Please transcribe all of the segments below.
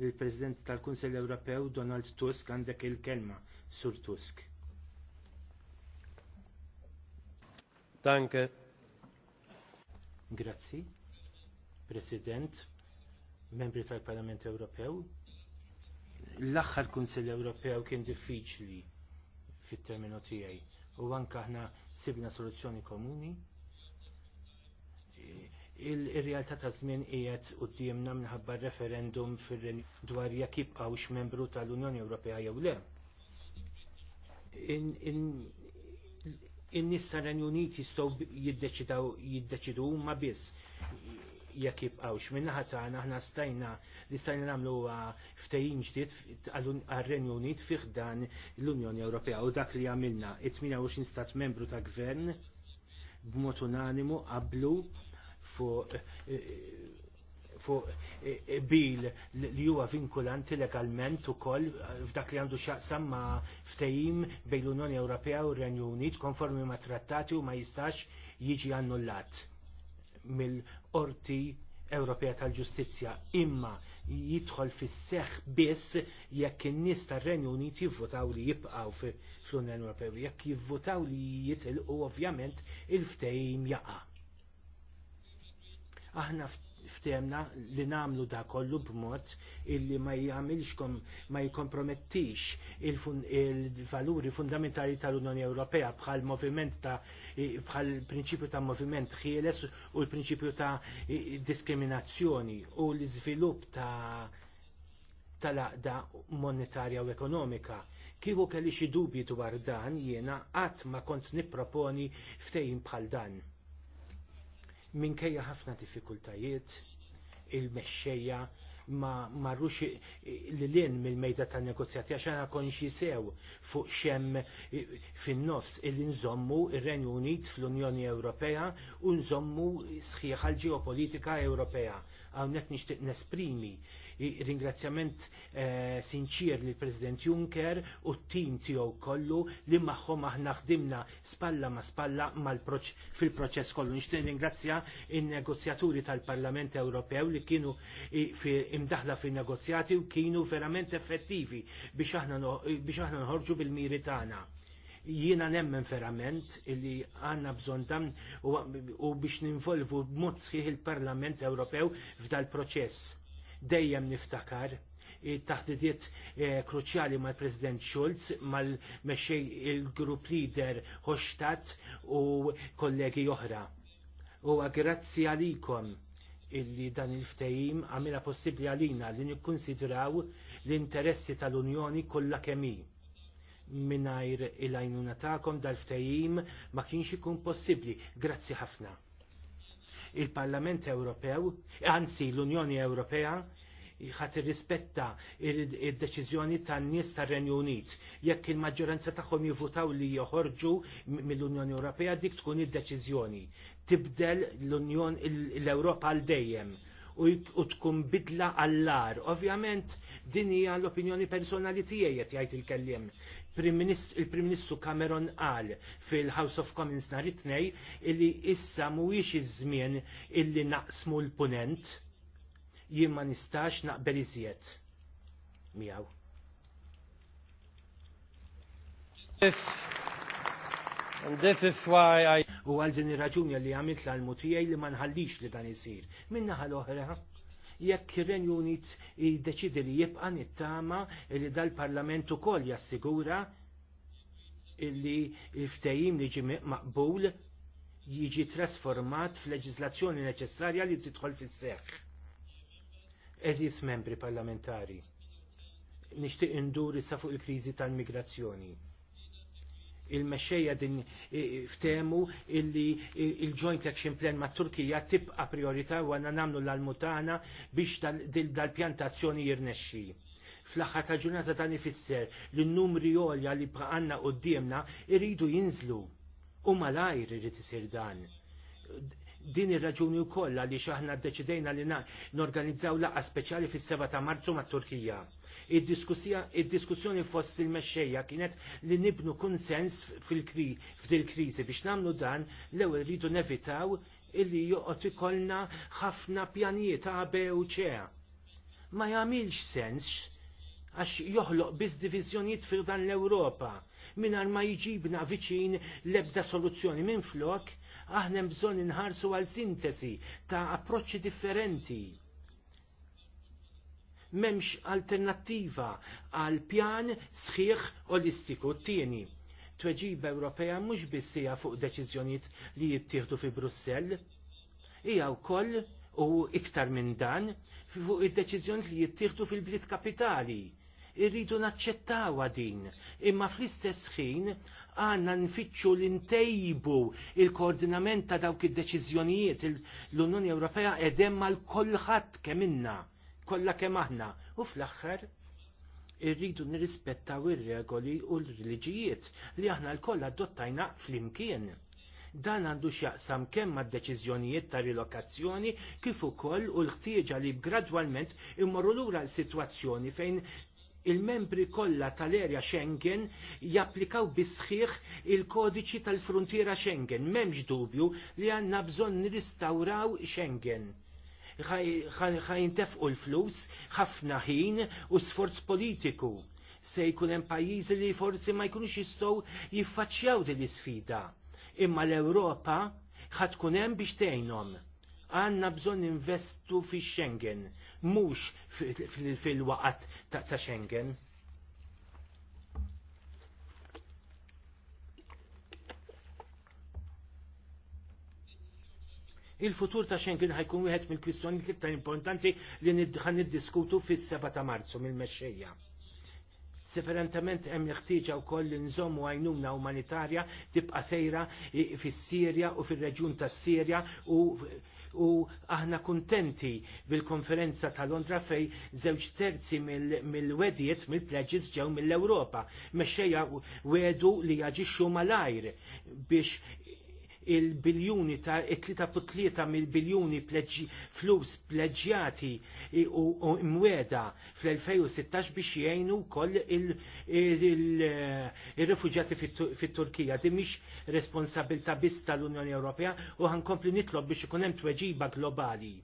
il-President tal-Kunsell Ewropew Donald Tusk għandek il-kelma, Sur Tusk. Danke. Grazzi. President, membri tal-Parlament Ewropew. L-aħħar Kunsell Ewropew kien diffiċli fit-terminu tiegħi u anke aħna sibna soluzzjoni komuni il-realtà ta' żmien qiegħed quddiemna minħabba referendum dwar jekk jibqgħux membru tal-Unjoni Ewropea jew le. In-nies tar-Renju Unit jistgħu jiddeċidu huma biss jekk jibqgħux. Min-naħa tagħna aħna stajna li stajna nagħmlu ftehim ġdid għar-Renju Unit fih dan l-Unjoni Ewropea u dak li għamilna it-28 stat membru ta' gvern b'mod unanimu qablu fuq eh, eh, fuq eh, bil li huwa vinkulanti legalment ukoll f'dak li għandu xaqsam ma' ftehim bejn l-Unjoni Ewropea u r-Renju Unit konformi ma' trattati u ma jistax jiġi annullat mill-Qorti Ewropea tal-Ġustizzja imma jidħol fis seħħ biss jekk in-nies tar-Renju Unit jivvotaw li jibqgħu fl-Unjoni Ewropea jekk jivvotaw li jitilqu ovvjament il-ftehim jaqa' Aħna ftemna li namlu da kollu b'mod illi ma jgħamilxkom ma jkompromettix il-valuri il fundamentali tal-Unjoni Ewropea bħal moviment ta' bħal prinċipju ta' moviment ħieles u l-prinċipju ta' diskriminazzjoni u l-iżvilupp ta' tal-aqda monetarja u ekonomika. Kieku kelli xi dubji dwar dan jiena qatt ma kont nipproponi ftejn bħal dan minkejja ħafna diffikultajiet il-mexxejja ma marrux l-lin mill-mejda tan negozjati għaxan għakon sew fuq xem fin-nofs li nżommu il renju Unit fl-Unjoni Ewropea u nżommu sħiħa l-ġeopolitika Ewropea. Hawnhekk nixtieq nesprimi ringrazzjament eh, sinċir li President Juncker u t-tim tiegħu kollu li magħhom aħna ħdimna spalla ma spalla fil-proċess kollu. Nixtieq ringrazzja in-negozjaturi tal-Parlament Ewropew li kienu imdaħla fin-negozjati u kienu verament effettivi biex aħna nħorġu bil-miri tagħna jiena nemmen verament illi għanna bżon dan u, biex ninvolvu b'mod sħiħ il-Parlament Ewropew f'dal proċess dejjem niftakar eh, taħdidiet eh, kruċjali mal-President Schulz, mal-mexej il-grupp leader Hoxtat u kollegi oħra. U grazzi għalikom illi dan il-ftejim għamila possibli għalina li nikkonsidraw l-interessi tal-Unjoni kollha kemmi Minajr il-għajnuna ta'kom dal-ftejim ma kienx ikun possibli. Grazzi ħafna il-Parlament Ewropew, anzi l-Unjoni Ewropea, ħat rispetta il-deċizjoni tan nies tar renju Unit. Jekk il-maġġoranza tagħhom jivutaw li joħorġu mill-Unjoni Ewropea dik tkun id-deċiżjoni. Tibdel l-Unjon l-Ewropa għal dejjem u tkun bidla għallar. Ovvjament din hija l-opinjoni personali tiegħi qed jgħid il-kelliem il-Prim Ministru Cameron qal fil-House of Commons nhar it-tnej illi issa mhuwiex iż-żmien illi naqsmu l-punent jien ma nistax naqbel iżjed miegħu. And this is why I... U għal din ir-raġuni li għamilt l-almutijaj li ma nħallix li dan isir. Minna ħal oħra jekk ir-Renju Unit jiddeċidi li jibqa' nittama li dal-Parlament ukoll jassigura illi l ftajim li ġi maqbul jiġi trasformat f'leġislazzjoni neċessarja li tidħol fis-seħħ. Eżis membri parlamentari. Nixtieq induri sa fuq il-kriżi tal-migrazzjoni il-mexxejja din ftemu illi il-Joint Action Plan ma' Turkija tibqa' priorità u għanna namlu l-almutana biex dal-pjantazzjoni jirnexxi fl-aħħar ta' ġurnata ta' nifisser li n-numri għolja li bqa'anna qoddimna irridu jinżlu. U malajr irid isir dan. Din ir-raġuni wkoll li xaħna ddeċidejna li norganizzaw laqa speċjali fis-7 ta' Marzu mat-Turkija Id-diskussjoni fost il-mexxejja kienet li nibnu konsens fil-kriżi biex namlu dan l-ewwel rridu nevitaw illi joqgħod ikollna ħafna pjanijiet A, B u C. Ma jagħmilx sens għax joħloq biss diviżjonijiet fil dan l-Ewropa minar ma jġibna viċin lebda soluzzjoni minn flok, aħna bżonn inħarsu għal sintesi ta' approċċi differenti memx alternattiva għal pjan sħiħ olistiku t-tieni. Tweġiba Ewropea mhux biss fuq deċiżjonijiet li jittieħdu fi Brussell, hija wkoll u iktar minn dan fuq id-deċiżjonijiet li jittieħdu fil-bliet kapitali. Irridu naċċettawa din, imma fl-istess ħin għanna nfittxu l-intejbu il-koordinament ta' dawk id-deċiżjonijiet l-Unjoni Ewropea edem mal kolħat keminna kollha kemm aħna u fl-aħħar irridu nirrispettaw ir-regoli u l-reliġijiet li aħna l-koll adottajna flimkien. Dan għandu x'jaqsam kemm mad-deċiżjonijiet ta' rilokazzjoni kif ukoll u l-ħtieġa li gradwalment immorru lura l-sitwazzjoni fejn il-membri kollha tal-erja Schengen japplikaw bisħiħ il-kodiċi tal-frontiera Schengen. M'hemmx dubju li għandna bżonn nirristawraw Schengen ħajntefqu l-flus, ħafna ħin u sforz politiku. Se jkun hemm pajjiżi li forsi ma jkunux jistgħu jiffaċċjaw din l-isfida. Imma l-Ewropa tkun hemm biex tgħinhom. Għanna bżonn investu fi Schengen, mhux fil-waqat ta' Schengen. Il-futur ta' Schengen ħajkun wieħed mill-kwistjonijiet l-iktar importanti li ħan niddiskutu fis-7 ta' Marzu mill-mexxejja. Separentament hemm l-ħtieġa wkoll li nżommu għajnuna umanitarja tibqa' sejra fis-Sirja u fir-reġjun tas-Sirja u u aħna kuntenti bil-konferenza ta' Londra fej żewġ terzi mill-wedjiet mill-pledges ġew mill-Ewropa. Mexxejja wedu li jaġixxu malajr biex il-biljuni ta' 3.3 mill-biljuni flus pleġjati u imweda fl-2016 biex jgħinu koll il-refugjati fit-Turkija. Di mhix responsabilta biss tal-Unjoni Ewropea u ħankompli nitlob biex ikun hemm tweġiba globali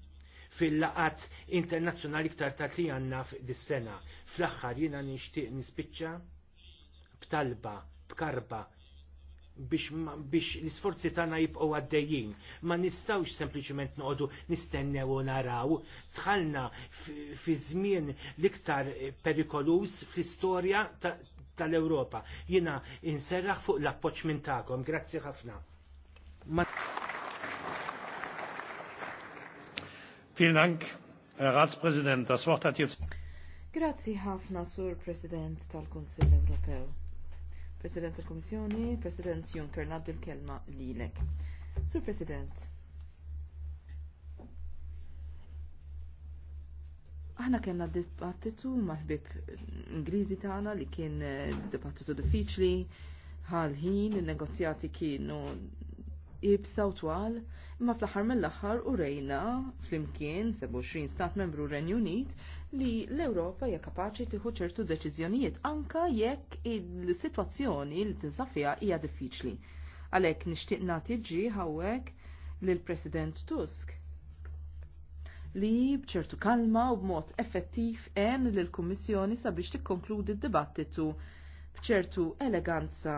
fil-laqat internazzjonali ktar ta' li għanna dis-sena. Fl-axħar jina nixtieq nispiċċa b'talba, b'karba biex l-isforzi tagħna jibqgħu għaddejjin. Ma nistgħux sempliċement noqogħdu nistennew u naraw. Tħalna fi żmien l-iktar perikolus fl-istorja tal-Ewropa. Jiena inserraħ fuq l-appoġġ minn tagħkom. Grazzi ħafna. Vielen Dank, Herr Ratspräsident. Das Wort hat jetzt. Grazzi ħafna, Sur President tal-Kunsill Ewropew. President tal-Komissjoni, President Juncker, naddi l-kelma lilek. Sur President, aħna kellna dibattitu mal-ħbib Ingliżi tagħna li kien eh, dibattitu diffiċli, ħin il-negozjati kienu ibsa u twal, imma fl-aħħar mill-aħħar u rejna fl-imkien 27 stat membru Renju Unit li l-Ewropa hija kapaċi tieħu ċertu deċiżjonijiet anka jekk il-sitwazzjoni li tinsab fiha hija diffiċli. Għalhekk nixtieq nagħti ġi hawnhekk lill President Tusk li bċertu kalma u b'mod effettiv għen lill-Kummissjoni sabiex tikkonkludi d-dibattitu bċertu eleganza,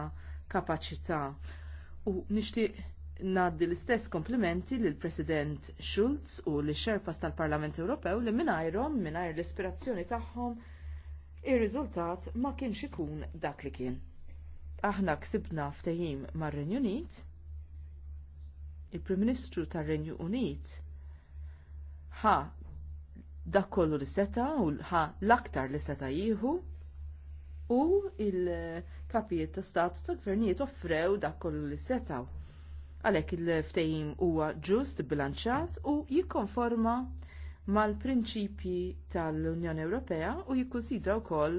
kapaċità u nixtieq Naddi l-istess komplimenti lil president Schulz u l xerpas tal-Parlament Ewropew li minajrom, minajr l-ispirazzjoni tagħhom, ir-riżultat ma kienx ikun dak li kien. Aħna ksibna ftehim mar-Renju Unit, il-Prim Ministru tar-Renju Unit ħa dak kollu li seta u ħa l-aktar li seta jieħu u il-kapijiet ta' stat ta' gvernijiet offrew dak kollu li setaw Għalhekk il-ftehim huwa ġust, bilanċat u jikkonforma mal-prinċipji tal-Unjoni Ewropea u jikkunsidra wkoll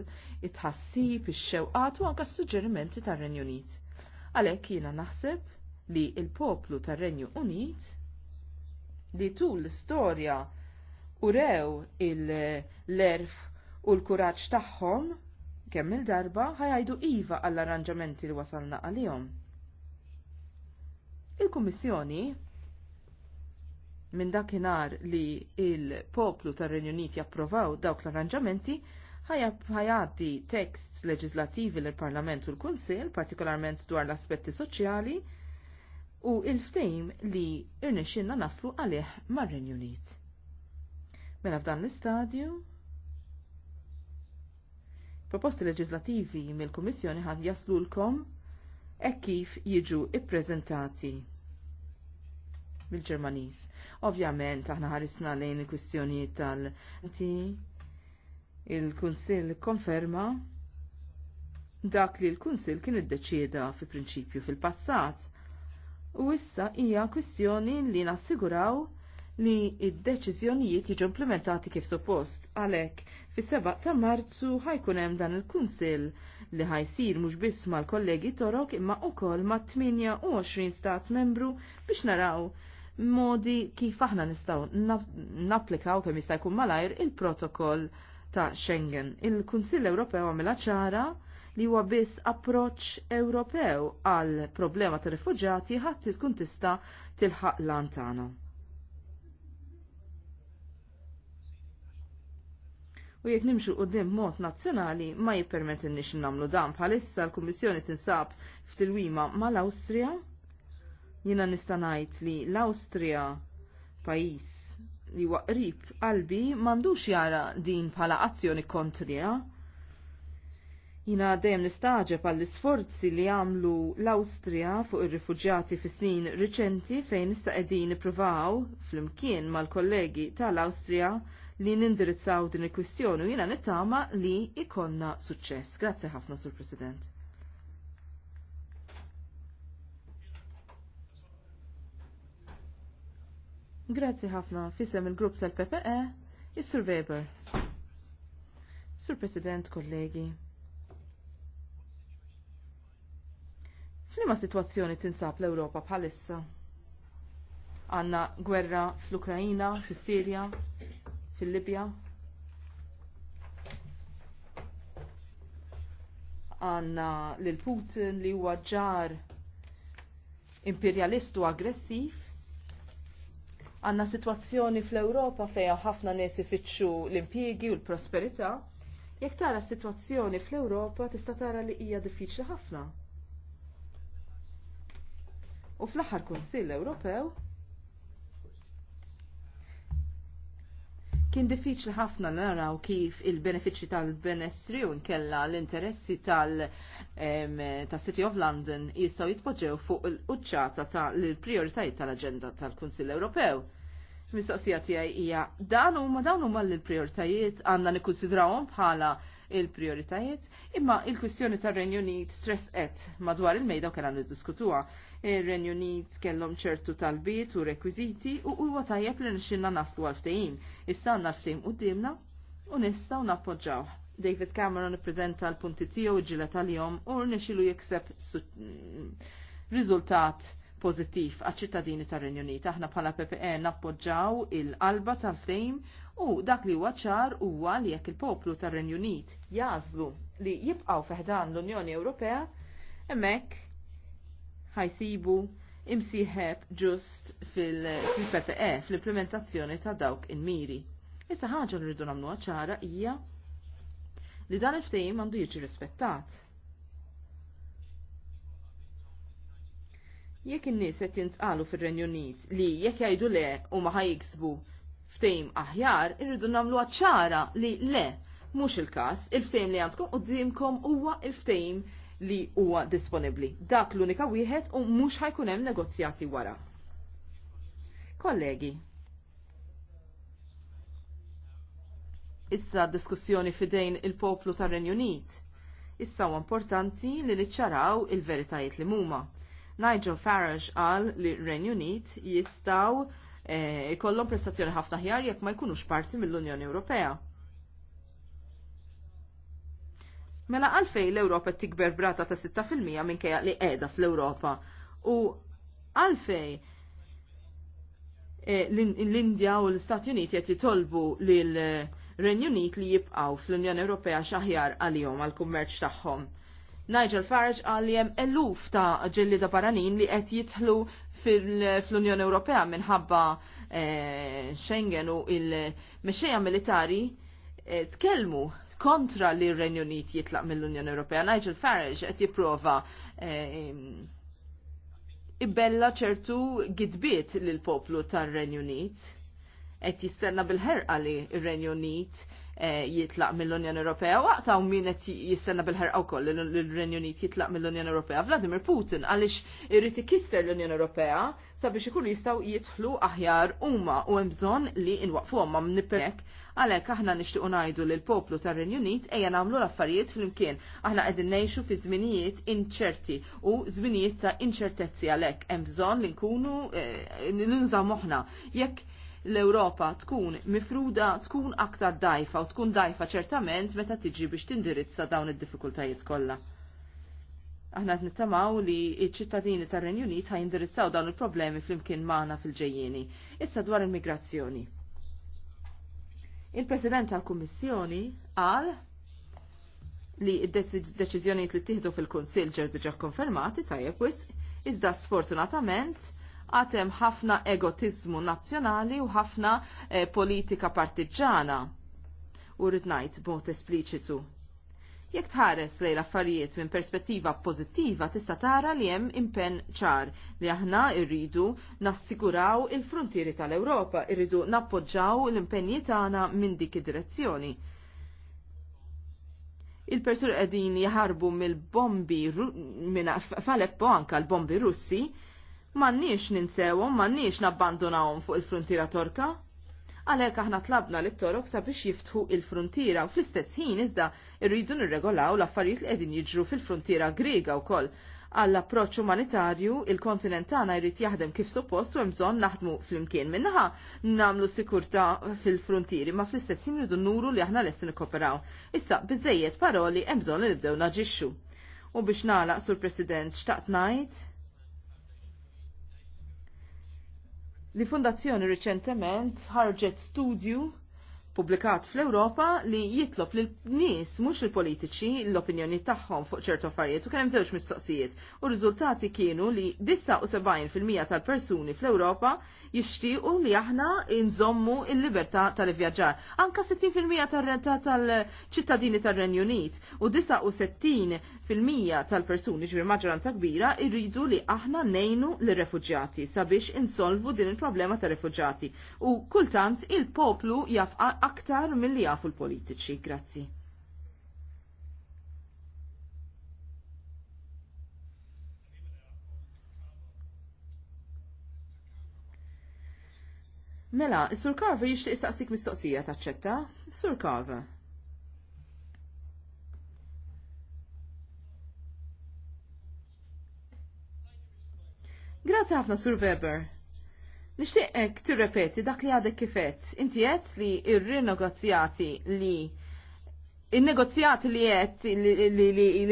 it-ħassib, ix-xewqat u anke s-suġġerimenti tar-Renju Unit. Għalhekk jiena naħseb li l poplu tar-Renju Unit li tul l-istorja rew il-lerf u l-kuraġġ tagħhom kemm il-darba ħajajdu iva għall-arranġamenti li wasalna għalihom. Il-Kummissjoni minn dakinhar li il-poplu tar-Renju Unit japprovaw dawk l-arranġamenti ħajati tekst leġislativi l parlament u l-Kunsil, partikolarment dwar l-aspetti soċjali, u il-ftejm li irnexxinna naslu għalih mar-Renju Unit. Mela f'dan l-istadju, proposti leġislativi mill-Kummissjoni ħad jaslu l-kom e kif jiġu ippreżentati bil-Ġermaniż. Ovvjament aħna ħarisna lejn il-kwistjonijiet tal-ti il-Kunsill konferma dak li l-Kunsill kien iddeċieda fi prinċipju fil-passat u issa hija kwistjoni li nassiguraw li id-deċiżjonijiet jiġu implementati kif suppost. Għalhekk, fis-7 ta' Marzu ħajkun hemm dan il-Kunsill li ħajsir mhux biss mal-kollegi Torok imma wkoll ma' 28 stat membru biex naraw modi kif aħna nistgħu napplikaw kemm jista' jkun malajr il-protokoll ta' Schengen. Il-Kunsill Ewropew għamilha ċara li huwa biss approċċ Ewropew għal problema tar rifuġati ħadd tkun tista' tilħaq lan tagħna. u jekk nimxu dim mod nazzjonali ma jippermettinniex nagħmlu dan bħalissa l-Kummissjoni tinsab f'tilwima mal-Awstrija. Jiena nista' ngħid li l-Awstrija pajjiż li waqrib qalbi m'għandux jara din bħala azzjoni kontrija. Jina dejjem nistaġeb għall isforzi li għamlu l-Awstrija fuq ir-rifuġjati fi snin riċenti fejn issa qegħdin ippruvaw flimkien mal-kollegi tal-Awstrija li nindirizzaw din il-kwistjoni u jina nittama li ikonna suċċess. Grazzi ħafna, Sur President. Grazzi ħafna fisem il-grupp tal-PPE, is-Sur Weber. Sur President, kollegi. F'liema sitwazzjoni tinsab l-Ewropa bħalissa? Għanna gwerra fl-Ukrajina, fis-Sirja, fil-Libja. Għanna lil Putin li huwa ġar imperialistu aggressiv. Għanna situazzjoni fl-Ewropa fejn ħafna nies ifittxu l-impjiegi u l-prosperità. Jekk tara s-sitwazzjoni fl-Ewropa tista' tara li hija diffiċli ħafna. U fl-aħħar Kunsill Ewropew Kien diffiċli ħafna naraw kif il-benefiċi tal-benessri u nkella l-interessi tal- ta' City of London jistaw jitpoġġew fuq il uċċata ta' l-prioritajiet tal-agenda tal-Kunsill Ewropew. Mistoqsija tiegħi hija dan huma dawn huma l-prioritajiet għandna nikkunsidrawhom bħala il-prioritajiet, imma il-kwistjoni tar-Renju Unit stress qed madwar il-mejda u kellha niddiskutuha ir-Renju Unit kellhom ċertu talbiet u rekwiżiti u huwa tajjeb li nixxilna naslu għal ftehim. Issa għandna ftehim qudiemna u nistgħu nappoġġaw. David Cameron ippreżenta l-punti tiegħu ġila tal-jom u nixilu jekseb mm, riżultat pożittiv għaċ-ċittadini tar-Renju Unit. Aħna bħala PPE nappoġġaw il-qalba tal-ftehim u dak li huwa ċar huwa li jekk il-poplu tar-Renju Unit jażlu li jibqgħu feħdan l-Unjoni Ewropea, hemmhekk ħajsibu imsieħeb ġust fil-PPE, fil-implementazzjoni ta' dawk il-miri. Issa ħaġa li rridu nagħmluha ċara hija li dan il-ftehim għandu jiġi rispettat. Jekk in-nies qed jintqalu fir-Renju Unit li jekk jgħidu le u ma ħajjiksbu ftehim aħjar, irridu namlu ċara li le mhux il-każ, il-ftehim li għandkom qudiemkom huwa il-ftehim il ftehim li huwa disponibbli. Dak l-unika wieħed u mhux ħajkun hemm negozjati wara. Kollegi, issa diskussjoni fidejn il-poplu tar renju Unit. Issa huwa importanti li niċċaraw il-veritajiet li huma. Nigel Farage qal li renju Unit jistgħu eh, ikollhom e, prestazzjoni ħafna ħjar jekk ma jkunux parti mill-Unjoni Ewropea Mela għalfej l-Ewropa tikber brata ta' 6% minkejja li qiegħda fl-Ewropa. U għalfej eh, l-Indja u l-Stati Uniti qed jitolbu l eh, Renju Unit li jibqaw fl-Unjoni Ewropea xaħjar għalihom għal-kummerċ tagħhom. Nigel Farage għal jem eluf ta' ġellida baranin li qed jitħlu fl-Unjoni Ewropea minħabba eh, Schengen u il-mexxejja militari tkellmu kontra li r-Renju Unit jitlaq mill-Unjoni Ewropea. Nigel Farage qed jipprova eh, ibella ċertu gidbiet lil poplu tar-Renju Unit qed jistenna bil-ħerqa li r-Renju Unit jitlaq mill-Unjoni Ewropea waqta u min qed jistenna bil ħarqa wkoll l-Renju Unit jitlaq mill-Unjoni Ewropea Vladimir Putin għaliex irid ikisser l-Unjoni Ewropea sabiex ikunu jistgħu jidħlu aħjar huma u hemm bżonn li nwaqfuhom ma' nipperek għalhekk aħna nixtiequ ngħidu lil poplu tar-Renju Unit ejja nagħmlu l-affarijiet flimkien. Aħna qegħdin ngħixu fi żminijiet inċerti u żminijiet ta' inċertezzi għalhekk hemm bżonn li nkunu ninżaw moħħna. Jekk l-Ewropa tkun mifruda tkun aktar dajfa u tkun dajfa ċertament meta tiġi biex tindirizza dawn id-diffikultajiet kollha. Aħna qed nittamaw li ċ-ċittadini tar-Renju Unit ħajindirizzaw dawn il-problemi flimkien magħna fil-ġejjieni. Issa dwar il-migrazzjoni. Il-President tal-Kummissjoni qal li d-deċiżjonijiet li ttieħdu fil-Kunsill ġew diġà konfermati tajjeb wisq, iżda sfortunatament għatem ħafna egotizmu nazzjonali u ħafna eh, politika partiġana. U rritnajt bot espliċitu. Jekk tħares lejn affarijiet minn perspettiva pożittiva tista' tara li hemm impenn ċar li aħna rridu nassiguraw il-frontieri tal-Ewropa, irridu nappoġġaw l-impenji tagħna minn dik id-direzzjoni il-persur qegħdin jaħarbu mill-bombi minn Faleppo anka l-bombi Russi, Mannix ninsewhom, mannix nabbandonawom fuq il-frontiera torka. Għalhekk aħna tlabna li torok sabiex jiftħu il-frontiera u fl-istess ħin iżda rridu nirregolaw l-affarijiet li qegħdin jiġru fil-frontiera Griega wkoll. Għall approċċ umanitarju, il kontinentana jrid jaħdem kif suppost u hemm bżonn naħdmu flimkien minnaħa nagħmlu sikurtà fil-frontieri, ma fl-istess ħin rridu nuru li aħna lesti nikkoperaw. Issa biżejjed paroli hemm bżonn li nibdew naġixxu. U biex nagħlaq sur President xtaqt ngħid Li fundazzjoni riċentement ħarġet studju publikat fl-Europa li jitlob l nies mhux il-politiċi l-opinjoni tagħhom fuq ċertu affarijiet u kien hemm żewġ mistoqsijiet. U r-riżultati kienu li 79% tal-persuni fl-Ewropa jixtiequ li aħna nżommu l-libertà tal-ivvjaġġar. Anka 60% tal-ċittadini tar-Renju Unit u 69% tal-persuni ġbir maġġoranza kbira irridu li aħna nejnu l refuġjati sabiex insolvu din il-problema tar-refuġjati. U kultant il-poplu jafqa aktar mill-li jafu l-politiċi. Grazzi. Mela, Sur Carver jixtieq saqsik mistoqsija taċċetta? Sur Carver. Grazzi ħafna Sur Weber. Nixtieqek tirrepeti dak li għadek kifet. Inti qed li ir-rinegozjati li il-negozjati li jett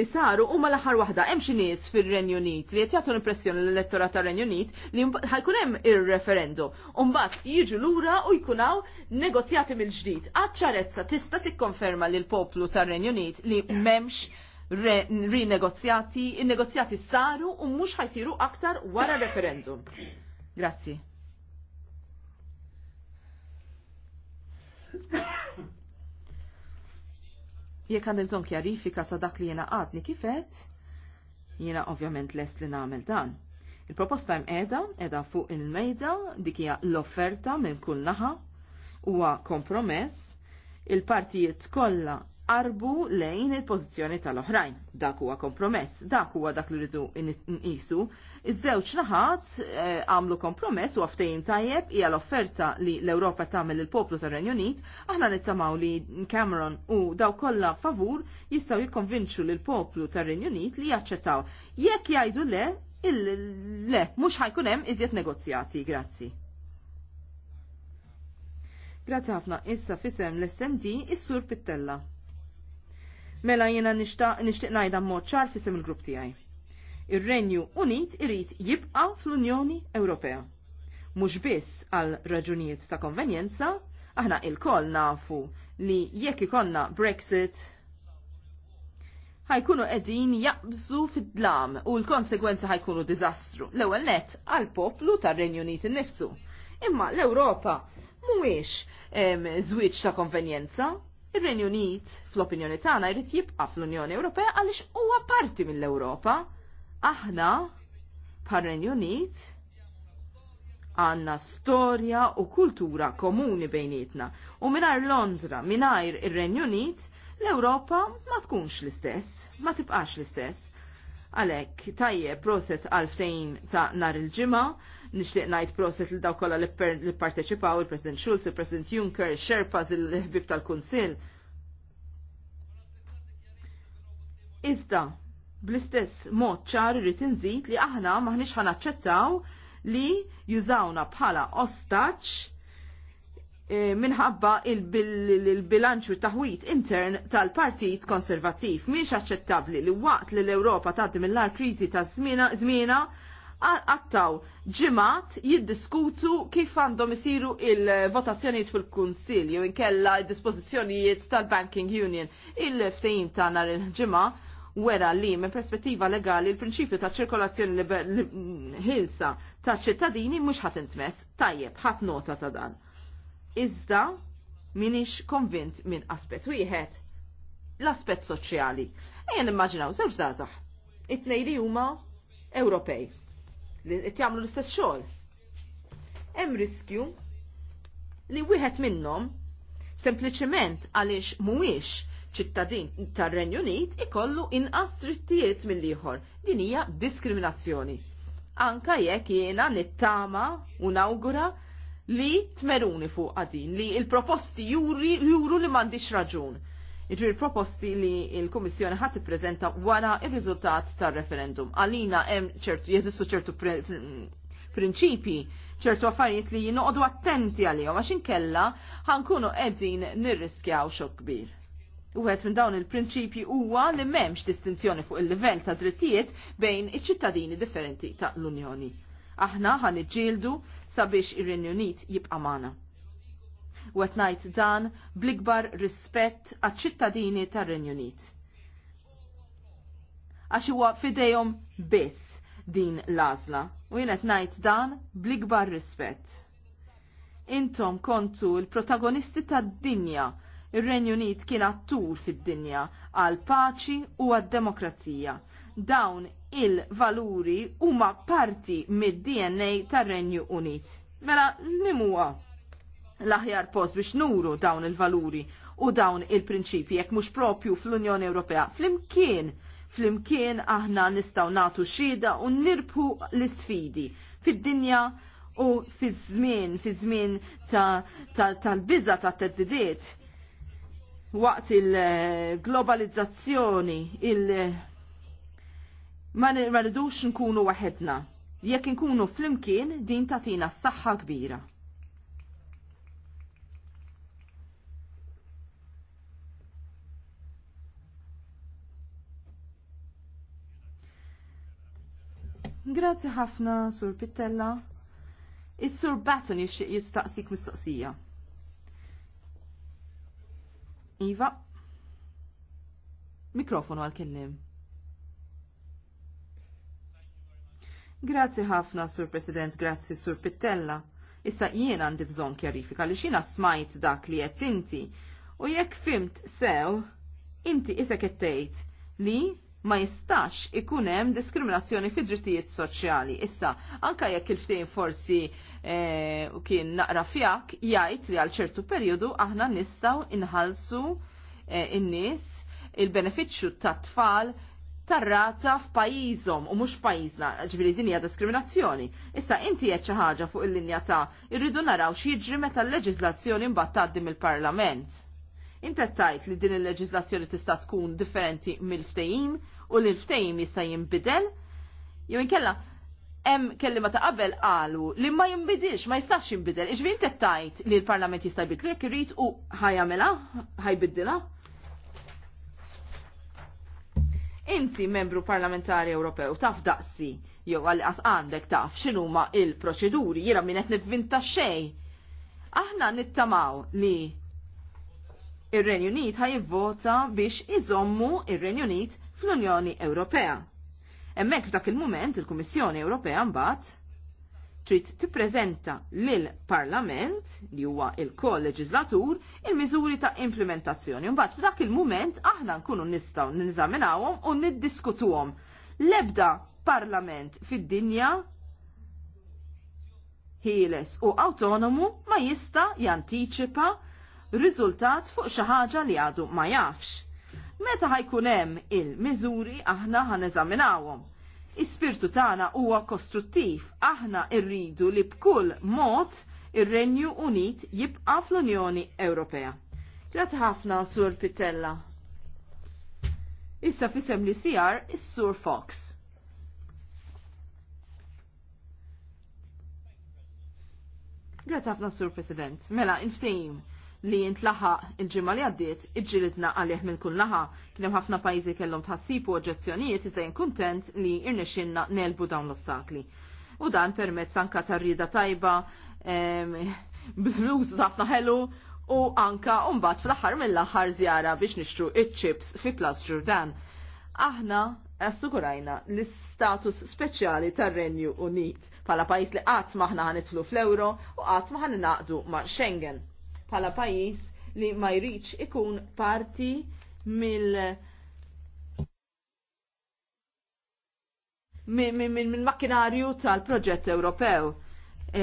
li saru u mal aħħar wahda, hemm xi nies fir-Renju Unit li qed jagħtu l-impressjoni l-elettorat tar renju Unit li ħajkun hemm ir-referendum. U mbagħad jiġu lura u jkunaw negozjati mill-ġdid. Aċċarezza tista' tikkonferma lil poplu tar renju Unit li m'hemmx rinegozjati, il negozjati saru u mhux ħajsiru aktar wara referendum. Grazzi. Jekk għandek bżonn kjarifika ta' dak li jiena għadni kifet, jiena ovvjament lest li nagħmel dan. Il-proposta hemm qiegħda, qiegħda fuq il-mejda dik hija l-offerta minn kull naħa huwa kompromess il-partijiet kollha arbu lejn il-pozizjoni tal-oħrajn. Dak huwa kompromess, dak huwa dak li rridu nqisu. Iż-żewġ naħat eh, għamlu kompromess u għaftejn tajjeb hija l-offerta li l-Ewropa tagħmel il-poplu tar-Renju Unit, aħna nittamaw li Cameron u daw kollha favur jistgħu jikkonvinċu lil poplu tar-Renju Unit li jaċċettaw. Jekk jgħidu le, le, mhux ħajkun hemm iżjed negozjati, grazzi. Grazzi ħafna, issa fisem l-SMD is-Sur Pittella. Mela jena nishtiq najda mod ċar fisim il-grupp tijaj. Ir-Renju Unit irrit jibqa fl-Unjoni Ewropea. Mux biss għal raġunijiet ta' konvenjenza, aħna il-koll nafu li jekk ikonna Brexit ħajkunu edin jaqbżu fid-dlam u l-konsegwenza ħajkunu dizastru. l ewwel net għal-poplu tar-Renju Unit innifsu. Imma l-Ewropa mhuwiex żwieġ ta' konvenjenza, Ir-Renju Unit, fl-opinjoni tagħna, jrid jibqa' fl-Unjoni Ewropea għaliex huwa parti mill-Ewropa. Aħna bħal Renju Unit għanna storja u kultura komuni bejnietna u minar Londra, minar ir-Renju Unit, l-Ewropa ma tkunx l-istess, ma tibqax l-istess. Għalek, tajje proset għalftejn ta' nar il-ġimma, nixtieq ngħid proset li daw kollha li pparteċipaw il-President Schulz, il-President Juncker, Sherpas, il-ħbib tal-Kunsill. Iżda, bl-istess mod ċar irid inżid li aħna maħniex ħanaċċettaw li jużawna bħala ostaċ e, minħabba il-bilanċu taħwit intern tal-Partit Konservattiv. Miex aċċettabli li waqt li l-Ewropa tgħaddi mill-ar kriżi ta' żmiena għattaw ġimat jiddiskutu kif għandhom isiru il-votazzjonijiet fil-Kunsil jew inkella dispożizzjonijiet tal-Banking Union il ftejn ta' nhar il-ġimgħa wera li minn perspettiva legali il-prinċipju ta' ċirkolazzjoni ħilsa ta' ċittadini mhux ħadd intmess. Tajjeb, ħadd nota ta' dan. Iżda minix konvint minn aspett wieħed l-aspett soċjali. Ejja nimmaġinaw żewġ żgħażagħ. It-tnejn li huma Ewropej li qed jagħmlu l-istess xogħol. Hemm riskju li wieħed minnhom sempliċement għaliex mhuwiex ċittadin tar-Renju Unit ikollu inqas drittijiet mill-ieħor. Din hija diskriminazzjoni. Anka jekk jiena nittama u nawgura li tmeruni fuq din li il-proposti juri juru li m'għandix raġun Iġri proposti li il-Komissjoni ħat prezenta wara il-riżultat tar-referendum. Għalina hemm ċertu jeżistu ċertu prinċipi, ċertu affarijiet li jinoqdu attenti għalihom għax inkella ħankunu qegħdin nirriskjaw xok kbir. Uħed minn dawn il-prinċipji huwa li m'hemmx distinzjoni fuq il-livell ta' drittijiet bejn iċ-ċittadini differenti ta' l-Unjoni. Aħna ħan iġġieldu sabiex ir-Renju Unit jibqa' magħna u għetnajt ngħid dan bl-ikbar rispett għaċ-ċittadini tar-Renju Unit. Għax huwa fidejhom biss din l-għażla u jien qed ngħid dan bl-ikbar rispett. Intom kontu l-protagonisti tad-dinja ir-Renju Unit kien għattur fid-dinja għal paċi u għad-demokrazija. Dawn il-valuri huma parti mid-DNA tar-Renju Unit. Mela nimuwa l-aħjar post biex nuru dawn il-valuri u dawn il-prinċipi jekk mhux propju fl-Unjoni Ewropea. Flimkien, flimkien aħna nistgħu nagħtu xhieda u nirbħu l-isfidi fid-dinja u fiż-żmien, fiż-żmien tal-biża ta' teddidiet waqt il-globalizzazzjoni, il- ma nkunu waħedna. Jekk nkunu flimkien din tatina s-saħħa kbira. Grazzi ħafna, Sur Pittella. Is-Sur Batten jixtieq jistaqsik mistoqsija. Iva. Mikrofonu għal-kellim. Grazzi ħafna, Sur President, grazzi Sur Pittella. Issa jien għandi bżon kjarifika li xina smajt dak li qed inti. U jekk fimt sew, inti issa kettejt li ma jistax ikun hemm diskriminazzjoni fi drittijiet soċjali. Issa, anka jekk il-ftejn forsi e, u kien naqra fjak, jgħid li għal ċertu perjodu aħna nistgħu inħalsu e, in-nies il-benefiċċju tat-tfal tarrata f'pajjiżhom u mhux f'pajjiżna, ġifieri din hija diskriminazzjoni. Issa inti qed xi ħaġa fuq il-linja ta' irridu naraw x'jiġri meta l-leġiżlazzjoni mbagħad il-Parlament Inta tajt li din il-leġizlazzjoni tista' tkun differenti mill-ftehim u li l-ftehim jista' jinbidel? Jew inkella hemm ma ta' qabel qalu li ma jinbidilx, ma jistax jinbidel. inta tajt li l-Parlament jista' jbidlu jekk irid u ħajamela, ħajbiddilha. Inti membru parlamentari Ewropew taf daqsi jew għal għandek taf x'inhuma il-proċeduri jiena min qed nivvinta xejn. Aħna nittamaw li ir-Renju Unit ħajvota biex iżommu ir-Renju Unit fl-Unjoni Ewropea. Hemmhekk f'dak il-mument il-Kummissjoni Ewropea mbagħad trid tippreżenta lil Parlament li huwa il-kolleġislatur il-miżuri ta' implementazzjoni. Mbagħad f'dak il-mument aħna nkunu nistgħu niżaminawhom u niddiskutuhom. L-ebda parlament fid-dinja ħieles u autonomu ma jista' jantiċipa riżultat fuq xi ħaġa li għadu ma jafx. Meta ħajkun hemm il-miżuri aħna ħaneżaminawhom. Is-spirtu tagħna huwa kostruttiv, aħna rridu li bkull mod ir-Renju Unit jibqa' fl-Unjoni Ewropea. Grazzi ħafna, Sur Pitella. Issa fisem li sijar is-Sur Fox. Grazie ħafna, Sur President. Mela, il li jintlaħa il-ġimma li għaddiet iġġilidna għalih minn kull naħa. Kien hemm ħafna pajjiżi kellhom tħassib u oġġezzjonijiet iżda jien kuntent li irnexxinna nelbu dawn l-ostakli. U dan permezz anka tar-rieda tajba, blues ħafna ħelu u anka umbat fl-aħħar mill-aħħar żjara biex nixtru iċ ċips fi Plas Ġurdan. Aħna assukurajna l-status speċjali tar-Renju Unit pala pajis li qatt maħna ħanitlu fl-euro u qatt maħna naqdu ma' Schengen bħala pajjiż li ma jridx ikun parti mill mill-makkinarju tal-proġett Ewropew.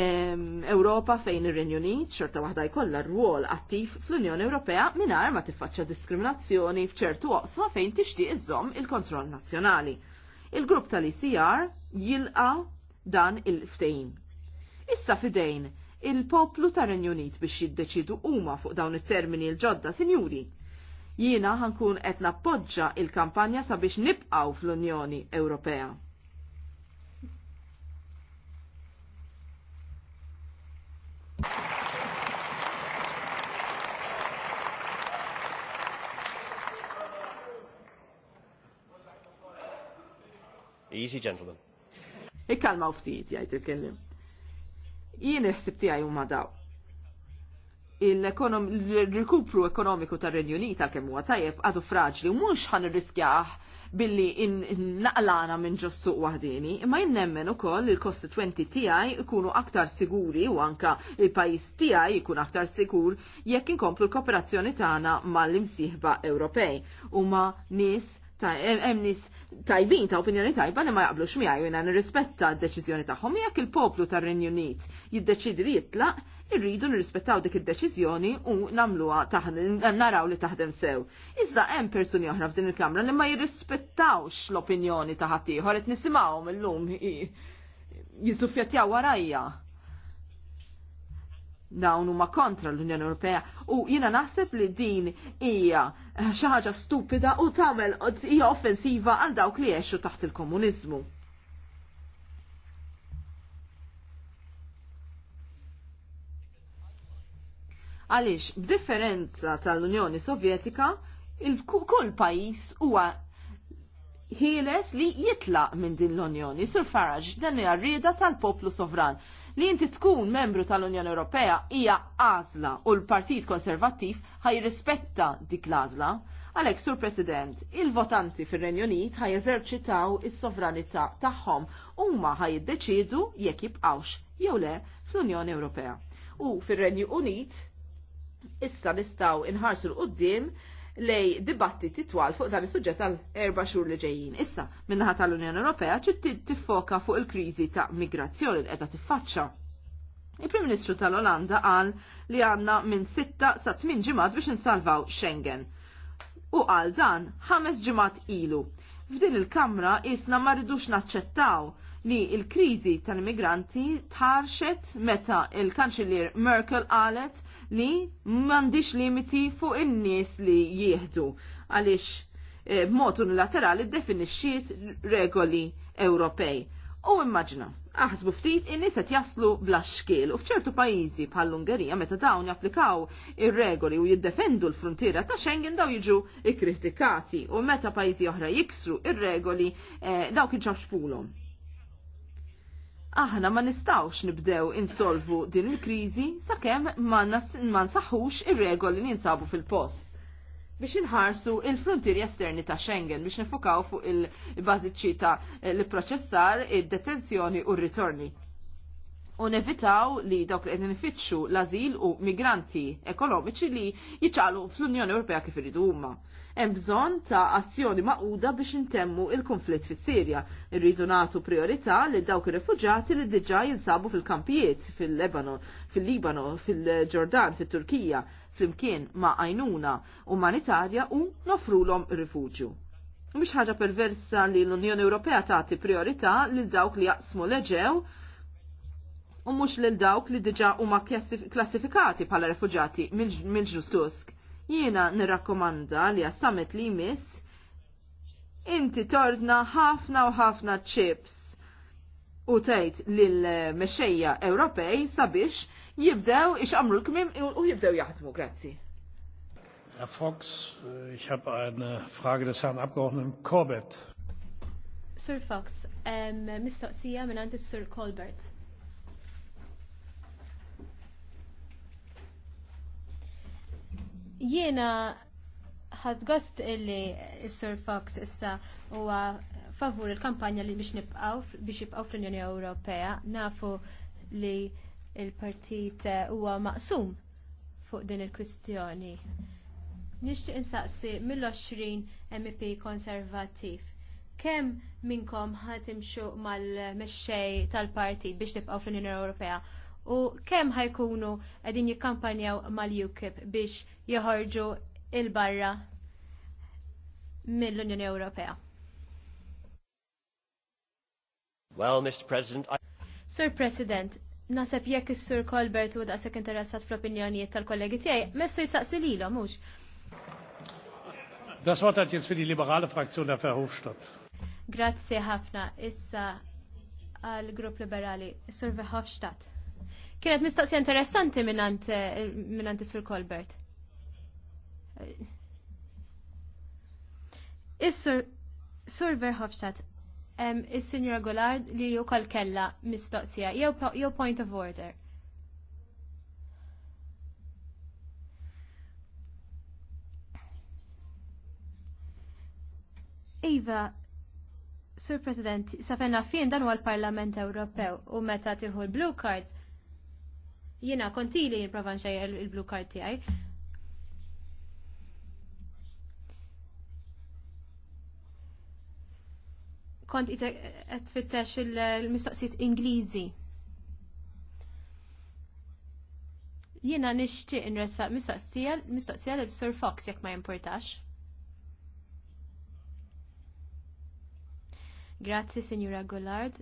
Ewropa fejn ir-Renju Unit xorta waħda jkollha rwol attiv fl-Unjoni Ewropea mingħajr ma tiffaċċa diskriminazzjoni f'ċertu oqsma fejn tixtieq iżomm il-kontroll nazzjonali. Il-grupp tal-ICR jilqa dan il-ftejn. Issa fidejn il-poplu tar Unit biex jiddeċidu huma fuq dawn it-termini l-ġodda, sinjuri. Jiena ħankun qed nappoġġa il-kampanja sabiex nibqgħu fl-Unjoni Ewropea. Easy, gentlemen. Ikkalmaw ftit, jgħid il-kellim. Jien il-ħsib tiegħi huma daw. Il-rikupru ekonomiku tar-Renju Unit kemm huwa tajjeb għadu fraġli u mhux ħan irriskjah billi naqlana minn ġo suq waħdini, imma jinnemmen ukoll il 20 tiegħi ikunu aktar siguri u anka il-pajjiż tiegħi jkun aktar sigur jekk inkomplu l-kooperazzjoni tagħna mal-imsieħba Ewropej. Huma nies hemm emnis tajbin ta' opinjoni tajba li ma jaqblux miegħi jina nirrispetta d-deċiżjoni tagħhom jekk il-poplu tar-Renju Unit jiddeċidi li jitlaq, irridu nirrispettaw dik id-deċiżjoni u nagħmluha naraw li taħdem sew. Iżda hemm persuni oħra f'din il-Kamra li ma jirrispettawx l-opinjoni ta' ħaddieħor qed nisimgħuhom illum jisuffjattjaw warajja dawn huma kontra l-Unjoni Ewropea u jiena naħseb li din hija xi ħaġa stupida u tagħmel hija offensiva għal dawk li jgħixu taħt il-komuniżmu. Għaliex, b'differenza tal-Unjoni Sovjetika, kull pajjiż huwa ħieles li jitlaq minn din l-Unjoni. Sur Farage, dan hija rieda tal-poplu sovran Li inti tkun membru tal-Unjoni Ewropea hija għażla u l-Partit Konservattiv ħajrispetta dik l-għażla. Għalhekk, Sur President, il-votanti fir-Renju Unit ħajeżerċitaw is-sovranità tagħhom huma ħajiddeċiedu jekk jibqgħux jew le fl-Unjoni Ewropea. U fir-Renju Unit issa nistgħu inħarsu l-qudiem lej dibattiti twal fuq dan is-suġġett għal erba' xhur li ġejjin. Issa, minnaħa tal-Unjoni Ewropea ċi tiffoka fuq il-kriżi ta' migrazzjoni li qiegħda tiffaċċa. Il-Prim Ministru tal-Olanda qal li għandna minn 6 sa 8 ġimgħat biex insalvaw Schengen. U għal dan ħames ġimgħat ilu. F'din il-Kamra isna ma rridux naċċettaw li il-kriżi tal-immigranti tħarxet meta il-Kanċellier Merkel qalet li m'għandix limiti fuq in-nies li jieħdu għaliex eh, b'mod unilaterali ddefinixxiet regoli Ewropej. U immaġna, aħsbu ftit in-nies qed jaslu bla xkiel u f'ċertu pajjiżi bħall-Ungerija meta dawn japplikaw ir-regoli u jiddefendu l-frontiera ta' Schengen daw jiġu ikkritikati u meta pajjiżi oħra jiksru ir-regoli eh, dawk inċabxpulhom aħna ma nistawx nibdew insolvu din il-kriżi sakemm ma nsaħħux ir-regoli li nsabu fil-post biex inħarsu il-frontieri esterni ta' Schengen biex nifokaw fuq il-bażiċċi ta' l-proċessar, id-detenzjoni u r-ritorni. U nevitaw li dawk li qegħdin l-azil u migranti ekonomiċi li jiċċalu fl-Unjoni Ewropea kif iridu huma hemm bżonn ta' azzjoni maquda biex intemmu il-konflitt fis sirja Irridu nagħtu priorità li dawk ir-refuġati li diġà jinsabu fil-kampijiet fil-Lebanon, fil-Libano, fil-Ġordan, fit-Turkija, flimkien ma' għajnuna umanitarja u nofrulhom rifuġju. Mhux ħaġa perversa li l-Unjoni Ewropea tagħti priorità lil dawk li jaqsmu leġew u mhux lil dawk li diġà huma klassifikati bħala refuġati mill-ġustusk. Jiena nirrakkomanda li għas li jmiss inti torna ħafna u ħafna chips u tgħid lill-mexxejja Ewropej sabiex jibdew ixqamru l-kmim u jibdew jaħdmu. Grazzi. Herr Fox, ich habe eine Frage des Herrn Abgeordneten Corbett. Sir Fox, mistoqsija minn għandi Sir Colbert. Jiena gost illi s-Sur Fox issa huwa favur il-kampanja li biex nibqaw biex jibqaw fl-Unjoni Ewropea nafu li il-partit eh, huwa maqsum fuq din il-kwistjoni. Nixtieq insaqsi mill-20 MP konservattiv. Kemm minnkom ħatimxu mal-mexxej tal-partit biex nibqaw fl-Unjoni Ewropea u kemm ħajkunu qegħdin jikkampanjaw mal-UKIP biex joħorġu il-barra mill-Unjoni Ewropea. Well, Mr. President, I... Sir President, nasab jekk is-Sur Colbert u daqshekk interessat fl-opinjonijiet tal-kollegi tiegħi, messu jisaqsi lilhom mhux. Das Wort hat jetzt für die liberale Fraktion der Verhofstadt. Grazie ħafna. Issa al Grupp Liberali, Sur Verhofstadt. Kienet mistoqsija interessanti minnant Sir Colbert. Is-Sur Sur Verhofstadt, is-Sinjura Gollard li ju kol kella mistoqsija, jew point of order. Iva, Sur President, safenna fien dan huwa l-Parlament Ewropew u meta tieħu l-Blue Cards, Jina kontili jirprovan nxejjer il-blue card tiegħi. Kont qed tfittex il-mistoqsijiet Ingliżi. Jiena nixtieq nressaq mistoqsija l Sir Fox jekk ma jimportax. Grazzi, Sinjura Gollard.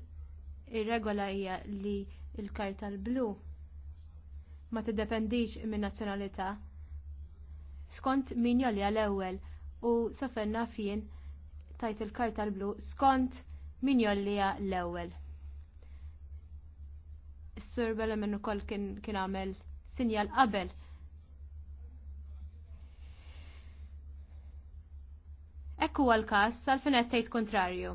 Ir-regola hija li l-karta l-blu ma tiddependix minn nazzjonalità. Skont min jolli l-ewwel u sofenna fien tajt il-karta l-blu skont min jollija l-ewwel. Is-sur minn ukoll kien għamel sinjal qabel. Ekku huwa l-każ għalfejn qed tgħid kontrarju.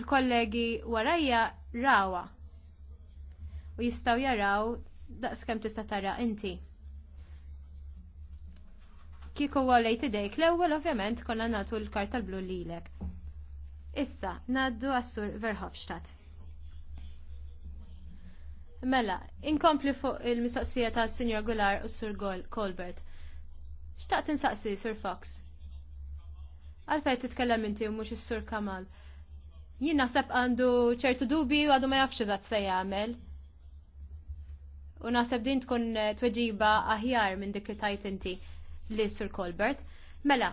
Il-kollegi warajja rawa u jistaw jaraw daqskem tista tara inti. Kiko għolejt idejk l-ewwel ovvjament konna natu l-karta l-blu lilek. Issa, naddu għassur Verhofstadt. Mela, inkompli fuq il-mistoqsija ta' Sinjor Gular u Sur Colbert. Xtaqt insaqsi, Sur Fox? Għalfej titkellem inti u mux Sur Kamal. Jien naħseb għandu ċertu dubi u għadu ma jafxu zat se jagħmel. U naħseb din tkun eh, tweġiba aħjar minn dik li tajt inti li Sur Colbert. Mela,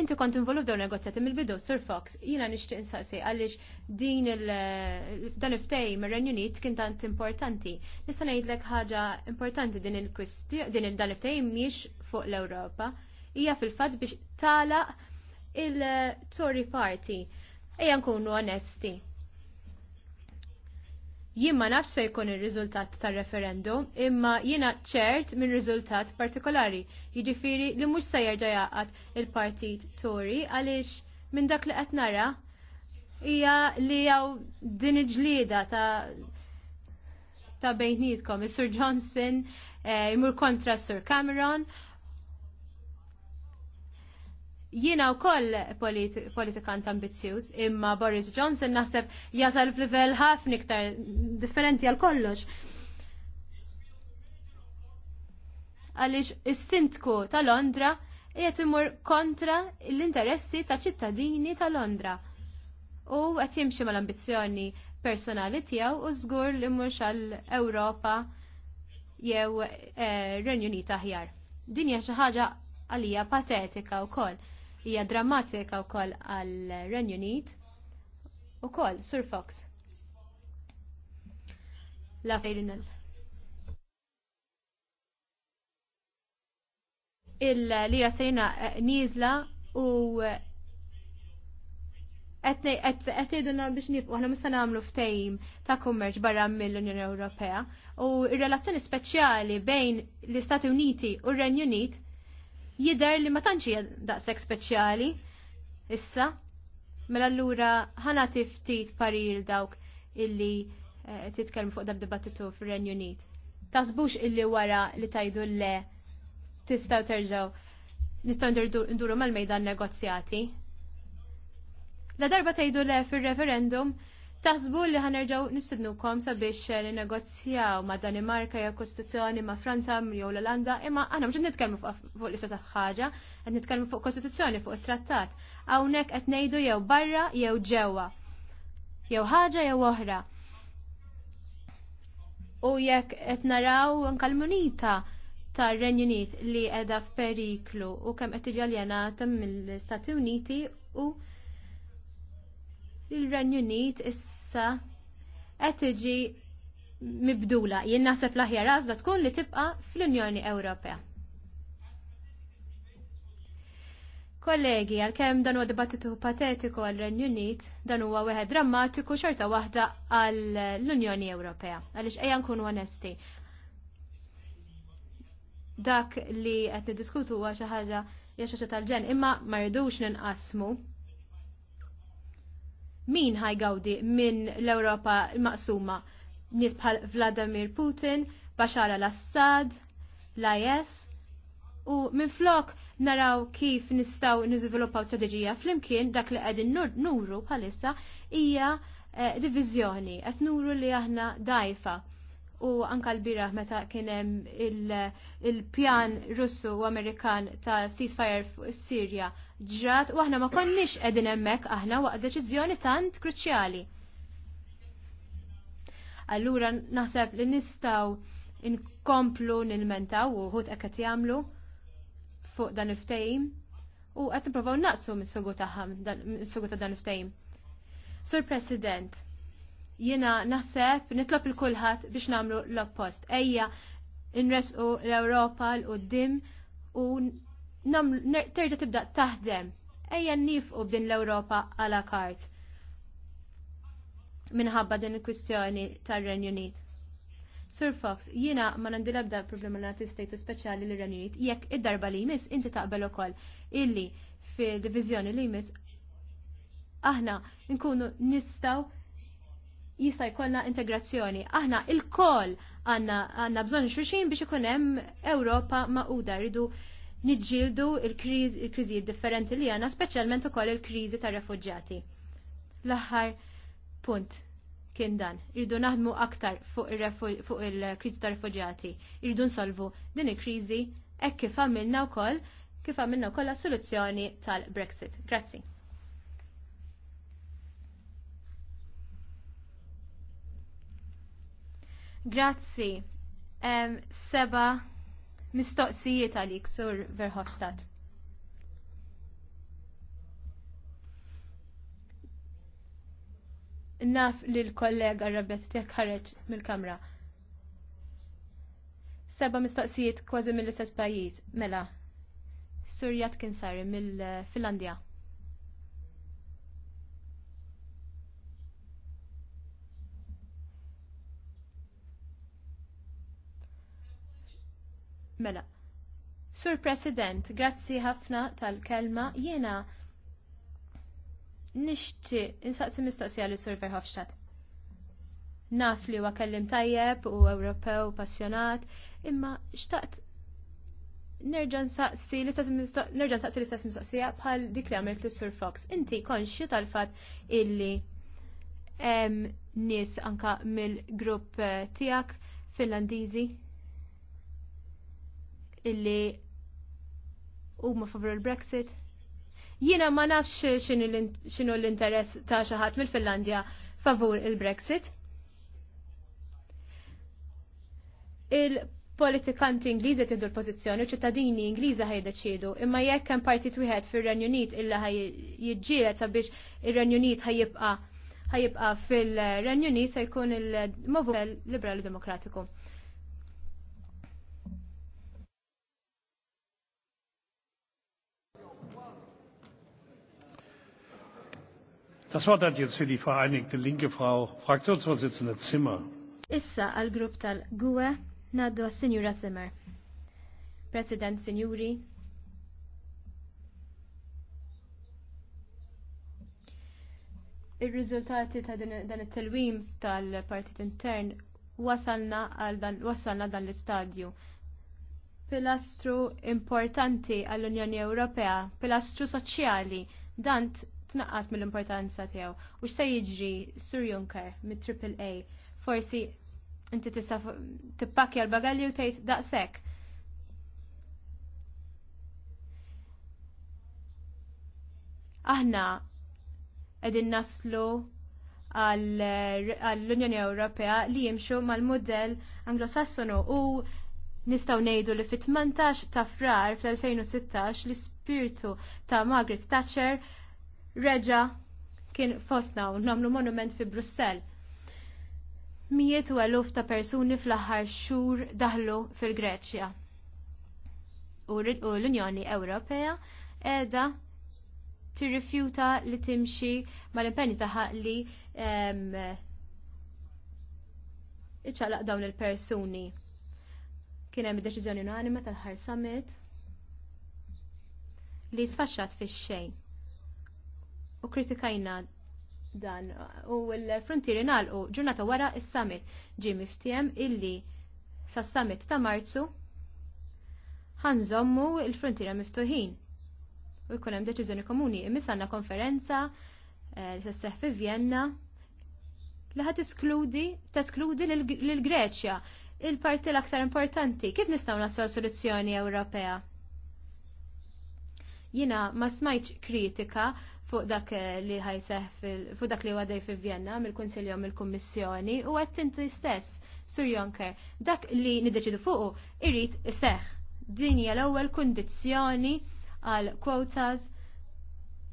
inti kont involut dawn negozjati mill-bidu, Sur Fox, jina nixtieq insaqsi għaliex din il eh, dan iftej mir-Renju Unit kien tant importanti. Nista' ngħidlek ħaġa importanti din il-kwistjoni din dan iftej miex fuq l-Ewropa. Hija fil-fatt biex tala il-Tory Party. Ejja nkunu onesti Jien ma nafx se jkun ir-riżultat tar-referendum, imma jiena ċert minn riżultat partikolari. Jiġifieri li mhux se jerġa' jaqgħad il-Partit Turi għaliex minn dak li qed nara hija li jew din iġlieda ta' ta' bejnietkom. Is-Sur Johnson eh, imur jmur kontra Sur Cameron Jiena u koll politikant politi ambizjuż, imma Boris Johnson naħseb jasal f'livell ħafna iktar differenti għal kollox. Għaliex is-sindku ta' Londra qiegħed imur kontra l-interessi ta' ċittadini ta' Londra. U qed jimxi mal-ambizzjoni personali tiegħu u żgur li mhux għall Ewropa jew eh, Renju Unit aħjar. Din hija xi ħaġa għalija patetika wkoll hija drammatika wkoll għal Ren Unit ukoll Sur Fox. La Il-lira sejna eh, nizla u għetnejdu eh, biex nifqu għana mista namlu ftejm ta' kummerġ barra mill-Unjoni Ewropea u ir-relazzjoni speċjali bejn l-Istati Uniti u r-Renju Unit jider li ma tantx daqshekk speċjali issa. Mela allura ħana tiftit parir dawk illi eh, titkellmu fuq dabdibattitu dibattitu fir-Renju Unit. Tasbux illi wara li tajdu le tistaw terġaw nistgħu nduru mal-mejdan negozjati. La darba tajdu le fir-referendum Taħsbu li ħanerġaw nistednukom sabiex li negozzjaw ma' Danimarka jew Kostituzzjoni ma' Franza jew l-Olanda, imma aħna mhux nitkelmu fuq l-istess ħaġa, qed nitkellmu fuq Kostituzzjoni fuq it-trattat. Hawnhekk qed ngħidu jew barra jew ġewwa. Jew ħaġa jew oħra. U jekk qed naraw nkalmunita l-munita tar-Renju Unit li qiegħda f'periklu u kemm qed tiġi aljenata mill-Stati Uniti u il-Renju Unit issa qed tiġi mibdula. Jien naħseb l-aħjar għażla tkun li tibqa' fl-Unjoni Ewropea. Kollegi, għal-kem dan huwa dibattitu patetiku għal-Renju Unit, dan huwa wieħed drammatiku xorta waħda għall-Unjoni Ewropea. Għaliex ejja nkunu onesti. Dak li qed niddiskutu huwa xi ħaġa jaxa tal-ġen, imma ma rridux ninqasmu Min ħajgawdi minn l-Ewropa maqsuma? nis bħal Vladimir Putin, Bashar al-Assad, l-IS, u minn flok naraw kif nistaw niżviluppaw strateġija flimkien dak li qegħdin nuru bħalissa hija eh, diviżjoni qed nuru li aħna dajfa u anka l bira meta kienem il-pjan russu u amerikan ta' ceasefire f'Sirja ġrat u aħna ma konniex qegħdin hemmhekk aħna waqt deċiżjoni tant kruċjali. Allura naħseb li nistgħu inkomplu nilmentaw u ħut qed jagħmlu fuq dan il-ftehim u qed provaw naqsu mis-sugu ta' dan il-ftehim. Sur President, jiena naħseb nitlob il kulħadd biex nagħmlu l-oppost. Ejja nresqu l-Ewropa l qoddim u terġa tibda taħdem. Ejja nifqu b'din l-Ewropa għala kart minħabba din il-kwistjoni tar-Renju Unit. Sir Fox, jina ma nandi labda problema l statu speċjali l renju Unit jekk id-darba li jmiss inti taqbel ukoll illi fi divizjoni li jmiss aħna nkunu nistaw jista' jkollna integrazzjoni. Aħna il-koll għandna bżonn xulxin biex ikun hemm Ewropa maquda rridu niġġieldu il-kriżijiet differenti li għandna, speċjalment ukoll il-kriżi tar refuġġjati. L-aħħar punt kien dan, irdu naħdmu aktar fuq il-kriżi tar refuġġjati, irdu nsolvu din il-kriżi hekk kif għamilna wkoll kif għamilna kollha soluzzjoni tal-Brexit. Grazzi. Grazzi. Um, seba' mistoqsijiet għalik, Sur Verhofstadt. Naf li l-kollega Rabbet tiegħek ħareġ mill-kamra. Seba mistoqsijiet kważi mill-istess pajjiż, mela. Sur Jatkin Sari mill-Finlandja. Mela. Sur President, grazzi ħafna tal-kelma. Jiena nixti insaqsi mistoqsija li Sur Verhofstadt. Naf li huwa kellim tajjeb u Ewropew passjonat, imma xtaqt nerġa' nsaqsi l-istess mistoqsija bħal dik li għamilt lis Sur Fox. Inti konxju tal-fatt illi hemm nies anka mill-grupp eh, tiegħek Finlandiżi illi huma favur il-Brexit. Jiena ma nafx x'inhu l-interess ta' xi ħadd mill-Finlandja favur il-Brexit. Il-politikanti Ingliżi tieħdu l-pożizzjoni u ċittadini Ingliża ħajdeċiedu, imma jekk hemm partit wieħed fir-Renju Unit illa jiġġieled sabiex ir-Renju Unit ħajjibqa' fil-Renju Unit se jkun il-Movement Liberali Demokratiku. Das Wort hat jetzt für die Vereinigte Linke Frau Fraktionsvorsitzende Zimmer. Issa għal grupp tal-GUE naddu għas-Sinjura Zimmer. President Sinjuri, Ir-riżultati ta' dan it-telwim tal-partit intern wasalna għal dan wasalna dan l-istadju. Pilastru importanti għall-Unjoni Ewropea, pilastru soċjali, dant tnaqqas mill-importanza tiegħu. U x'se jiġri Sur Juncker mit-Triple A? Forsi inti tista' tippakja l-bagalli u tgħid daqshekk. Aħna qegħdin naslu għall-Unjoni Ewropea li jimxu mal-modell anglosassonu u Nistaw nejdu li fit-18 ta' frar fl-2016 l-ispirtu ta' Margaret Thatcher reġa kien fostna u nomlu monument fi Brussel. Mijiet u eluf ta' persuni fl-aħħar xhur daħlu fil-Greċja. U l-Unjoni Ewropea edha tirrifjuta li timxi mal-impenni taħħa li iċċalaq dawn il-persuni. Kien hemm deċiżjoni unanima tal-ħar summit li sfaxxat fix-xejn u kritikajna dan u l-frontieri nalqu ġurnata wara il summit ġie miftiem illi sas-summit ta' Marzu ħanżommu l frontier miftuħin u jkun hemm deċiżjoni komuni imma konferenza eh, li se fi Vienna li ħad iskludi teskludi lil Greċja il-parti l-aktar importanti kif nistgħu nasol soluzzjoni Ewropea. Jina ma smajtx kritika fuq dak eh, li ħajseħ fuq dak li għadej fi Vienna mill-Kunsilju mill-Kummissjoni u għed tinti stess, Sur Jonker, dak li nideċidu fuqu irrid seħ. Dinja l-ewwel kundizzjoni għal quotas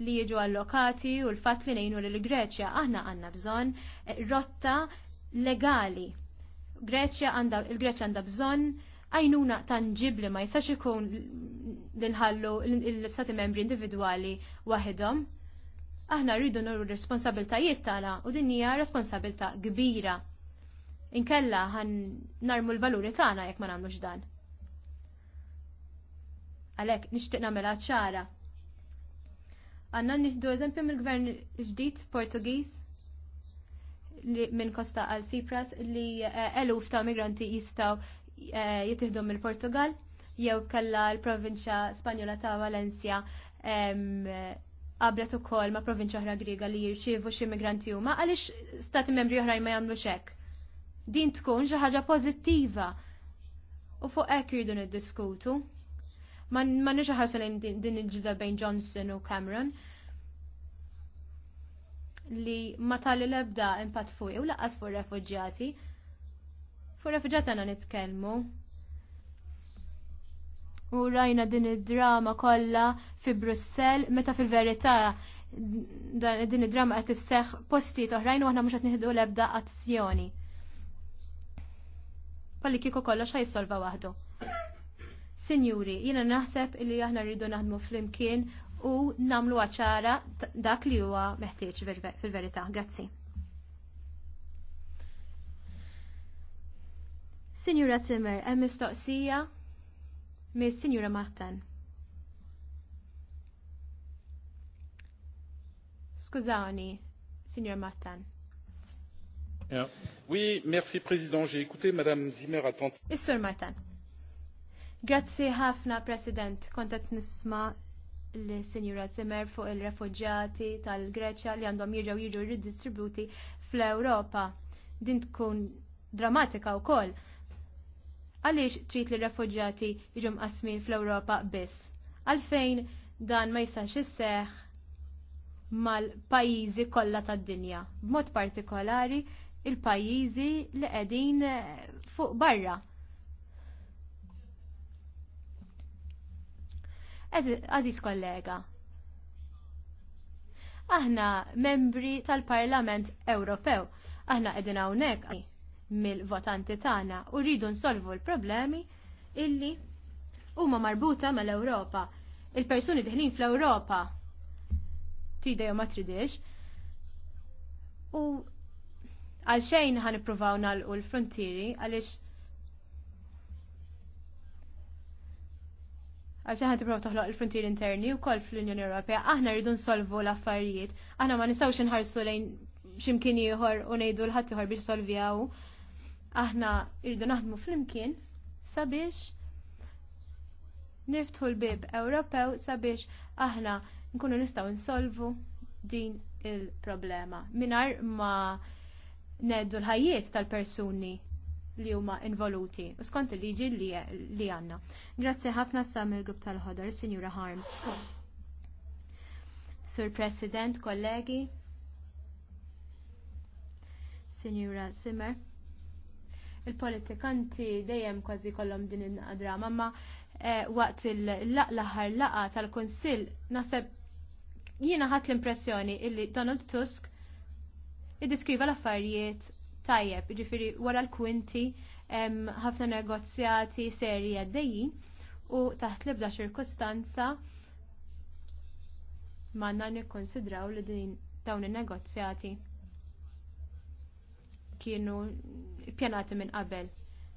li jiġu allokati u l-fatt li nejnu li l-Greċja aħna għanna bżon eh, rotta legali. Greċja għanda, il-Greċja għanda bżon għajnuna tangibli ma jistax ikun l-inħallu l istati membri individuali wahidhom aħna rridu nurru responsabiltajiet tagħna u din hija responsabilità kbira. Inkella ħan narmu l-valuri tagħna jekk ma nagħmlux dan. Għalhekk nixtieq nagħmilha ċara. Għanna nieħdu eżempju mill-gvern ġdid Portugiż minn Costa għal Sipras li eh, eluf ta' migranti jistaw eh, jitihdu mill portugal jew kalla l-provinċja Spanjola ta' Valencia qablet ukoll ma' provinċi oħra Griga li jirċievu xi migranti huma għaliex stati membri oħrajn ma jagħmlux hekk. Din tkun xi ħaġa pożittiva u fuq hekk jridu niddiskutu. Ma nix ħarsan din il-ġida bejn Johnson u Cameron li ma tali ebda impatt fuq u laqqas fuq refuġjati. Fuq refuġjati għana nitkellmu U rajna din id-drama kollha fi Brussell meta fil-verità din id-drama qed isseħħ postijiet oħrajn u aħna mhux qed nieħdu l-ebda azzjoni. Palli kieku kollox ħajsolva waħdu. Sinjuri, jiena naħseb illi aħna rridu naħdmu flimkien u namlu għaċara dak li huwa meħtieġ fil-verità. Grazzi. Sinjura Zimmer, hemm mistoqsija Miss Signora Martin. Skużawni, Signora Martin. Yeah. Oui, merci Président. J'ai écouté Madame Zimmer attentivement. Issur Martin. Grazzi ħafna President. Kontat nisma l-Signora Zimmer fuq il-refugġati tal-Greċja li għandhom jirġaw jiġu ridistributi fl-Ewropa. Din tkun drammatika u koll Għaliex trid li refuġjati jiġu mqasmin fl-Ewropa biss? Għalfejn dan ma jistax isseħ mal-pajjiżi kollha tad-dinja, b'mod partikolari il-pajjiżi li qegħdin eh, fuq barra. Aziz kollega, aħna membri tal-Parlament Ewropew, aħna qegħdin hawnhekk mill-votanti tagħna u rridu nsolvu l-problemi illi huma marbuta mal-Ewropa. Il-persuni diħlin fl-Ewropa trida jew ma tridix. U għal xejn ħan ippruvaw nagħlqu l-frontieri għaliex għal ħan tipprova toħloq il-frontier interni u koll fl-Unjoni Ewropea, aħna rridu nsolvu l-affarijiet, aħna ma nistgħux nħarsu lejn ximkien ieħor u ngħidu l-ħadd ieħor biex solvjaw Aħna irdu naħdmu flimkien sabiex niftħu l-bib Ewropew sabiex aħna nkunu nistgħu nsolvu din il-problema. Minar ma neddu l-ħajiet tal-persuni li huma involuti u skont il-liġi li għanna. Grazzi ħafna sam il-grupp tal-ħodar, Signora Harms. Sur President, kollegi, Signora Simmer il-politikanti dejjem kważi kollhom din il-naqdra, mamma eh, waqt il aħħar laqa tal-Kunsill naħseb jiena ħadd l-impressjoni illi Donald Tusk iddiskriva l-affarijiet tajjeb, ġifiri wara l-kwinti ħafna negozjati serji għaddejjin u taħt l-ibda ċirkustanza manna nikkonsidraw li din dawn in-negozjati kienu pjanati minn qabel.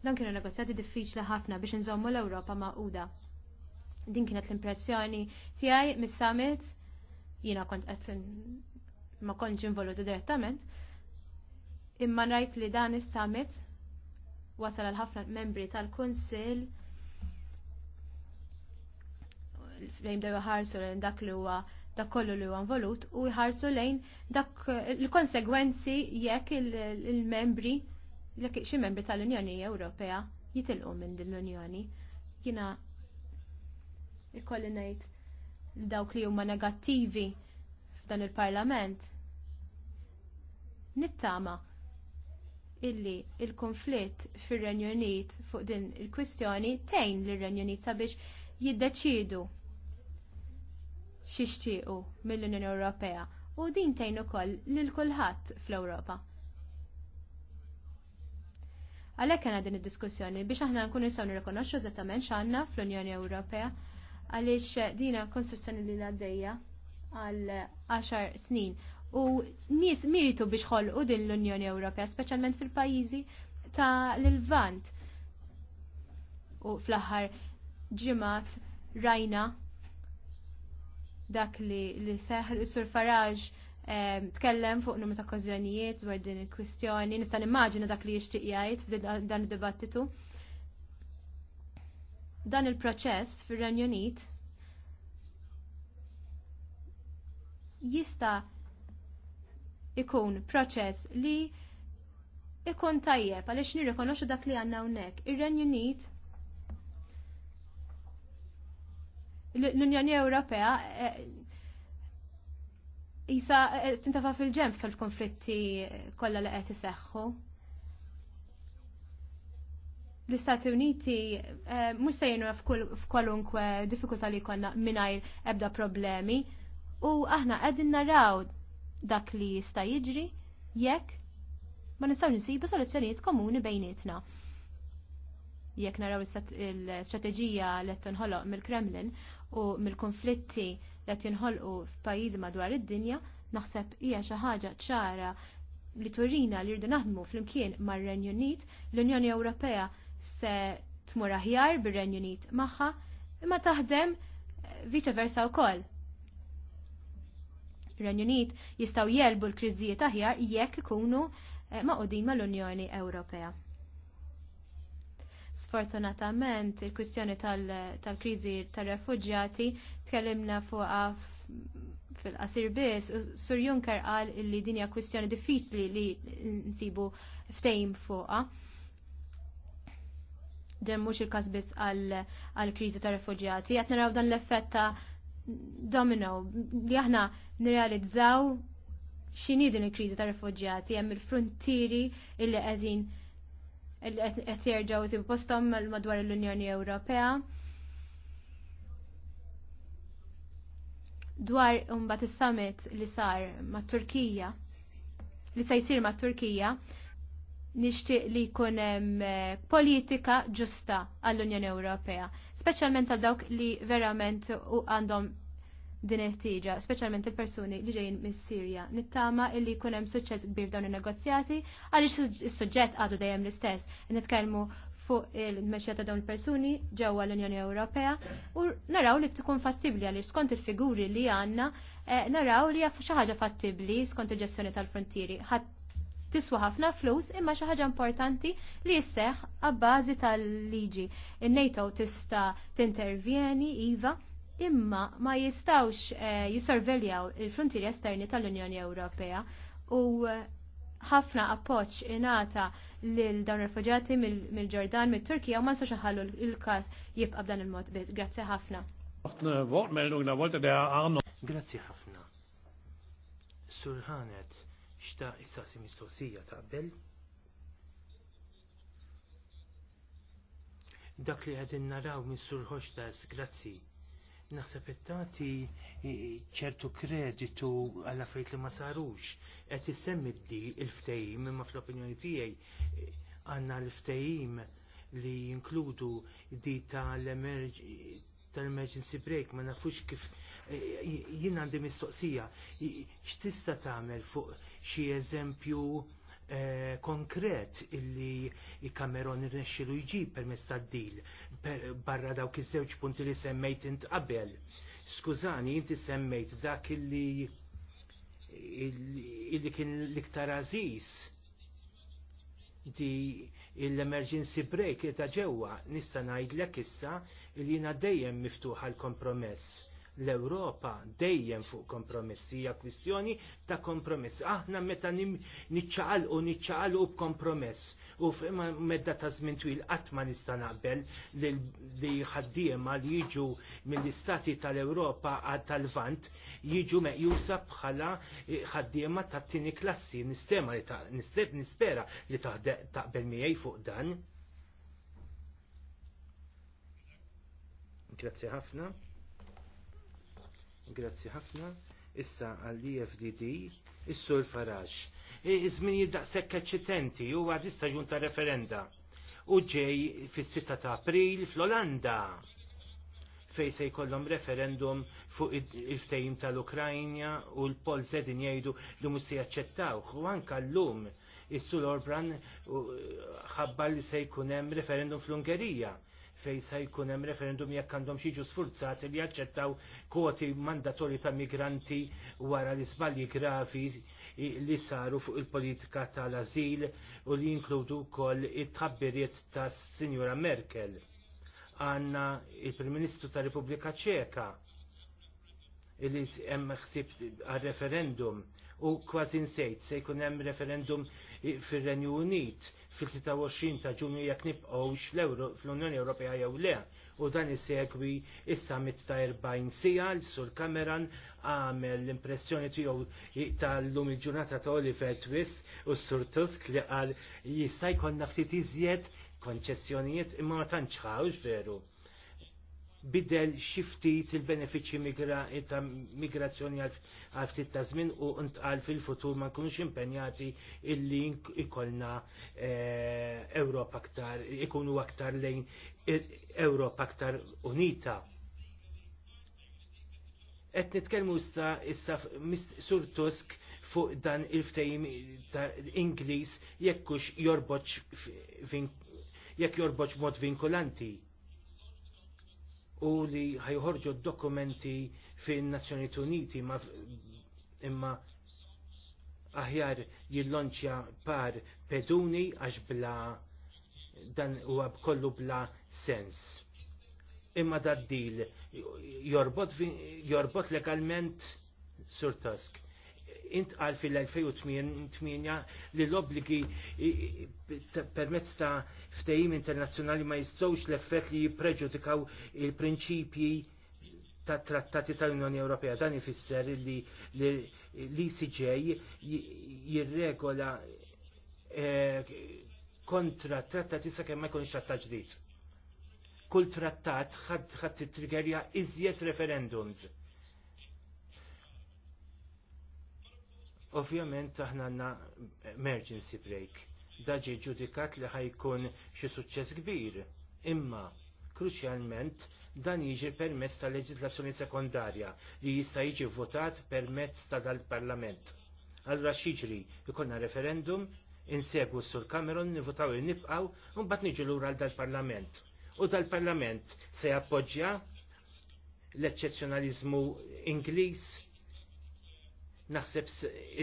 Dan kienu negozjati diffiċli ħafna biex nżommu l-Ewropa maquda. Din kienet l-impressjoni tiegħi mis-summit jiena kont qed ma kontx involuti direttament, imma rajt li dan is-summit wasal għal ħafna membri tal-Kunsill fejn dew ħarsu dak li huwa dak kollu li huwa involut u jħarsu lejn dak il-konsegwenzi jekk il-membri jekk xi membri tal-Unjoni Ewropea jitilqu minn din l-Unjoni. Jiena ikolli ngħid dawk li huma negattivi f'dan il-Parlament. Nittama illi il-konflitt fir renju Unit fuq din il-kwistjoni tejn lir renju Unit sabiex jiddeċidu xixtiequ mill-Unjoni Ewropea u din tgħin ukoll lil kulħadd fl-Ewropa. Għalhekk għandna din id-diskussjoni biex aħna nkunu nistgħu nirrikonoxxu eżattament x'għandna fl-Unjoni Ewropea għaliex dina konstruzzjoni li għaddejja għal 10 snin u nies miritu biex ħolqu din l-Unjoni Ewropea, speċjalment fil-pajjiżi ta' l-Vant. U fl-aħħar ġimgħat rajna dak li li seħl is-Sur Farage eh, tkellem fuq numru ta' dwar din il-kwistjoni, nista' nimmaġina dak li jixtieq jgħid f'dan id-dibattitu. Dan il-proċess fir-Renju Unit jista' ikun proċess li ikun tajjeb għaliex nirrikonoxxu dak li għandna hawnhekk. Ir-Renju Unit l-Unjoni Ewropea eh, jisa eh, tintafa fil-ġemp fil-konflitti kollha li qed iseħħu. L-Istati Uniti eh, mhux se f'kolunkwe diffikulta li jkollna mingħajr ebda problemi u aħna qegħdin naraw dak li jista' jiġri jekk ma nistgħu nsibu soluzzjonijiet komuni bejnietna jekk naraw il-strateġija li tinħoloq mill-Kremlin u mill-konflitti li qed jinħolqu f'pajjiżi madwar id-dinja naħseb hija xi ħaġa ċara li turina li rridu naħdmu flimkien mar-Renju Unit, l-Unjoni Ewropea se tmur aħjar bir-Renju Unit magħha, imma taħdem eh, viċa versa wkoll. Renju Unit jistgħu jelbu l-kriżijiet aħjar jekk ikunu eh, maqudin mal-Unjoni Ewropea. Sfortunatament, il-kwistjoni tal-krizi tal-refugġjati tkellimna fuqa fil-qasir biss. u Sur Juncker qal li din hija kwistjoni diffiċli li nsibu ftejm fuqha. dem mhux il każ biss għal-krizi tar-refuġjati. Qed naraw dan l-effett ta' domino li aħna nirrealizzaw x'inhi din il kriżi tar refuġjati hemm il-frontieri illi għazin qed jerġgħu impostom madwar l-Unjoni Ewropea. Dwar imbagħad is-summit li sar mat Turkija li se jsir mat Turkija nixtieq li jkun hemm eh, politika ġusta għall-Unjoni Ewropea, speċjalment għal dawk li verament għandhom din it-tieġa, speċjalment il-persuni li ġejjin mis sirja Nittama illi jkun hemm suċċess kbir dawn in-negozjati għaliex is-suġġett għadu dejjem l-istess. Nitkellmu fuq il-mexja ta' dawn il-persuni ġewwa l-Unjoni Ewropea u naraw li tkun fattibbli għaliex skont il-figuri li għandna eh, naraw li xi ħaġa fattibbli skont il-ġestjoni tal-frontieri. Tiswa ħafna flus imma xi ħaġa importanti li jisseħ għabbażi tal-liġi. In-NATO tista' tintervjeni iva imma ma jistawx eh, jisorveljaw il-frontieri esterni tal-Unjoni Ewropea u eh, ħafna appoċ inata lil dawn rifugjati mill-Ġordan, mill-Turkija u ma nsax ħallu il-każ jibqa' b'dan il-mod biss. Grazzi ħafna. Grazzi ħafna. Surħanet xta' isaqsi mistoqsija taqbel. Dak li qegħdin naraw minn Sur ta' grazzi Naħseb it-tati ċertu kreditu għalla fejt li ma sarux. Qed isemmi bdi il-ftehim imma fl-opinjoni tiegħi għandna l-ftehim li jinkludu di tal-emergency break ma nafux kif e, e, jien għandi mistoqsija x'tista' tagħmel fuq xi eżempju Eh, konkret illi Cameron irnexxilu jġib permezz tad-dil barra dawk iż-żewġ punti li semmejt int qabel. Skużani, inti semmejt dak illi illi kien l-iktar ażiż di l-emergency break ta' ġewwa nista' ngħidlek issa li jiena dejjem miftuħa l-kompromess l-Ewropa dejjem fuq kompromissi hija kwistjoni ta' kompromiss. Aħna meta niċċaqal u niċċaqal u kompromiss. u medda ta' żmien twil qatt ma nista' naqbel li ħaddiema li jiġu mill-istati tal-Ewropa tal-Vant jiġu meqjusa bħala ħaddiema ta' tieni klassi nistema li ta' nispera li taqbel miegħi fuq dan. Grazie ħafna. Grazzi ħafna. Issa għall-IFDD, is-sur Faraġ. Iżmin jiddaqsek eċċitenti, huwa distaġun ta' referenda. U ġej fis-6 ta' April fl-Olanda fej se jkollhom referendum fuq il-ftejim tal-Ukrajna u l-Pol Zedin jgħidu li mhux se jaċċettawh. U anke llum is-Sul Orbran ħabbar li se jkun hemm referendum fl-Ungerija fej se jkun hemm referendum jekk għandhom xi jiġu sfurzati li jaċċettaw kwoti mandatorji ta' migranti wara l iżbalji gravi li saru fuq il-politika tal-azil u li jinkludu wkoll it tħabbiriet tas Sinjura Merkel. Għanna il-Prim Ministru tar Repubblika Ċeka li hemm ħsieb għal referendum u kważi nsejt se jkun hemm referendum fir-Renju Unit fil-23 ta' ġunju jek nibqgħux l fl-Unjoni Ewropea jew le. U dan isegwi is-summit ta' 40 sija l sur Cameron għamel l-impressjoni tiegħu tal-lum il-ġurnata ta' Oliver Twist u s-Sur Tusk li qal jista' jkollna ftit iżjed konċessjonijiet imma ma tantx veru bidel xiftit il-benefiċi migra, ta' migrazzjoni għal ftit ta' żmien u ntqal fil-futur ma nkunux impenjati illi ikolna e, Ewropa aktar, ikunu aktar lejn e, Ewropa aktar unita. Qed nitkellmu sta issa Sur Tusk fuq dan il ftehim ta' Ingliż jekkux jorboċ jekk jorboċ mod vinkolanti u li ħajħorġu dokumenti fin nazzjonijiet Uniti ma imma aħjar jillonċja par peduni għax bla dan huwa kollu bla sens. Imma dad-dil jorbot, jorbot legalment sur task intqal fil-2008 li l-obbligi permezz ta' ftehim internazzjonali ma jistgħux l-effett li jippreġudikaw il-prinċipji ta' trattati tal-Unjoni Ewropea. Dan ifisser li l-ECJ jirregola eh, kontra trattati sa' kemm ma jkunx trattat ġdid. Kull trattat ħadd titriggerja iżjed referendums Ovvjament aħna għandna emergency break. Daġi ġudikat li ħajkun xi suċċess kbir. Imma kruċjalment dan jiġi permezz ta' leġislazzjoni sekondarja li jista' jiġi votat permezz ta' dal-Parlament. Allura xiġri ikonna referendum, insegwu sur Cameron, nivotaw nibqaw, un bat niġu lura għal dal-Parlament. U dal-Parlament se jappoġġja l eċċezzjonaliżmu Ingliż naħseb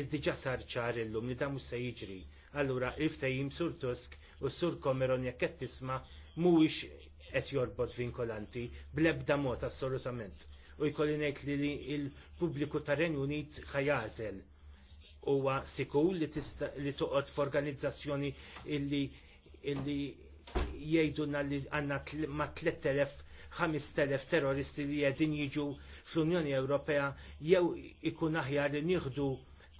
id-diġa eh, sar ċar illum li da mhux se jiġri. Allura il-ftehim sur Tusk u sur Komeron jekk qed tisma' mhuwiex qed jorbot vinkolanti bl-ebda mod assolutament. U jkolli ngħid li l-pubbliku tar-Renju Unit ħajażel huwa sikur li tista' li toqgħod f'organizzazzjoni illi illi jgħidulna li għandna ma' 3000 5,000 terroristi li jedin jiġu fl-Unjoni Ewropea jew ikun aħjar li nieħdu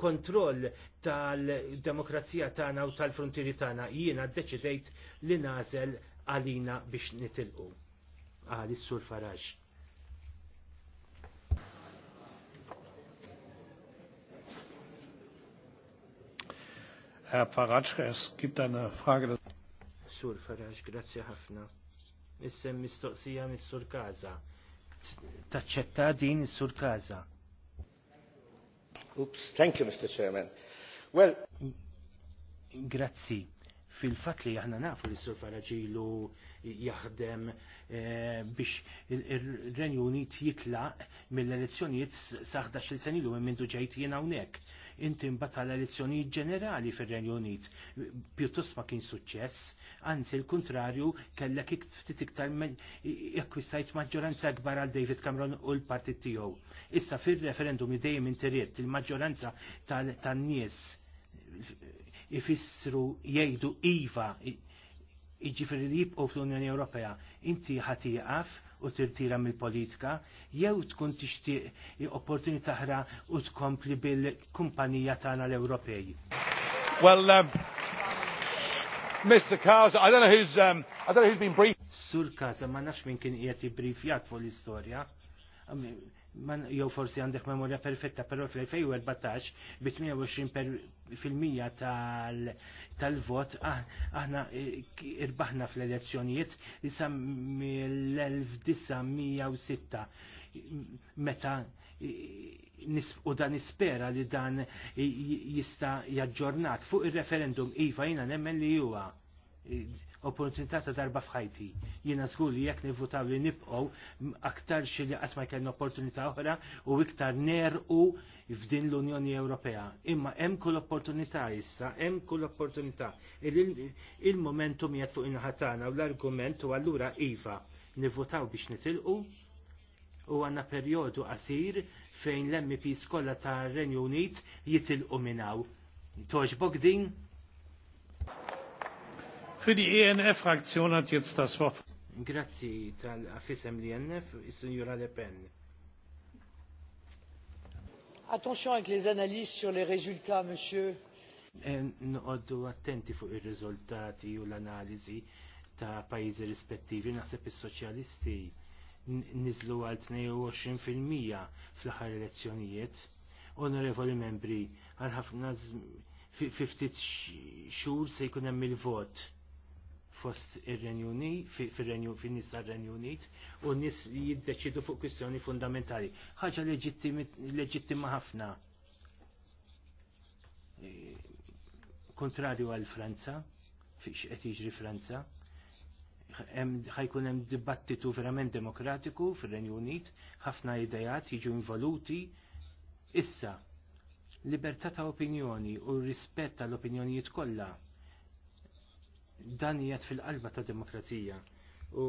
kontroll tal-demokrazija tagħna u tal-frontieri tagħna jiena ddeċidejt li nażel għalina biex nitilqu. Għal is-sur Faraġ. Herr Farage, es gibt eine Frage. Sur Farage, grazie ħafna issem mistoqsija mis-sur Kaza. Taċċetta din is-sur Kaza. Oops, thank you Mr. Chairman. Well, grazzi. Fil-fat li aħna nafu li sur Faraġilu jaħdem eh, biex ir-Renju Unit jitlaq mill-elezzjonijiet saħdax 11 senilu minn minn ġejt jien hawnhekk inti mbagħad tal-elezzjonijiet ġenerali fir-Renju Unit. Pjuttost ma kien suċċess, anzi l-kuntrarju kellek ftit iktar jakkwistajt maġġoranza kbar għal David Cameron u l-partit tiegħu. Issa fir-referendum dejjem interiet il-maġġoranza tan-nies ifissru jgħidu iva jiġifieri li jibqgħu fl-Unjoni Ewropea. Inti ħatiqaf u tirtira mill-politika, jew tkun tixtieq opportunità ħra u tkompli bil-kumpanija tagħna l-Ewropej. Well, um, Mr. Kaza, I don't know who's um, I don't know who's been briefed. Sur Kaza, ma nafx min kien qiegħed jibbrifjat fuq l-istorja man jew forsi għandek memorja perfetta, però fl-2014 bi 28% tal-vot tal ah, aħna eh, irbaħna fl-elezzjonijiet issa mill-1906 meta u dan ispera li dan jista jaġġornak fuq il-referendum iva jina nemmen li huwa opportunità ta' darba fħajti. Jiena zgur li jekk nivvutaw li nibqgħu aktar xi li qatt ma jkellna opportunità oħra u iktar nerqu f'din l-Unjoni Ewropea. Imma hemm kull opportunità issa, hemm kull opportunità. Il-momentum il jgħid fuq inħatana u l-argument u allura iva nivvutaw biex nitilqu u għanna perjodu qasir fejn l mps skolla tar Renju Unit jitilqu minnaw. Toġbok din? Für die ENF-Fraktion hat jetzt das Wort. Grazzi tal-affisem li nf il-Signora Le Pen. Attention avec les analyses sur les résultats, monsieur. E, Nqoddu attenti fuq ir-riżultati u l-analiżi ta' pajjiżi rispettivi naħseb is-soċjalisti niżlu għal 22% fl-aħħar elezzjonijiet. Onorevoli membri, għal ħafna 50 xhur se jkun hemm il-vot fost ir-Renjuni, fin-nis tar-Renjunit, u nis jiddeċidu fuq kwistjoni fundamentali. ħaġa leġittima ħafna. E, kontrarju għal Franza, fiex qed jiġri Franza, ħajkun hemm dibattitu verament demokratiku fir-Renju Unit, ħafna idejat jiġu involuti. Issa, libertà ta' opinjoni u rispett tal opinjonijiet kollha dan jgħat fil-qalba ta' demokrazija u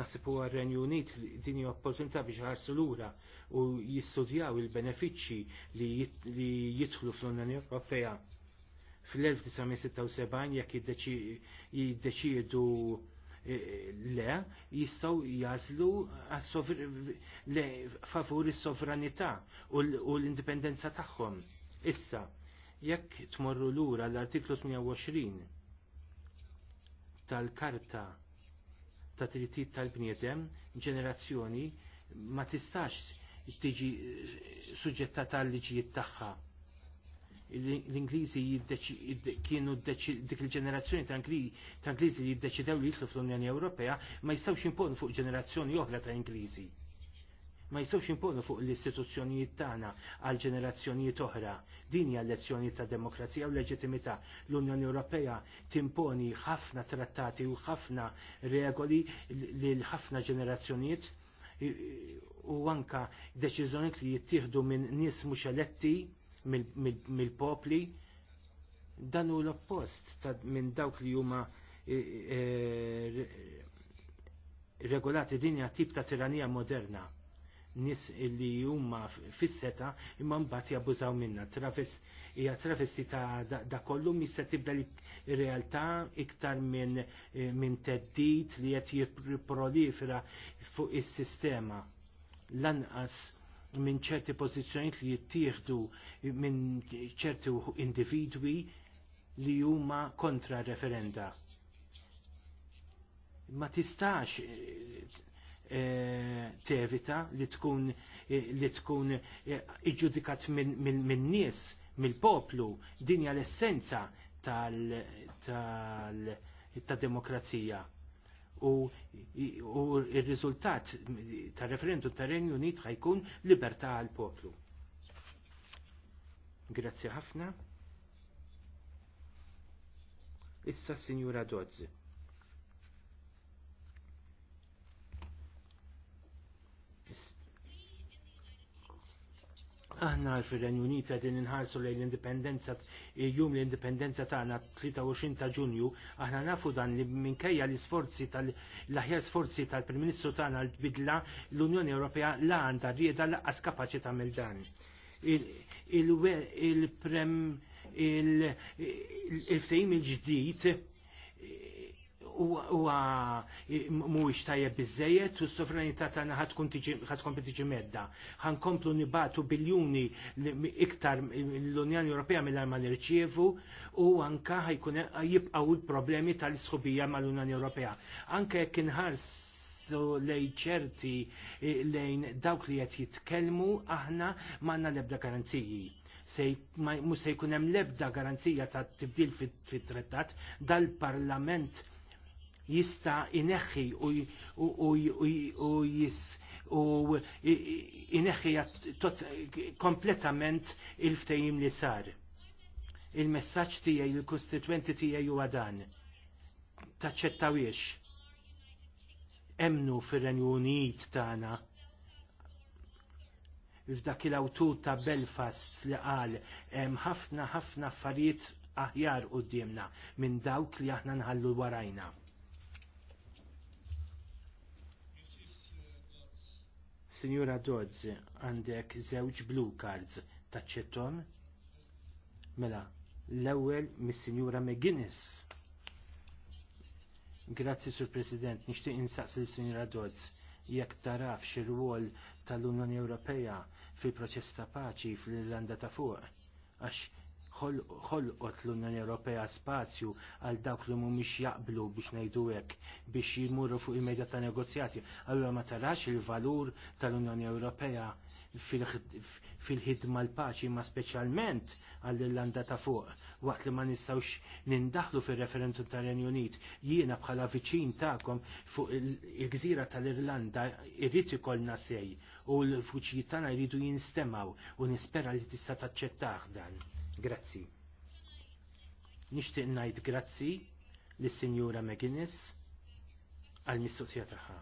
nasib huwa r-Renju Unit dini opportunità biex ħarsu lura u jistudjaw il-benefiċċji li jidħlu fl-Unjoni Ewropea fl-1976 jekk jiddeċiedu eh, le jistaw jazlu favur is-sovranità u l-indipendenza tagħhom. Issa, jekk tmorru lura l-artiklu 28 tal-karta ta' trittijiet tal-bniedem, ġenerazzjoni, ma tistax tiġi suġġetta tal-liġijiet tagħha. L-Ingliżi kienu dik il-ġenerazzjoni ta' Ingliżi li jiddeċidew li jitlu fl-Unjoni Ewropea ma jistgħux imponu fuq ġenerazzjoni oħra ta' Ingliżi ma jistawx imponu fuq l-istituzzjonijiet tagħna għal ġenerazzjonijiet oħra. Din hija lezzjoni ta' demokrazija u leġittimità. L-Unjoni Ewropea timponi ħafna trattati u ħafna regoli lil ħafna ġenerazzjonijiet u anka deċiżjonijiet li jittieħdu minn nies mhux eletti mill-popli dan hu l-oppost minn dawk li huma e- regolati dinja tip ta' tiranija moderna nis li huma fis-seta imma mbagħad jabbużaw minna. Travis hija travesti ta' da, kollu misa tibda realtà iktar minn eh, min teddit li qed jipprolifera fuq is-sistema. Lanqas minn ċerti pożizzjonijiet li jittieħdu minn ċerti individwi li huma kontra referenda. Ma tistax eh, tevita li tkun li tkun iġġudikat minn nies mill-poplu dinja l-essenza tal-demokrazija. U, il-riżultat tar referendum tar renju Unit ħajkun libertà għal poplu. Grazzi ħafna. Issa Signora Dodzi. Aħna fil-Renju Unit għedin inħarsu lejn l-indipendenza jum l-indipendenza tagħna 23 ta' Ġunju, aħna nafu dan li minkejja l-isforzi tal-aħjar sforzi tal-Prim Ministru tagħna l-bidla l-Unjoni Ewropea la għandha rieda laqqas kapaċi tagħmel dan. Il-prem il-ftehim il-ġdid huwa mhuwiex tajjeb bizzejet u s-sovranità tagħna ħad tiġi medda. Ħankomplu nibatu biljuni iktar l-Unjoni Ewropea mill-arma li rċievu u anka ħajkun jibqgħu l-problemi tal-isħubija mal-Unjoni Ewropea. Anke jekk inħars lejn ċerti eh, lejn dawk li qed jitkellmu aħna m'għandna l-ebda garanziji. Mhux se jkun hemm l-ebda garanzija ta' tibdil fit-trattat dal-Parlament jista ineħħi u jis u ineħħi kompletament il-ftejim li sar. il tiegħi tijaj, il-kostituenti tijaj u għadan. Taċċettawiex. Emnu fir-Renju Unit tagħna f'dak il-awtur ta' Belfast li qal hemm ħafna ħafna affarijiet aħjar qudiemna minn dawk li aħna nħallu warajna. Sinjura Dodds, għandek żewġ blue cards taċċettom? Mela, l-ewwel mis-Sinjura McGuinness. Grazzi Sur President, nixtieq insaqs l-Sinjura Dodds jekk taraf xir-rwol tal-Unjoni Ewropea fil-proċess ta' paċi fl-Irlanda ta' fuq, għax ħolqot l-Unjoni Ewropea spazju għal dawk li mhumiex jaqblu biex ngħidu hekk biex jimurru fuq il mejda ta' negozjati. Allura ma tarax il-valur tal-Unjoni Ewropea fil-ħidma l-paċi ma speċjalment għall-Irlanda ta' fuq, waqt li ma nistawx nindaħlu fil-referendum tal-Renju Unit, jiena bħala viċin ta'kom fuq il-gżira tal-Irlanda irrid ikollna sej u l-fuċijiet tagħna jridu jinstemaw u nispera li tista' taċċettaħ dan. Grazzi. Nixtieq ngħid grazzi lis-Sinjura McGuinness għall mistoqsija tagħha.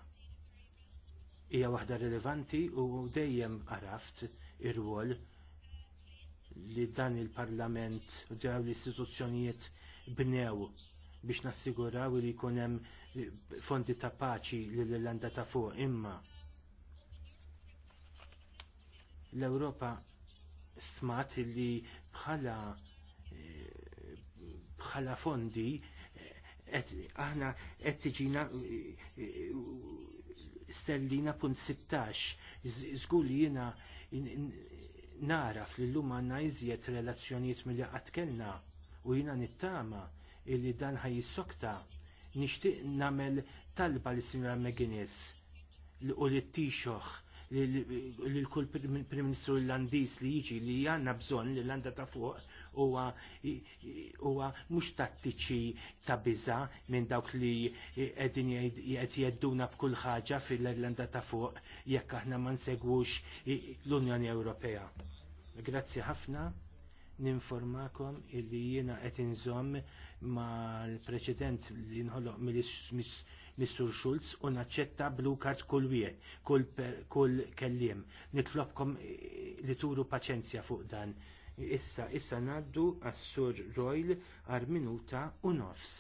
Hija waħda rilevanti u dejjem għaraft ir-rwol li dan il-Parlament u ġew l-istituzzjonijiet bnew biex nassiguraw li jkun hemm eh, fondi ta' paċi lill irlanda ta' fuq imma l-Ewropa stmat li bħala eh, bħala fondi eh, aħna qed tiġina eh, stellina punt 16 żgur li jiena naraf li llum għandna iżjed relazzjonijiet milli qatt kellna u jiena nittama illi dan ħaj jissokta nixtieq nagħmel talba li sinjora McGuinness u li t-tixoħ l kull Prim Ministru Irlandiż li jiġi li għandna bżonn li l-għanda ta' fuq huwa mhux tattiċi ta' biża minn dawk li qegħdin qed jedduna b'kull ħaġa fil landa ta' fuq jekk aħna ma nsegwux l-Unjoni Ewropea. Grazzi ħafna ninformakom li jiena qed inżomm mal preċedent li nħoloq mill Mr. Schulz u naċċetta blue card kull wieħed, kull kelliem. Nitlobkom eh, li turu paċenzja fuq dan. Issa, issa naddu għas-Sur Royal għal minuta u nofs.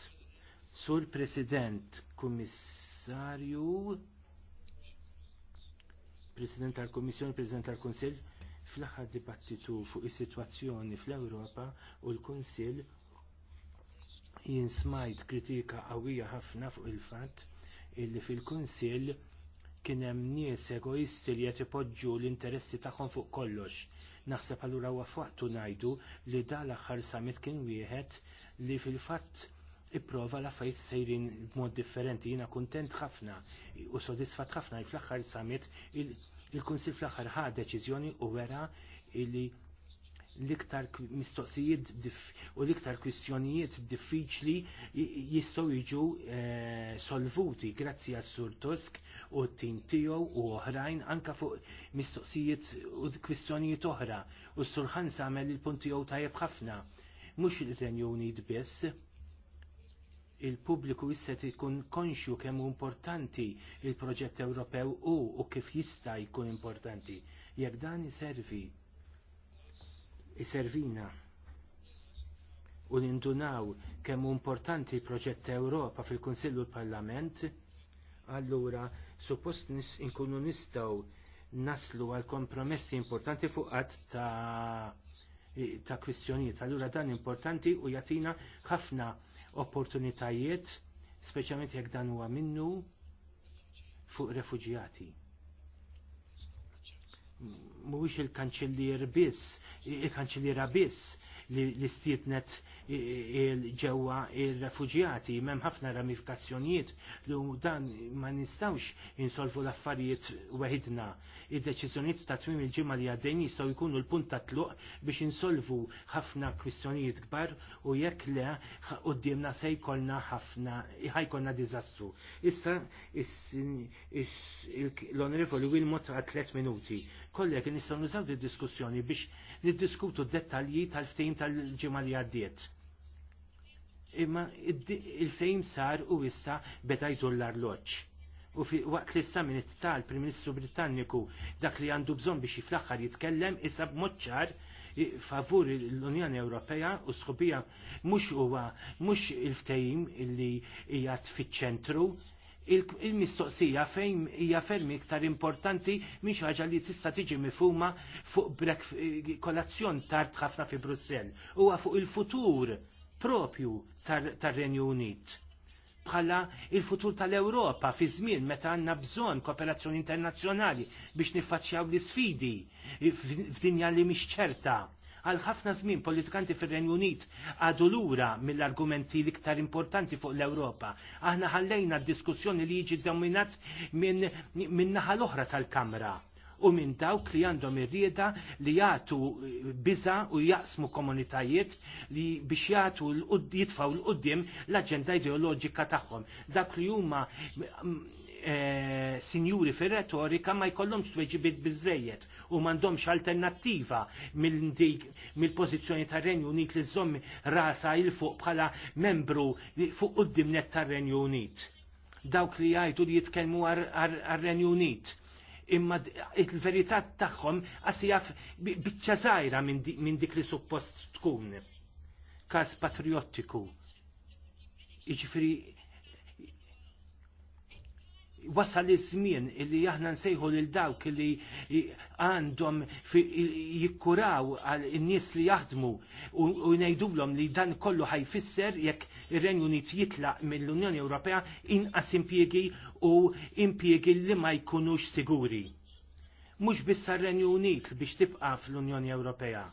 Sur President, Kummissarju, President tal kummissjoni President tal-Konsil, fl-aħħar dibattitu fuq is-sitwazzjoni fl-Ewropa u l-Kunsill jinsmajt kritika qawwija ħafna fuq il-fatt illi fil-Kunsill kien hemm nies egoisti li qed ipoġġu l-interessi tagħhom fuq kollox. Naħseb allura huwa f'waqtu ngħidu li dan l-aħħar summit kien wieħed li fil-fatt ipprova la fajt sejrin b'mod differenti. Jiena kuntent ħafna u sodisfat ħafna li fl-aħħar summit il-Kunsill fl-aħħar ħa deċiżjoni u wera li l-iktar mistoqsijiet u l-iktar kwistjonijiet diffiċli jistgħu jiġu eh, solvuti grazzi għas Sur Tusk u t-tim tiegħu u oħrajn anke fuq mistoqsijiet u kwistjonijiet oħra u Sur Ħan samel il-punt tiegħu tajjeb ħafna mhux il-Renju Unit biss il-pubbliku jista' jkun konxju kemm hu importanti il-proġett Ewropew u u kif jista' jkun importanti jekk dan iservi iservina u nindunaw kemm importanti proġett Ewropa fil-Kunsill u l-Parlament, allura suppost inkunu nistgħu naslu għal kompromessi importanti fuq qatt ta' ta' kwistjonijiet. Allura dan importanti u jagħtina ħafna opportunitajiet, speċjalment jekk dan huwa minnu fuq refuġjati mhuwiex il-kanċellier biss, il-kanċelliera biss li stietnet ġewwa il refuġjati m'hemm ħafna ramifikazzjonijiet li dan ma nistawx insolvu l-affarijiet weħidna. Id-deċiżjonijiet ta' twim il-ġimgħa li għaddejn jistgħu jkunu l-punt ta' tluq biex insolvu ħafna kwistjonijiet kbar u jekk le qudiemna se jkollna ħafna ħajkollna diżastru. Issa l-onorevoli Wilmot għal tliet minuti kollegi nistgħu nużaw di diskussjoni biex niddiskutu dettalji tal-ftehim tal-ġimgħa li għaddiet. Imma il-fejm sar u issa beda jdullar l-arloġġ. U fi waqt li issa min tal-Prim Ministru Britanniku dak li għandu bżonn biex fl-aħħar jitkellem issa b'mod ċar favur l-Unjoni Ewropea u sħubija mhux huwa mhux il-ftehim li hija fiċ-ċentru il-mistoqsija fejn hija ferm iktar importanti xi ħaġa li tista' tiġi mifhuma fuq kolazzjon tard ħafna fi Brussell. Huwa fuq il-futur propju tar-Renju Unit bħala il-futur tal-Ewropa fi żmien meta għandna bżonn kooperazzjoni internazzjonali biex niffaċċjaw l-isfidi f'dinja li mhix ċerta għal ħafna żmien politikanti fir-Renju Unit għadu lura mill-argumenti l-iktar importanti fuq l-Ewropa. Aħna ħallejna d-diskussjoni li jiġi dominat minn min naħa l-oħra tal-Kamra u minn dawk li għandhom ir-rieda li jagħtu biża u jaqsmu komunitajiet li biex jagħtu jitfaw l-qudiem l-aġenda ideoloġika tagħhom. Dak li huma Eh, sinjuri fir-retorika ma jkollhomx tweġibiet biżejjed u m'għandhomx alternattiva mill-pożizzjoni tar-Renju Unit li żommi rasa il fuq bħala membru fuq qudiemnet tar-Renju Unit. Dawk li jgħidu li jitkellmu għar-Renju Unit imma il-verità tagħhom għasija biċċa żgħira minn dik li suppost tkun. Każ patriottiku. Jiġifieri wasal iż-żmien li aħna nsejħu lil dawk li għandhom jikkuraw għal in-nies li jaħdmu u ngħidulhom li dan kollu ħajfisser jekk ir-Renju Unit jitlaq mill-Unjoni Ewropea inqas impjiegi u impjiegi li ma jkunux siguri. Mhux biss sar renju Unit biex tibqa' fl-Unjoni Ewropea,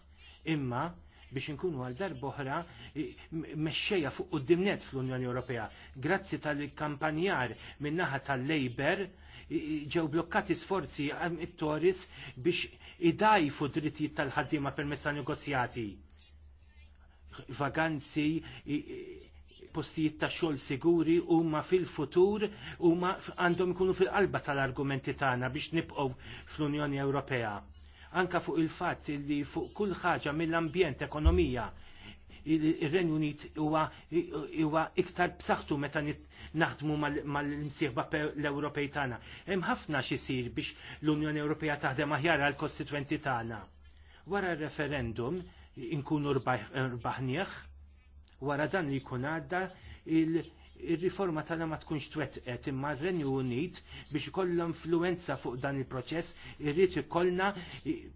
imma biex inkunu għal darboħra mexxejja fuq qudiemnet fl-Unjoni Ewropea. Grazzi tal-kampanjar min-naħa tal-Labor ġew blokkati sforzi it-Toris biex idajfu drittijiet tal-ħaddiema permezz ta' negozjati. Vaganzi, postijiet ta' xogħol siguri huma fil-futur huma għandhom ikunu fil-qalba tal-argumenti tagħna biex nibqgħu fl-Unjoni Ewropea anka fuq il-fatt li fuq kull ħaġa mill-ambjent ekonomija il-Renju Unit huwa iktar b'saħħtu meta naħdmu mal-imsieħba l-Ewropej tagħna. Hemm ħafna xisir biex l-Unjoni Ewropea taħdem aħjar għall kostitwenti tagħna. Wara r-referendum inkunu rbaħnieħ, wara dan li jkun għadda ir-riforma tagħna ma tkunx twettqet imma r-Renju Unit biex ikollha influenza fuq dan il-proċess irrid ikollna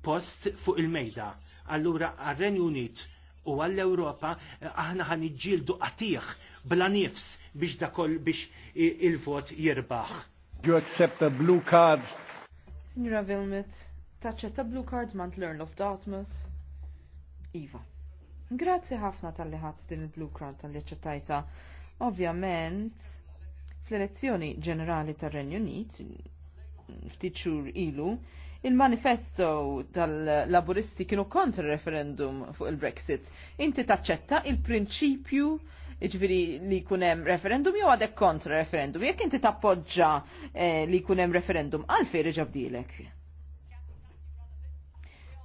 post fuq il-mejda. Allura għar-Renju Unit u għall-Ewropa aħna ħan iġġieldu qatiħ bla nifs biex dakol biex il-vot jirbaħ. You accept a blue card. Signora Vilmet, taċċetta blue card mant Learn of Dartmouth. Iva. Grazzi ħafna tal-li ħadd din il-blue card tal-li ċettajta Ovvjament, fl-elezzjoni ġenerali tar-Renju Unit, ftit xhur ilu, il-manifesto tal-laburisti kienu kontra referendum fuq il-Brexit. Inti taċċetta il-prinċipju ġviri li kunem referendum jew għadek kontra referendum. Jekk inti tappoġġa eh, li kunem referendum, għalfej reġa bdilek?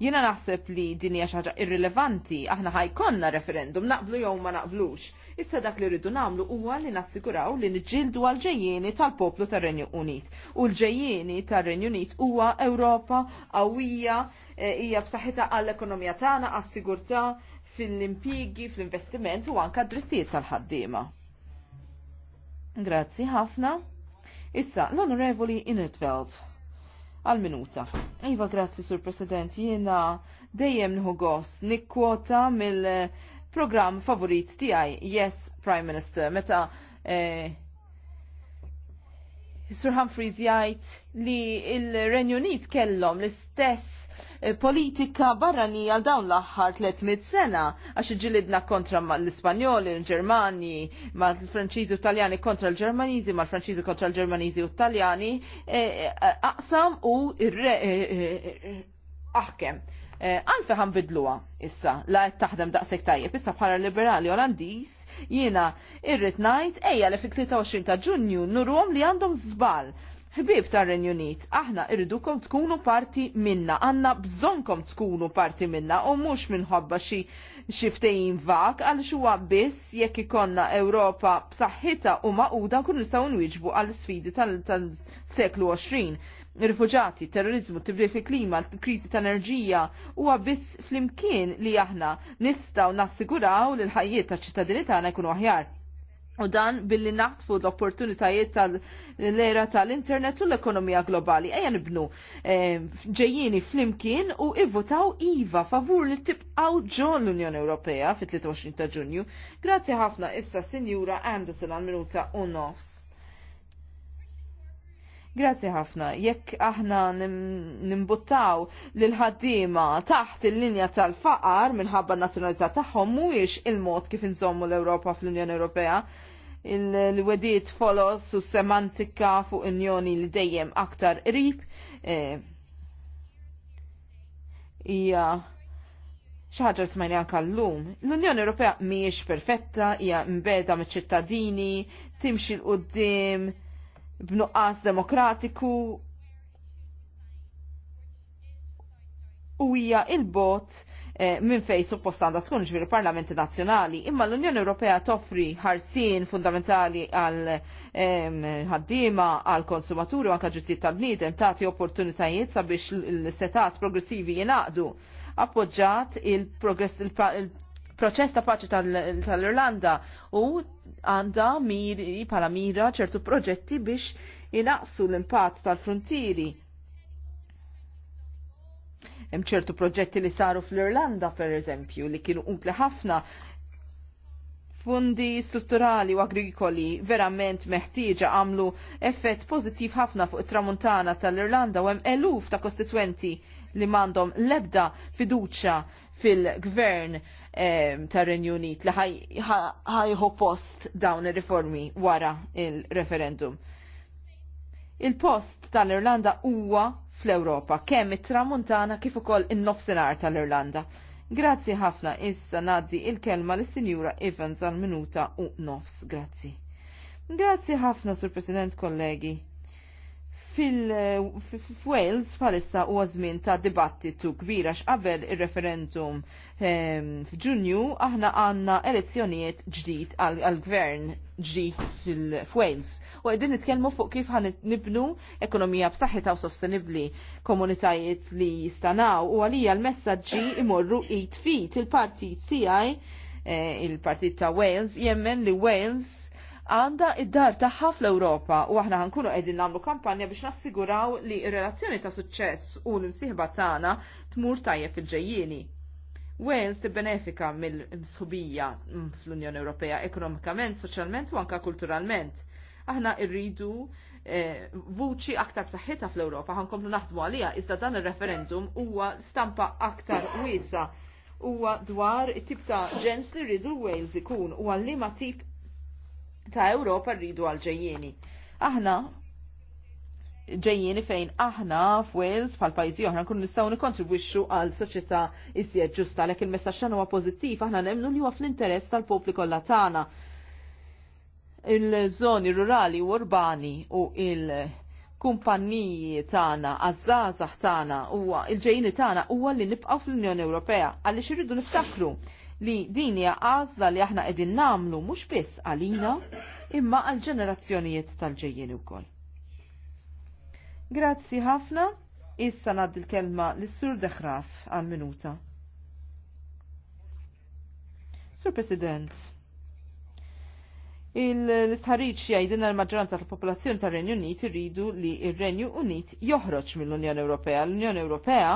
Jena naħseb li din hija xi ħaġa irrilevanti, aħna ħajkonna referendum, naqblu jew ma naqblux. Issa dak li rridu nagħmlu huwa li nassiguraw li nġildu għal-ġejjieni tal-poplu tar-Renju Unit. U l-ġejjieni tar-Renju Unit huwa Ewropa qawwija e, hija b'saħħitha għall-ekonomija tagħna, għas-sigurtà, fil-impjigi, fl-investiment u anka drittijiet tal-ħaddiema. Grazzi ħafna. Issa, l-Onorevoli Inertveld għal-minuta. Iva, grazzi, Sur President, jiena dejjem nħu gost nikkwota mill- program favorit tiegħi, Yes, Prime Minister, meta eh, Sir Humphreys jgħid li il-Renju Unit kellhom l-istess eh, politika barrani għal dawn l-aħħar 300 sena għax ġilidna kontra l-Ispanjoli, l-Ġermani, ma l-Franċiżi u Taljani kontra l-Ġermaniżi, ma l-Franċiżi kontra l-Ġermaniżi u Taljani, eh, eh, aqsam u aħkem. Eh, għalfej ħan bidluwa issa la qed taħdem daqshekk tajjeb issa bħala liberali Olandiż jiena irrit ngħid ejja li fit-23 ta' Ġunju nurhom li għandhom zbal Ħbib tar renju Unit, aħna irridukom tkunu parti minna, għanna bżonkom tkunu parti minna, u mux minħobba xi xiftejn vak, għal xuwa biss jekk ikonna Ewropa b'saħħitha u maquda kun nistgħu nwieġbu għall sfidi tal-seklu 20 rifuġati, terrorizmu, tibdil fil-klima, kriżi ta' enerġija, huwa biss flimkien li aħna nistgħu nassiguraw li l-ħajjiet ta' ċittadini tagħna jkunu aħjar. U dan billi naħtfu l-opportunitajiet tal-era tal-internet u l-ekonomija globali. Ejja nibnu eh, ġejjini flimkien u ivvotaw IVA favur li tibqaw ġol l-Unjoni Ewropea fit-23 ta' ġunju. Grazzi ħafna issa Sinjura Anderson għal minuta u nofs. Grazzi ħafna. Jekk aħna nimbuttaw l ħaddiema taħt il-linja tal-faqar minħabba n-nazzjonalità tagħhom mhuwiex il-mod kif inżommu l-Ewropa fl-Unjoni Ewropea. Il-wedijiet folos u semantika fuq unjoni li dejjem aktar qrib eh, hija xi ħaġa smajni anke llum. L-Unjoni Ewropea mhijiex perfetta, hija mbeda miċ-ċittadini, timxi l-qudiem, b'nuqqas demokratiku u hija il-bot eh, minn fej suppostanda tkun ġviri parlamenti nazzjonali, imma l-Unjoni Ewropea toffri ħarsin fundamentali għal ħaddima, għal konsumaturi u anka ġittijiet tal-bniedem tagħti opportunitajiet sabiex l-setat progressivi jenaqdu appoġġat il-progress il proċess ta' paċi tal-Irlanda u għanda miri pala mira ċertu proġetti biex inaqsu l-impatt tal frontiri Hemm ċertu proġetti li saru fl-Irlanda per eżempju li kienu unkli ħafna fondi strutturali u agrikoli verament meħtieġa għamlu effett pożittiv ħafna fuq it-tramuntana tal-Irlanda u hemm eluf ta' kostitwenti li mandom lebda fiduċa fil-gvern tar-Renju Unit li ħajħu post dawn ir-riformi wara il-referendum. Il-post tal-Irlanda huwa fl-Ewropa, kemm it-tramuntana kif ukoll in-nofsinhar tal-Irlanda. Grazzi ħafna issa naddi il-kelma lis sinjura Evans għal minuta u nofs. Grazzi. Grazzi ħafna, Sur President, kollegi fil-Wales palissa u għazmin ta' dibattitu kbira x'qabel il-referendum ehm, f'Ġunju aħna għanna elezzjonijiet ġdid għal-gvern ġdid fil-Wales. U għedin nitkellmu fuq kif ħan nibnu ekonomija b'saħħitha u sostenibli komunitajiet li jistanaw u għalija l-messagġi imorru it fit il-partit tiegħi eh, il-partit ta' Wales jemmen li Wales għanda id-dar tagħha fl-Ewropa u aħna ħankunu qegħdin nagħmlu kampanja biex nassiguraw li r-relazzjoni ta' suċċess u l-imsieħba tagħna tmur tajjeb fil ġejjini Wales tibbenefika mill-msħubija mm, fl-Unjoni Ewropea ekonomikament, soċjalment u anka kulturalment. Aħna irridu eh, vuċi aktar saħħita fl-Ewropa ħankomplu naħdmu għalija iżda dan ir-referendum huwa stampa aktar wiesa huwa dwar it-tip ta' ġens li rridu Wales ikun u għal liema tip ta' Ewropa rridu għal ġejjieni. Aħna ġejjieni fejn aħna f'Wales bħal pajjiżi oħra nkunu nistgħu nikkontribwixxu għal soċjetà iżjed ġusta għalhekk il-messaġġ huwa pożittiv aħna nemmnu li huwa fl-interess tal-popli kollha tagħna. Il-żoni rurali u urbani u il- kumpanniji tagħna, għaż-żgħażagħ tagħna, huwa il-ġejjini tagħna huwa li nibqgħu fl-Unjoni Ewropea għaliex irridu niftakru li din hija għażla li aħna qegħdin nagħmlu mhux biss għalina imma għal ġenerazzjonijiet tal-ġejjien ukoll. Grazzi ħafna, issa nad l-kelma lis-Sur Deħraf għal minuta. Sur President, l-istħarriċ jgħidin l-maġġoranza tal-popolazzjoni tar-Renju Unit irridu li r-Renju Unit joħroġ mill-Unjoni Ewropea. L-Unjoni Ewropea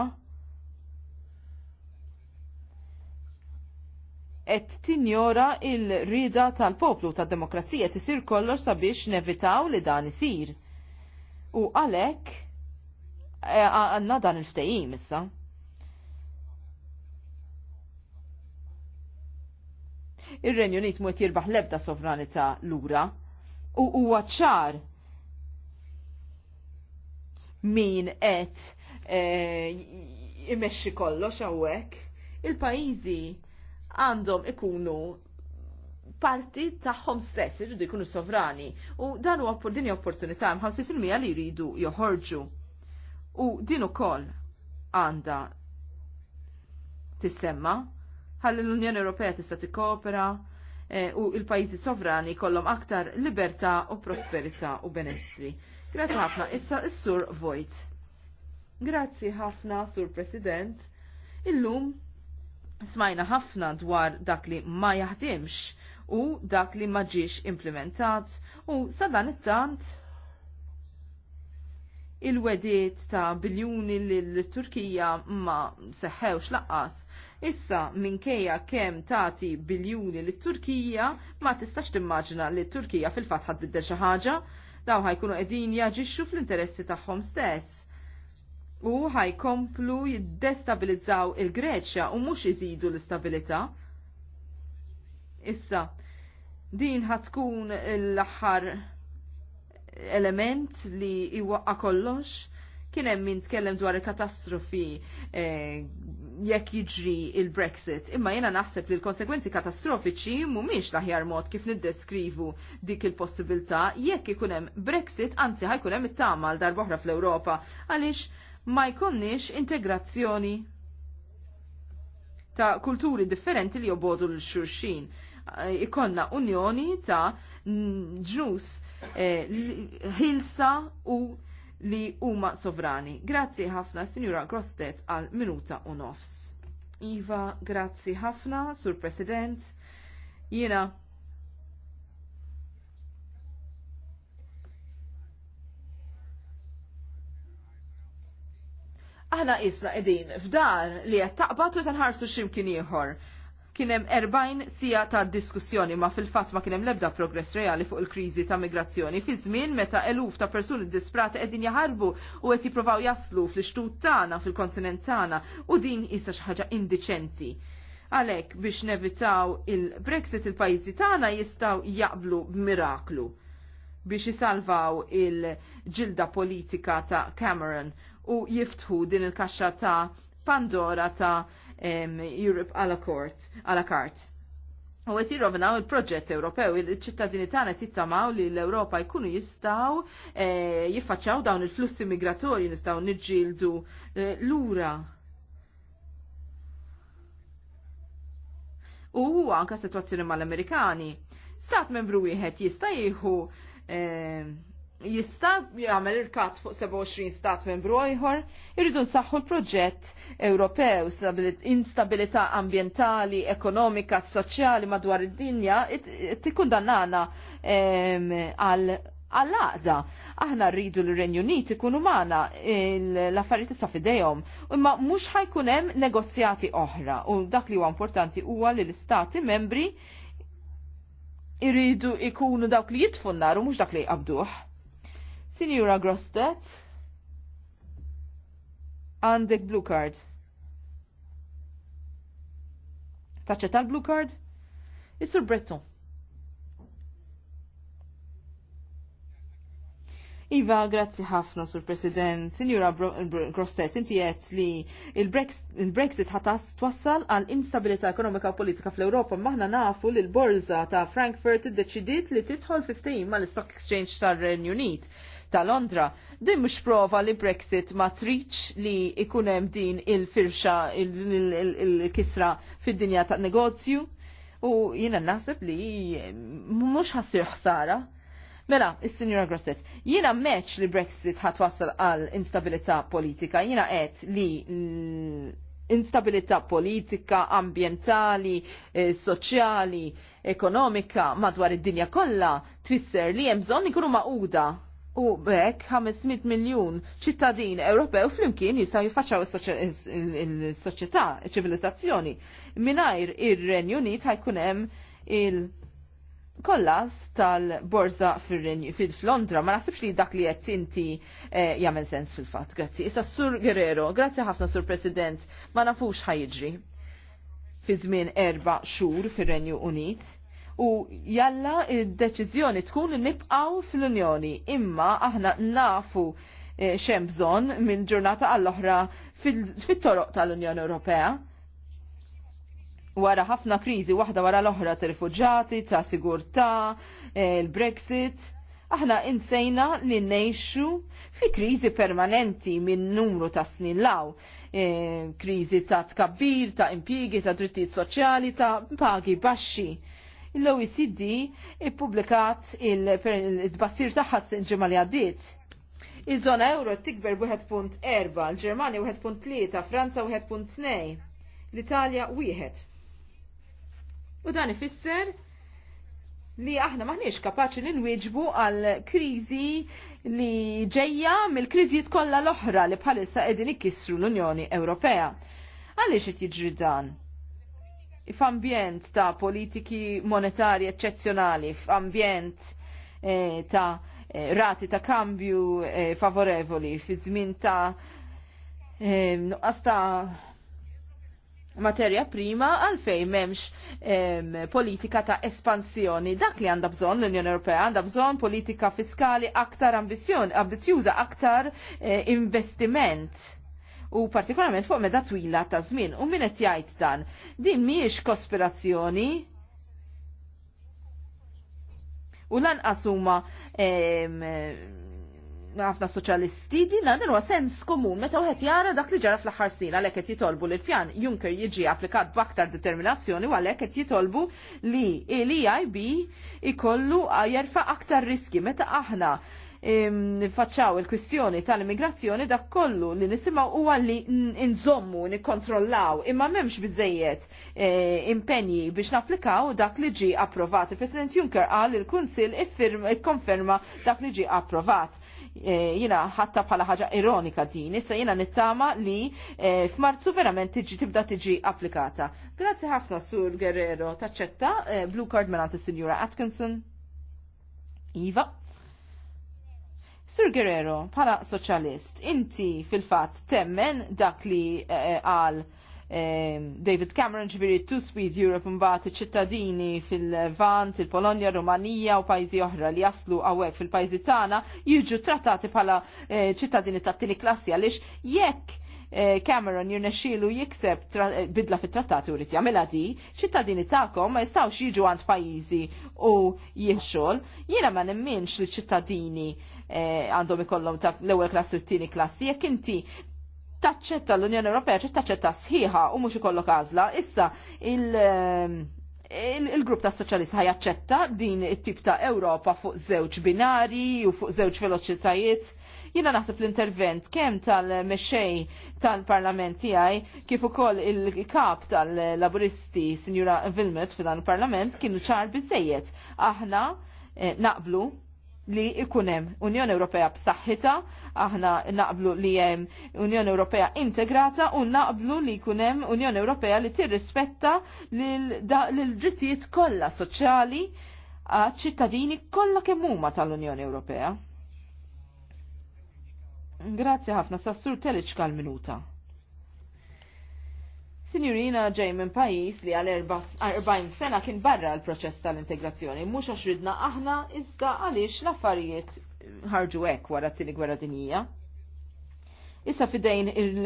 qed tinjora il-rida tal-poplu tad-demokrazija tisir kollox sabiex nevitaw li dan isir. U għalhekk e, għandna dan il-ftehim issa. Ir-Renju Unit mu jirbaħ lebda sovranità lura u huwa ċar min qed e, imexxi kollox hawnhekk il-pajjiżi għandhom ikunu parti tagħhom stess irridu jkunu sovrani u dan huwa dini opportunità fil-mija li jridu joħorġu. U din ukoll għandha tissemma ħalli l-Unjoni Ewropea tista' tikkopera e, u l-pajjiżi sovrani kollom aktar libertà u prosperità u benessri. Grazie ħafna issa s-sur Vojt. Grazzi ħafna, Sur President. Illum smajna ħafna dwar dak li ma jaħdimx u dak li ma ġiex implementat u sadan it-tant il-wediet ta' biljuni l-Turkija ma seħħewx laqqas. Issa minkejja kemm tati biljuni l-Turkija ma tistax timmaġina li t-Turkija fil-fatt ħad biddel xi ħaġa, daw ħajkunu qegħdin jaġixxu fl-interessi tagħhom stess u ħajkomplu jiddestabilizzaw il-Greċja u mhux iżidu l-istabilità. Issa, din ħatkun l-aħħar element li iwaqqa kollox kien hemm min tkellem dwar il-katastrofi eh, jekk jiġri il-Brexit, imma jiena naħseb li l-konsekwenzi katastrofiċi mhumiex l-aħjar mod kif niddeskrivu dik il-possibilità jekk ikun hemm Brexit anzi ħajkun hemm it-tama l darba oħra fl-Ewropa għaliex ma jkunniex integrazzjoni ta' kulturi differenti li jobodu l-xurxin. Eh, ikonna unjoni ta' ġnus hilsa eh, u li huma sovrani. Grazzi ħafna, Sinjura Grostet, għal minuta u nofs. Iva, grazzi ħafna, Sur President. Jiena aħna isna edin f'dar li qed taqbad u tanħarsu x'imkien ieħor. Kien hemm 40 sija ta' diskussjoni ma fil-fatt ma kien hemm l-ebda progress reali fuq il-kriżi ta' migrazzjoni fi żmien meta eluf ta' persuni disprati qegħdin jaħarbu u qed jippruvaw jaslu fl istut tagħna fil-kontinent tagħna u din issa xi ħaġa indiċenti għalek biex nevitaw il-Brexit il-pajzi tagħna jistaw jaqblu b'miraklu biex jisalvaw il-ġilda politika ta' Cameron u jiftħu din il-kaxxa ta' Pandora ta' um, Europe a la, court, a la carte. U għet jirrovnaw il-proġett Ewropew, il-ċittadini tagħna tittamaw li l-Ewropa jkunu jistaw e, eh, jiffaċċaw dawn il-flussi migratorji nistgħu niġġieldu e, lura. U huwa anka situazzjoni mal-Amerikani. Stat membru wieħed jista' jieħu eh, jista jagħmel irkat fuq 27 stat membru ieħor, irridu nsaħħu l-proġett Ewropew instabilità ambjentali, ekonomika, soċjali madwar id-dinja tikkundannana għal għall għada Aħna rridu l-Renju Unit ikunu maħna l-affarijiet issa fidejhom, imma mhux ħajkun hemm negozjati oħra u dak li huwa importanti huwa li l-istati membri irridu ikunu dawk li jitfunnar u mhux dak li jqabduh. Signora Grostet, għandek blue card. Taċċetta l-blue card? Is-sur Breton. Iva, grazzi ħafna, Sur President. Sinjura Grostet, inti qed li il-Brexit ħatas twassal għal instabilità ekonomika u politika fl-Ewropa, maħna nafu li l-borza ta' Frankfurt iddeċidiet li tidħol 15 mal-Stock Exchange tar-Renju Unit ta' Londra. Din mhux prova li Brexit ma triċ li ikunem hemm din il-firxa il-kisra fid-dinja ta' negozju. U jiena naħseb li mhux ħassir ħsara. Mela, il-Sinjora Grosset, jiena meċ li Brexit ħatwassal għal instabilità politika, jiena għet li instabilità politika, ambientali, eh, soċjali, ekonomika madwar id-dinja kollha tfisser li hemm bżonn ikunu maquda U bekk 500 miljun ċittadin Ewropew flimkien jistgħu jifacċaw il soċjetà iċ-ċivilizzazzjoni. Mingħajr ir-Renju Unit ħajkun hemm il kollas tal-borza fil-Londra, ma nasibx li dak li qed inti eh, jagħmel sens fil-fatt. Grazzi. Issa Sur Guerrero, grazzi ħafna Sur President, ma nafux ħajġri fi żmien erba' xhur fir-Renju Unit u jalla il deċiżjoni tkun li nibqaw fl-Unjoni imma aħna nafu e, eh, bżonn minn ġurnata għall-oħra fit-toroq tal-Unjoni Ewropea wara ħafna kriżi waħda wara l-oħra ta' rifugġati, ta' sigurtà, eh, il-Brexit. Aħna insejna li nejxu fi kriżi permanenti minn numru ta' snin law. E, kriżi ta' tkabbir, ta' impjiegi, ta' drittijiet soċjali, ta' pagi baxxi l-OECD ippubblikat il-tbassir taħħas ġimgħa li għaddiet. Iż-żona euro tikber 1.4, l ġermani 1.3, Franza 1.2, l-Italja 1. U dan ifisser li aħna maħniex kapaċi ninwieġbu għal kriżi li ġejja mill-kriżijiet kollha l-oħra li bħalissa qegħdin ikissru l-Unjoni Ewropea. Għaliex qed jiġri dan? f'ambjent ta' politiki monetari eccezzjonali, f'ambjent eh, ta' eh, rati ta' kambju eh, favorevoli, fi żmien ta' eh, materja prima għalfej memx politika ta' espansjoni. Dak li għanda bżon l-Unjoni Ewropea għanda bżon politika fiskali aktar ambizjuża, aktar eh, investiment u partikolarment fuq meda twila ta' żmien u min qed jgħid dan. Din mhijiex kospirazzjoni u lanqas huma ħafna soċjalisti din dan huwa sens komun meta wieħed jara dak li ġara fl-aħħar snin għalhekk qed jitolbu li l-pjan Juncker jiġi applikat b'aktar determinazzjoni u għalhekk qed jitolbu li l-EIB ikollu jerfa' aktar riski meta aħna faċċaw il-kwistjoni tal-immigrazzjoni dak kollu li nisimaw u għalli nżommu, nikkontrollaw, imma memx bizzejiet eh, impenji biex naplikaw dak li ġi approvat. Il-President Juncker għal il-Kunsil ikkonferma dak li ġi approvat. Eh, jina ħatta bħala ħaġa ironika din, issa jina nittama li eh, f'Marzu verament tiġi tibda tiġi applikata. Grazzi ħafna Sur Guerrero, taċċetta, Blue Card menant il-Sinjura Atkinson. Iva. Sur Guerrero, bħala soċjalist, inti fil-fat temmen dak li eh, għal eh, David Cameron ġviri Two Speed Europe mbaħt ċittadini fil-Vant, il-Polonja, Rumanija u pajjiżi oħra li jaslu hawnhekk fil-pajjiżi tagħna jiġu trattati bħala eh, ċittadini ta' tat-tieni klassi għaliex jekk Cameron jirnexxielu jikseb bidla fit-trattati u rrid di, ċittadini tagħkom ma jistgħux jiġu għand pajjiżi u jixxol. Jiena ma nemminx li ċittadini Eh, għandhom ikollhom ta' l-ewwel klassi u t-tieni klassi, jekk inti taċċetta l-Unjoni Ewropea trid taċċetta sħiħa u mhux ikollok għażla, issa il- eh, il-grupp ta' soċjalista ħajaċċetta din it-tip ta' Ewropa fuq żewġ binari u fuq żewġ veloċitajiet. Jina naħseb l-intervent kemm tal-mexxej tal-Parlament tiegħi kif ukoll il-kap tal-Laburisti Sinjura Vilmet fil il-Parlament kienu ċar biżejjed. Aħna eh, naqblu li ikunem Unjoni Ewropea b'saħħita, aħna naqblu li hemm Unjoni Ewropea integrata u naqblu li jkunem Unjoni Ewropea li tirrispetta l-drittijiet kollha soċjali għaċ-ċittadini kollha kemm huma tal-Unjoni Ewropea. Grazzi ħafna, sassur Teliċka kal minuta Sinjurina ġej minn pajis li għal 40 sena kien barra l-proċess tal-integrazzjoni, mhux għax ridna aħna iżda għaliex l-affarijiet ħarġu hekk wara t-tieni gwerra dinija. Issa fidejn il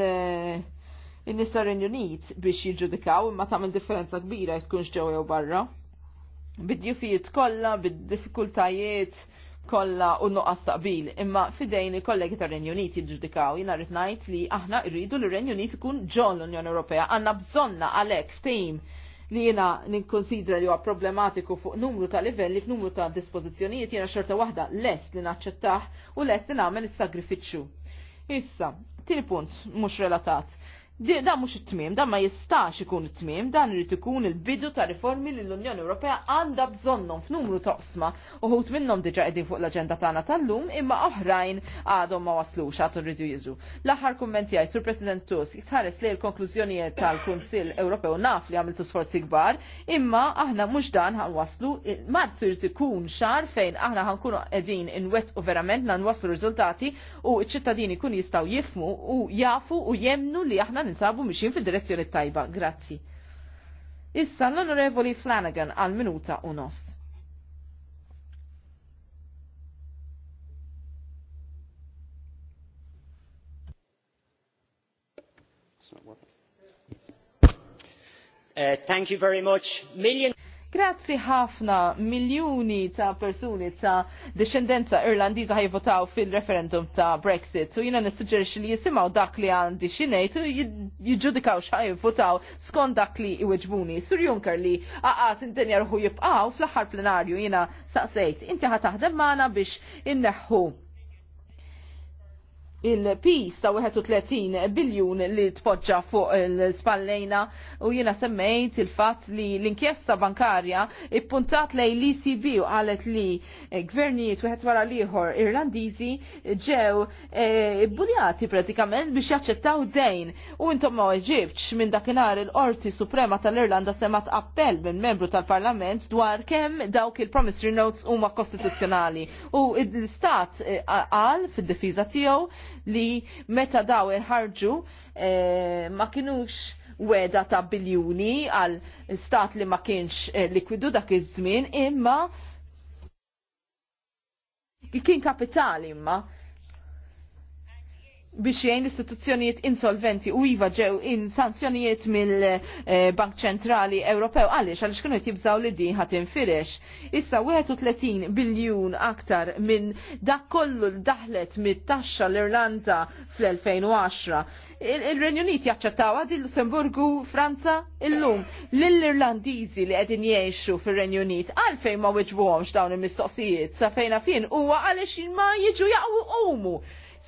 nistar Unit biex jiġġudikaw imma tagħmel differenza kbira jtkunx ġew jew barra. Bid-djufijiet kollha, bid-diffikultajiet, Kolla u nuqqas taqbil, imma fidejn il-kollegi tar renju Unit jiġġudikaw jina rritnajt ngħid li aħna rridu li renju Unit ikun ġon l-Unjoni Ewropea, għandna bżonna għalhekk ftehim li jina ninkonsidra li huwa problematiku fuq numru ta' livelli f'numru ta' dispożizzjonijiet jina xorta waħda lest li naċċettaħ u lest li nagħmel is-sagrifiċċju. Issa, tieni punt mhux relatat. Da mhux it-tmiem, dan ma jistax ikun it-tmiem, dan irid ikun il-bidu ta' riformi li l-Unjoni Ewropea għandha bżonnhom f'numru toqsma uħut minnhom diġà qegħdin fuq l-aġenda tagħna tal-lum imma oħrajn għadhom ma waslux għad rridu jizu. L-aħħar kumment jgħid sur President Tusk tħares li l-konklużjonijiet tal-Kunsill Ewropew naf li għamiltu sforzi kbar, imma aħna mhux dan waslu Marzu rrit ikun xar fejn aħna ħankunu qegħdin wet u verament waslu riżultati u ċ-ċittadini kun jistgħu jifmu u jafu u jemnu li aħna ninsabu mixin fil-direzzjoni tajba. Grazzi. Issa l-Onorevoli Flanagan għal minuta u nofs. Uh, thank you very much. Million Grazzi ħafna miljoni ta' persuni ta' descendenza irlandiza ħajvotaw fil-referendum ta' Brexit. U jina nissuġġerixi li jisimaw dak li għandi xinejt u jġudikaw xħajvotaw skon dak li iweġbuni. Sur Junker li għaqas intenja ruħu jibqaw fl-ħar plenarju jina saqsejt. Inti ħataħdem maħna biex inneħħu il-pis ta' 31 biljun li tpoġġa fuq l-spallejna u jiena semmejt il-fatt li l-inkjesta bankarja ippuntat lej l-ECB u għalet li gvernijiet wieħed wara liħor irlandiżi ġew e, bunjati pratikament biex jaċċettaw dejn u intom ma ġibx minn dakinhar il-Qorti Suprema tal-Irlanda semat appell minn membru tal-Parlament dwar kemm dawk il-promissory notes huma kostituzzjonali u l-Istat għal e, fid-difiża tiegħu li meta daw ħarġu eh, ma kienux weda ta' biljuni għal stat li ma kienx eh, likwidu dak iż-żmien imma kien kapitali imma biex jgħin l-istituzzjonijiet insolventi u iva ġew in sanzjonijiet mill-Bank Ċentrali Ewropew għaliex għaliex kienu jibżaw li din ħat infirex. Issa 31 biljun aktar minn dak kollu daħlet mit-taxxa l-Irlanda fl-2010. Il-Renju Unit jaċċettaw għad il-Lussemburgu, Franza, illum l-Irlandiżi li għedin jgħixu fir-Renju Unit għalfejn ma wiġbuhomx dawn il-mistoqsijiet sa fejna fin huwa għaliex ma jiġu jaqwu umu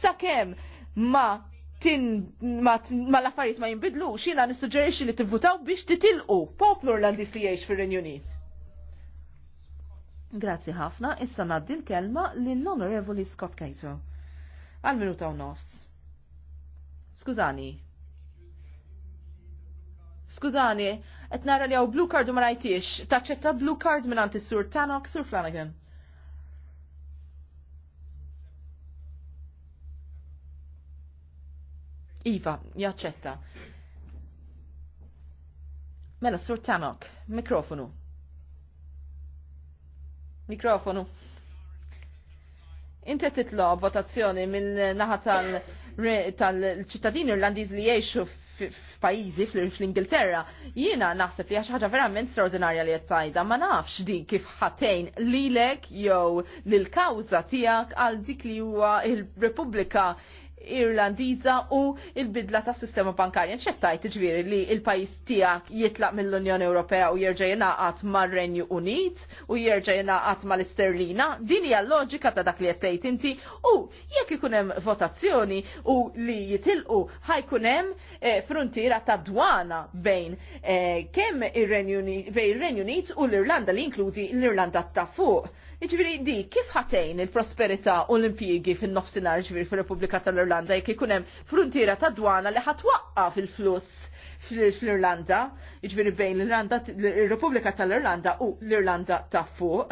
sakemm ma tin ma, ma l-affarijiet ma jinbidlu, xina nissuġġerixi li tivvutaw biex titilqu poplu Irlandis li jgħix fir-Renju Unit. Grazzi ħafna, issa naddi l-kelma lill-Onorevoli Scott Cato. Għal minuta u nofs. Skużani. Skużani, qed nara li hawn blue card u ma rajtiex. Taċċetta blue card minn sur Tanok, Sur Flanagan. Iva, jaċċetta. Mela, Sur Tanok, mikrofonu. Mikrofonu. Inti titlob votazzjoni minn naħa tal-ċittadini Irlandiż li jgħixu f'pajjiżi fl-Ingilterra. Jiena naħseb li ħaġa verament straordinarja li qed tajda, ma nafx din kif ħatejn lilek jew lil kawża tiegħek għal dik li huwa il-Repubblika Irlandiża u il-bidla tas sistema bankarja. ċettajt ġviri li il-pajis tijak jitlaq mill-Unjoni Ewropea u jirġa għat mar-Renju Unit u għat ma' mal-Isterlina. Din hija loġika ta' dak li jettejt inti u jekk ikunem votazzjoni u li jitilqu ħajkunem eh, frontiera ta' dwana bejn eh, kemm ir-Renju Unit u l-Irlanda li inkludi l-Irlanda ta' fuq Iġviri di, kif ħatejn il-prosperita u l-impjigi fin-nofsinhar ġviri fil-Repubblika tal-Irlanda jekk ikun hemm frontiera ta' dwana li ħatwaqqa fil-fluss fl-Irlanda, iġviri bejn l-Irlanda, repubblika tal-Irlanda u l-Irlanda ta' fuq.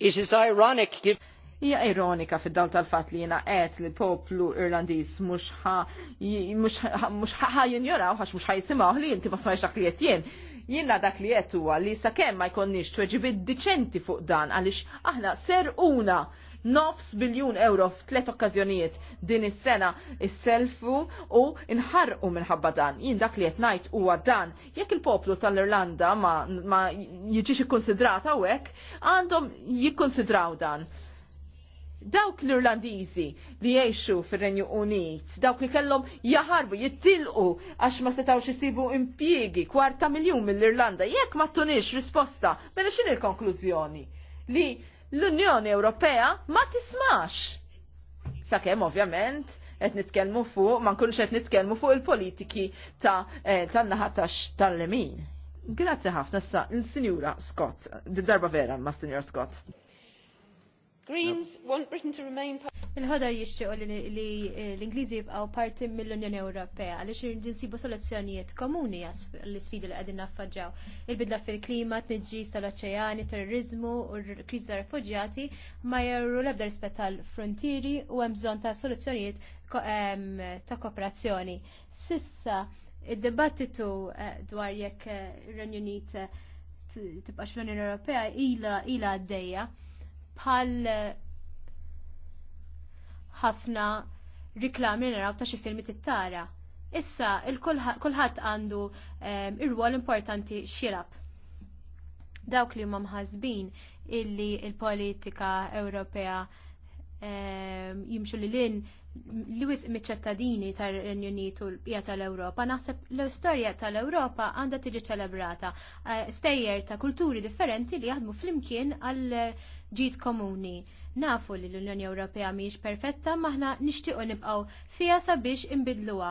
It is ironic given hija ironika fid-dawl tal-fatt li jiena qed li poplu Irlandiż mhux ħa jinjoraw għax mhux ħajsimgħu li jinti ma smajx dak jien. Jiena dak li jettu huwa li sakemm ma jkonniex tweġibiet diċenti fuq dan għaliex aħna serquna nofs biljun euro f'tlet okkażjonijiet din is-sena s-selfu u nħarqu minħabba dan. Jien dak li qed ngħid huwa dan jekk il-poplu tal-Irlanda ma, ma jiġix ikkonsidrata hawnhekk għandhom jikkonsidraw dan Dawk l-Irlandiżi li jgħixu fir-Renju Unit, dawk li kellhom jaħarbu, jittilqu għax ma setgħux xisibu impjiegi kwarta miljun mill-Irlanda, jekk ma tunix risposta, mela x'in il-konklużjoni? Li l-Unjoni Ewropea ma tismax. Sakemm ovvjament, qed nitkellmu fuq, ma kunx qed nitkellmu fuq il-politiki ta' eh, tan naħatax tal-lemin. Grazzi ħafna sa' il-Sinjura Scott, d-darba vera ma' Sinjura Scott. Greens want Britain to remain part Il-ħodar jixtiequ li l-Ingliżi jibqgħu parti mill-Unjoni Ewropea għaliex irid insibu soluzzjonijiet komuni l-isfidi li qegħdin naffaġġaw. Il-bidla fil-klima, tniġġis tal-oċeani, terrorizmu u r kriżi tar refuġjati ma jarru l-ebda rispett tal-frontieri u hemm bżonn ta' soluzzjonijiet ta' kooperazzjoni. Sissa id-dibattitu eh, dwar jekk ir-Renju eh, Unit eh, tibqax fl-Unjoni Ewropea ila għaddejja bħal ħafna riklami naraw ta' xi filmi tittara. Issa kulħadd għandu ehm, ir-rwol importanti xilab. Dawk li huma mħasbin illi il-politika Ewropea ehm, jimxu li lin li wisq miċ-ċittadini tal-Renju Unit u l-bqija tal-Ewropa, naħseb l-istorja tal-Ewropa għandha tiġi ċelebrata. Eh, stejjer ta' kulturi differenti li jaħdmu flimkien għal ġid komuni. Nafu li l-Unjoni Ewropea mhijiex perfetta maħna nixtiequ nibqgħu fiha sabiex inbidluha.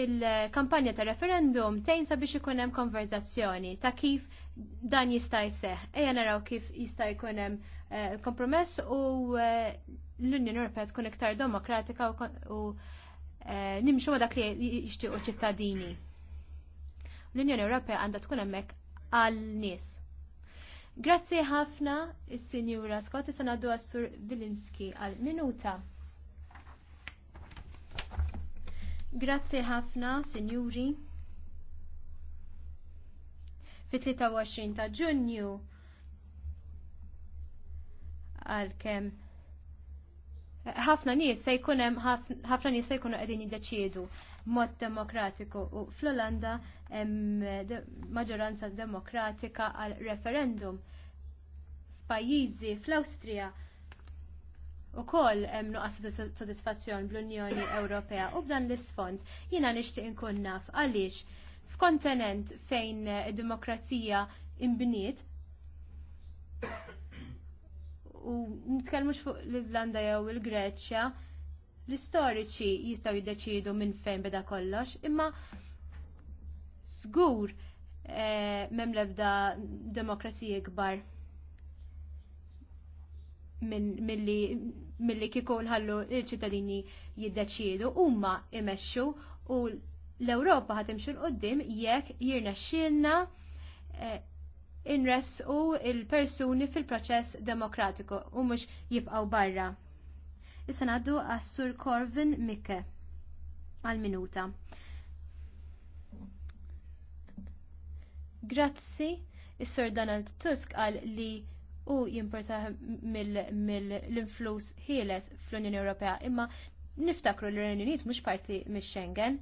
Il-kampanja ta' referendum tejn sabiex ikun hemm konverzazzjoni ta' kif dan jista' jseħ. Ejja naraw kif jista' jkun hemm eh, kompromess u eh, l-Unjoni Ewropea tkun iktar demokratika u eh, nimxu dak li jixtiequ ċittadini l-Unjoni Ewropea għandha tkun hemmhekk għal nies. Grazzi ħafna is signora Scott issa ngħaddu għas Vilinski għal minuta. Grazzi ħafna, Sinjuri. Fit-23 ta' Ġunju għal kemm ħafna nies se jkun hemm ħafna nies se jkunu qegħdin jiddeċiedu mod demokratiku u fl-Olanda hemm maġġoranza demokratika għal referendum. F'pajjiżi fl-Awstrija ukoll hemm nuqqas sodisfazzjon bl-Unjoni Ewropea u b'dan l-isfond jiena nixtieq inkun naf għaliex f'kontinent fejn id-demokrazija imbniet u nitkellmux fuq l-Iżlanda jew il-Greċja, l-istoriċi jistgħu jiddeċidu minn fejn beda kollox, imma żgur e, m'hemm l-ebda demokrazija kbar milli kieku nħallu l-ċittadini jiddeċiedu huma imexxu u l-Ewropa ħatimxu l-qoddim jekk jirnexxielna e, inresqu il-persuni fil-proċess demokratiku u mhux jibqgħu barra. Issa ngħaddu għas-Sur Corvin Mikke għal-minuta. Grazzi, is-Sur Donald Tusk qal li u jimporta mill-influs ħieles fl-Unjoni Ewropea imma niftakru l-Unjoni Unit mhux parti mix-Schengen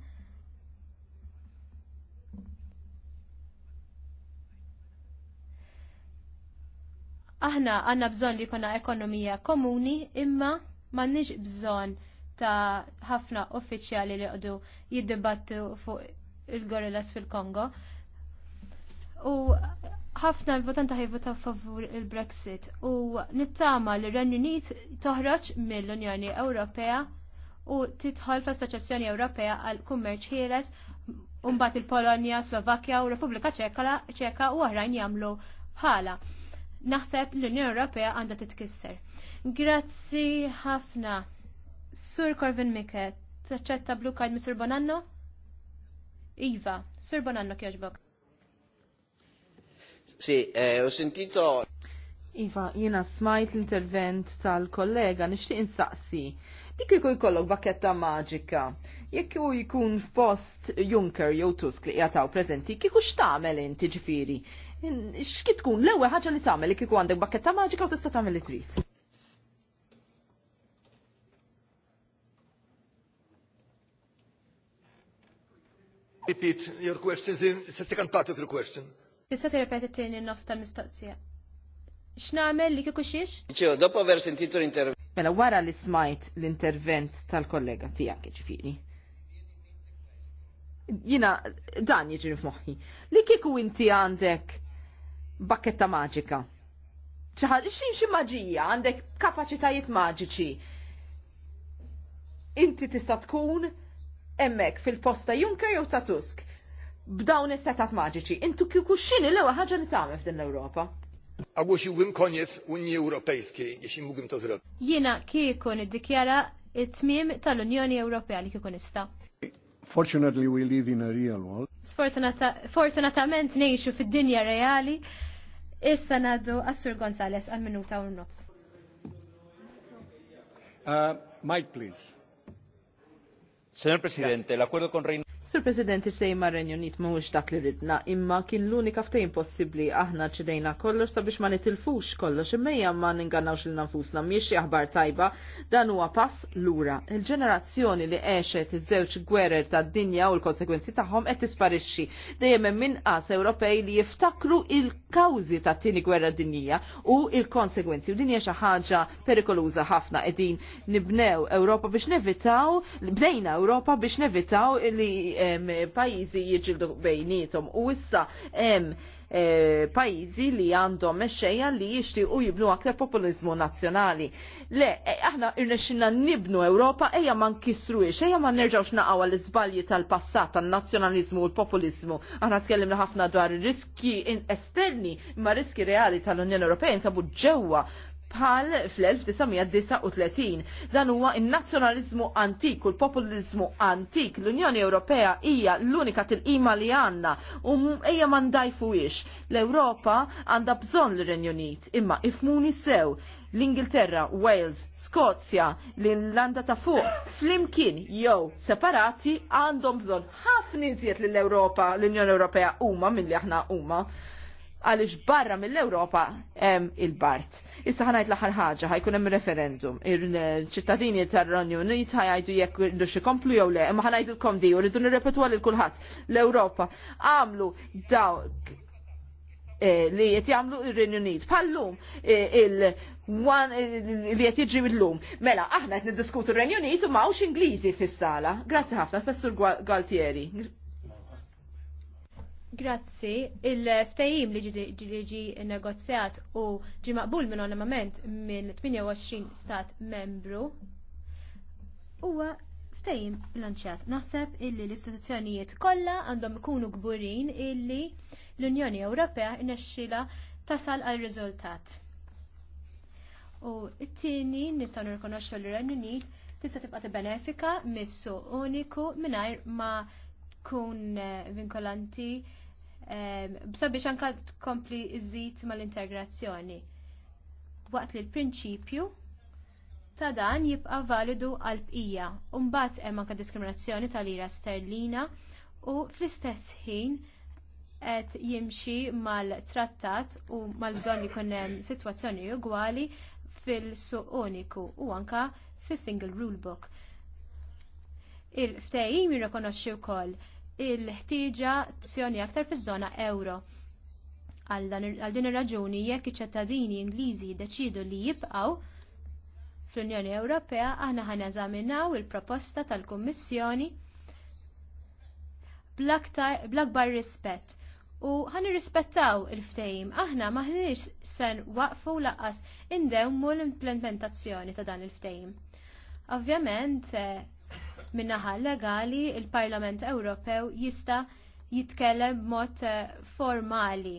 Aħna għanna bżon li konna ekonomija komuni imma m'għandniex bżon ta' ħafna uffiċjali li għodu jiddibattu fuq il-gorillas fil-Kongo. U ħafna l-votanta ħajvota favur il-Brexit u nittama li r-Renju Unit toħroġ mill-Unjoni Ewropea u titħol fl-Assoċjazzjoni Ewropea għal kummerċ ħieles u mbagħad il-Polonja, Slovakkja u Repubblika Ċeka u oħrajn jagħmlu bħala naħseb l-Unjoni Ewropea għandha titkisser. Grazzi ħafna. Sur Corvin Mike, taċċetta blu card Mr. Bonanno? Iva, Sur Bonanno kjoġbok. Si, eh, ho sentito... Iva, jina smajt l-intervent tal-kollega, nixtieq insaqsi. Dik li jkollok bakketta maġika, jekk u jkun f'post Juncker jew Tusk li jataw prezenti, kieku xtamel inti ġifiri? x'kit tkun l-ewwel ħaġa li tagħmel li kieku għandek bakketta maġika u tista' tagħmel li trid. Repeat your questions in the second part of your question. Tista' tirrepeti t-tieni nofs tal mistoqsija X'nagħmel li kieku xiex? Ġew, dopo aver sentito l-intervent. Mela wara li smajt l-intervent tal-kollega tiegħek ġifieri jina dan jiġri f'moħħi. Li kieku inti għandek bakketta maġika. ċaħad, xin xi maġija, għandek kapacitajiet maġiċi. Inti tista' tkun emmek fil-posta junker jew ta' Tusk b'dawn is-setat maġiċi. Intu kieku x'inhi l-ewwel ħaġa li tagħmel f'din l-Ewropa? Għagħux jwim konjes Unji Ewropejski biex jimugim ta' Jiena kieku niddikjara it-tmiem tal-Unjoni Ewropea li kieku nista'. Fortunately we live in a real world. Sfortunatament nejxu fid-dinja reali. Issa naddu Assur Gonzalez għal minuta u nofs. Uh, Mike, please. Señor Presidente, el acuerdo con Reino Sur President, il-fejn ma' Unit ma' mux dak li ridna, imma kien l-unika ftejn possibli aħna ċidejna kollox sabiex ma' nitilfux kollox, imma ma' ninganawx li nafusna miex aħbar tajba, dan huwa pass lura. Il-ġenerazzjoni li eċet iż-żewġ gwerer ta' dinja u l-konsekwenzi tagħhom qed tisparixxi. Dejjem hemm minqas Ewropej li jiftakru il-kawżi ta' tieni gwerra dinjija u il-konsekwenzi. U din hija xi ħaġa perikoluża ħafna qegħdin nibnew Ewropa biex nevitaw, bnejna Ewropa biex nevitaw li pajjiżi jiġildu bejnietom u issa hemm E, pajizi li għandhom mexxejja li jixtiequ jibnu aktar populizmu nazzjonali. Le, e, aħna irnexxinna nibnu Ewropa ejja ma nkissruhiex, ejja ma nerġgħux naqgħu l iżbalji tal-passat tan-nazzjonaliżmu u l-populizmu. Aħna tkellimna ħafna dwar riski esterni imma riski reali tal-Unjoni Ewropea jinsabu ġewwa bħal fl-1939. Dan huwa in-nazzjonalizmu antik u l-populizmu antik. L-Unjoni Ewropea hija l-unika tilqima li għandna u hija ma ndajfuhiex. L-Ewropa għandha bżonn l-Renju Unit, imma ifmuni sew l-Ingilterra, Wales, Skozja, l-Irlanda ta' fuq, flimkien jew separati għandhom bżonn ħafna iżjed lill-Ewropa, l-Unjoni Ewropea huma milli aħna huma għaliex barra mill-Ewropa hemm il-Bart. Issa ħanajt l-aħħar ħaġa ħajkun hemm referendum. Il-ċittadini tar-Renju Unit ħajdu jekk irridux ikomplu jew le, imma l-kom di u rridu nirrepetwa lil kulħadd. L-Ewropa għamlu dawk eh, li qed jagħmlu ir-Renju Unit. Bħallum eh, il- li qed jiġri mill-lum. Mela, aħna qed niddiskutu r-Renju Unit u mawx Ingliżi fis-sala. Grazzi ħafna, Sessur Galtieri. Grazzi, il-ftajim li ġi negozjat u ġi maqbul minn ornament minn 28 stat membru huwa ftajim lanċat. Naħseb illi l-istituzzjonijiet kollha għandhom ikunu gburin illi l-Unjoni Ewropea rnexxila tasal għal riżultat. U t-tieni nistgħu nirkonoxxu l-Renju tista' tibqa' tibbenefika mis uniku mingħajr ma' tkun eh, vinkolanti eh, sabiex anka tkompli iżid mal-integrazzjoni. Waqt li l-prinċipju ta' dan jibqa' validu għal bqija. Mbagħad hemm anke diskriminazzjoni tal ira sterlina u fl-istess ħin qed jimxi mal-trattat u mal-bżonn li jkun hemm sitwazzjoni ugwali fil-suq uniku u anka fis-single rule book. Il-ftehim jirrikonoxxi wkoll il-ħtieġa sjoni aktar fiż-żona euro. Għal din ir-raġuni jekk iċ-ċittadini Ingliżi jiddeċidu li jibqgħu fl-Unjoni Ewropea aħna ħan eżaminaw il-proposta tal-Kummissjoni bl-akbar rispett u ħan irrispettaw il-ftejim aħna maħniex sen waqfu laqas indewmu l-implementazzjoni ta' dan il-ftejim. Ovvjament, eh, Min-naħa legali il-Parlament Ewropew jista' jitkellem b'mod eh, formali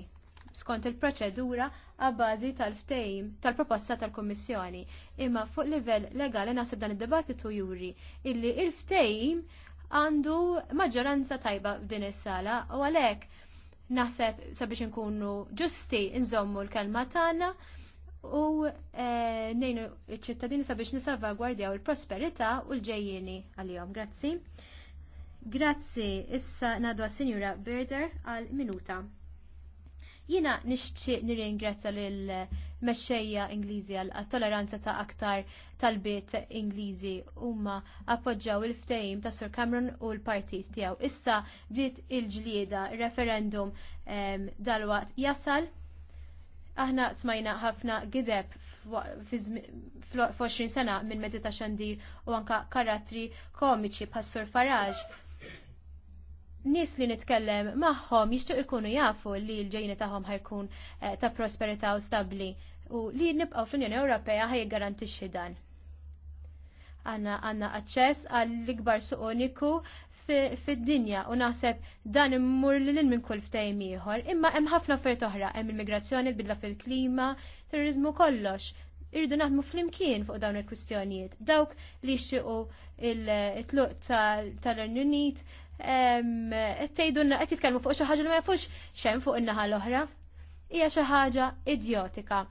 skont il-proċedura għabbażi tal-ftejm tal-proposta tal-Kommissjoni. Imma fuq livell legali nasib dan id-dibattitu juri illi il-ftejm għandu maġġoranza tajba f'din is-sala u għalhekk naħseb sabiex inkunu ġusti nżommu l-kelma tagħna u eh, nejnu ċittadini sabiex u il-prosperita u l-ġejjini għal-jom. Grazzi. Grazzi, issa nadwa Sinjura Birder għal minuta. Jina nixtieq nirringrazzja lil mexxejja Ingliżi għal t-toleranza ta' aktar tal-bit Ingliżi huma appoġġaw il ftejim ta' Sir Cameron u l-partit tiegħu. Issa bdiet il-ġlieda referendum ehm, dalwaqt jasal Aħna smajna ħafna gideb f'20 sena minn mezzi ta' xandir u anka karatri komiċi b'ħassur Faraġ. Nis li nitkellem magħhom jixtieq ikunu jafu li l-ġejni tagħhom ħajkun eh, ta' prosperità u stabbli u li nibqaw fl-Unjoni Ewropea ħaj garantixxi dan għanna għanna aċċess għall-ikbar suqoniku fid-dinja u naħseb dan immur li l-min kull ftejm ieħor. Imma hemm ħafna offert oħra, hemm il-migrazzjoni, il-bidla fil-klima, terrorizmu kollox. Irridu naħdmu fl-imkien fuq dawn il-kwistjonijiet. Dawk li xtiqu il-tluq tal-Unit, tgħidulna qed jitkellmu fuq xi ħaġa li ma jafux xemm fuq in-naħa l-oħra. Hija xi ħaġa idjotika.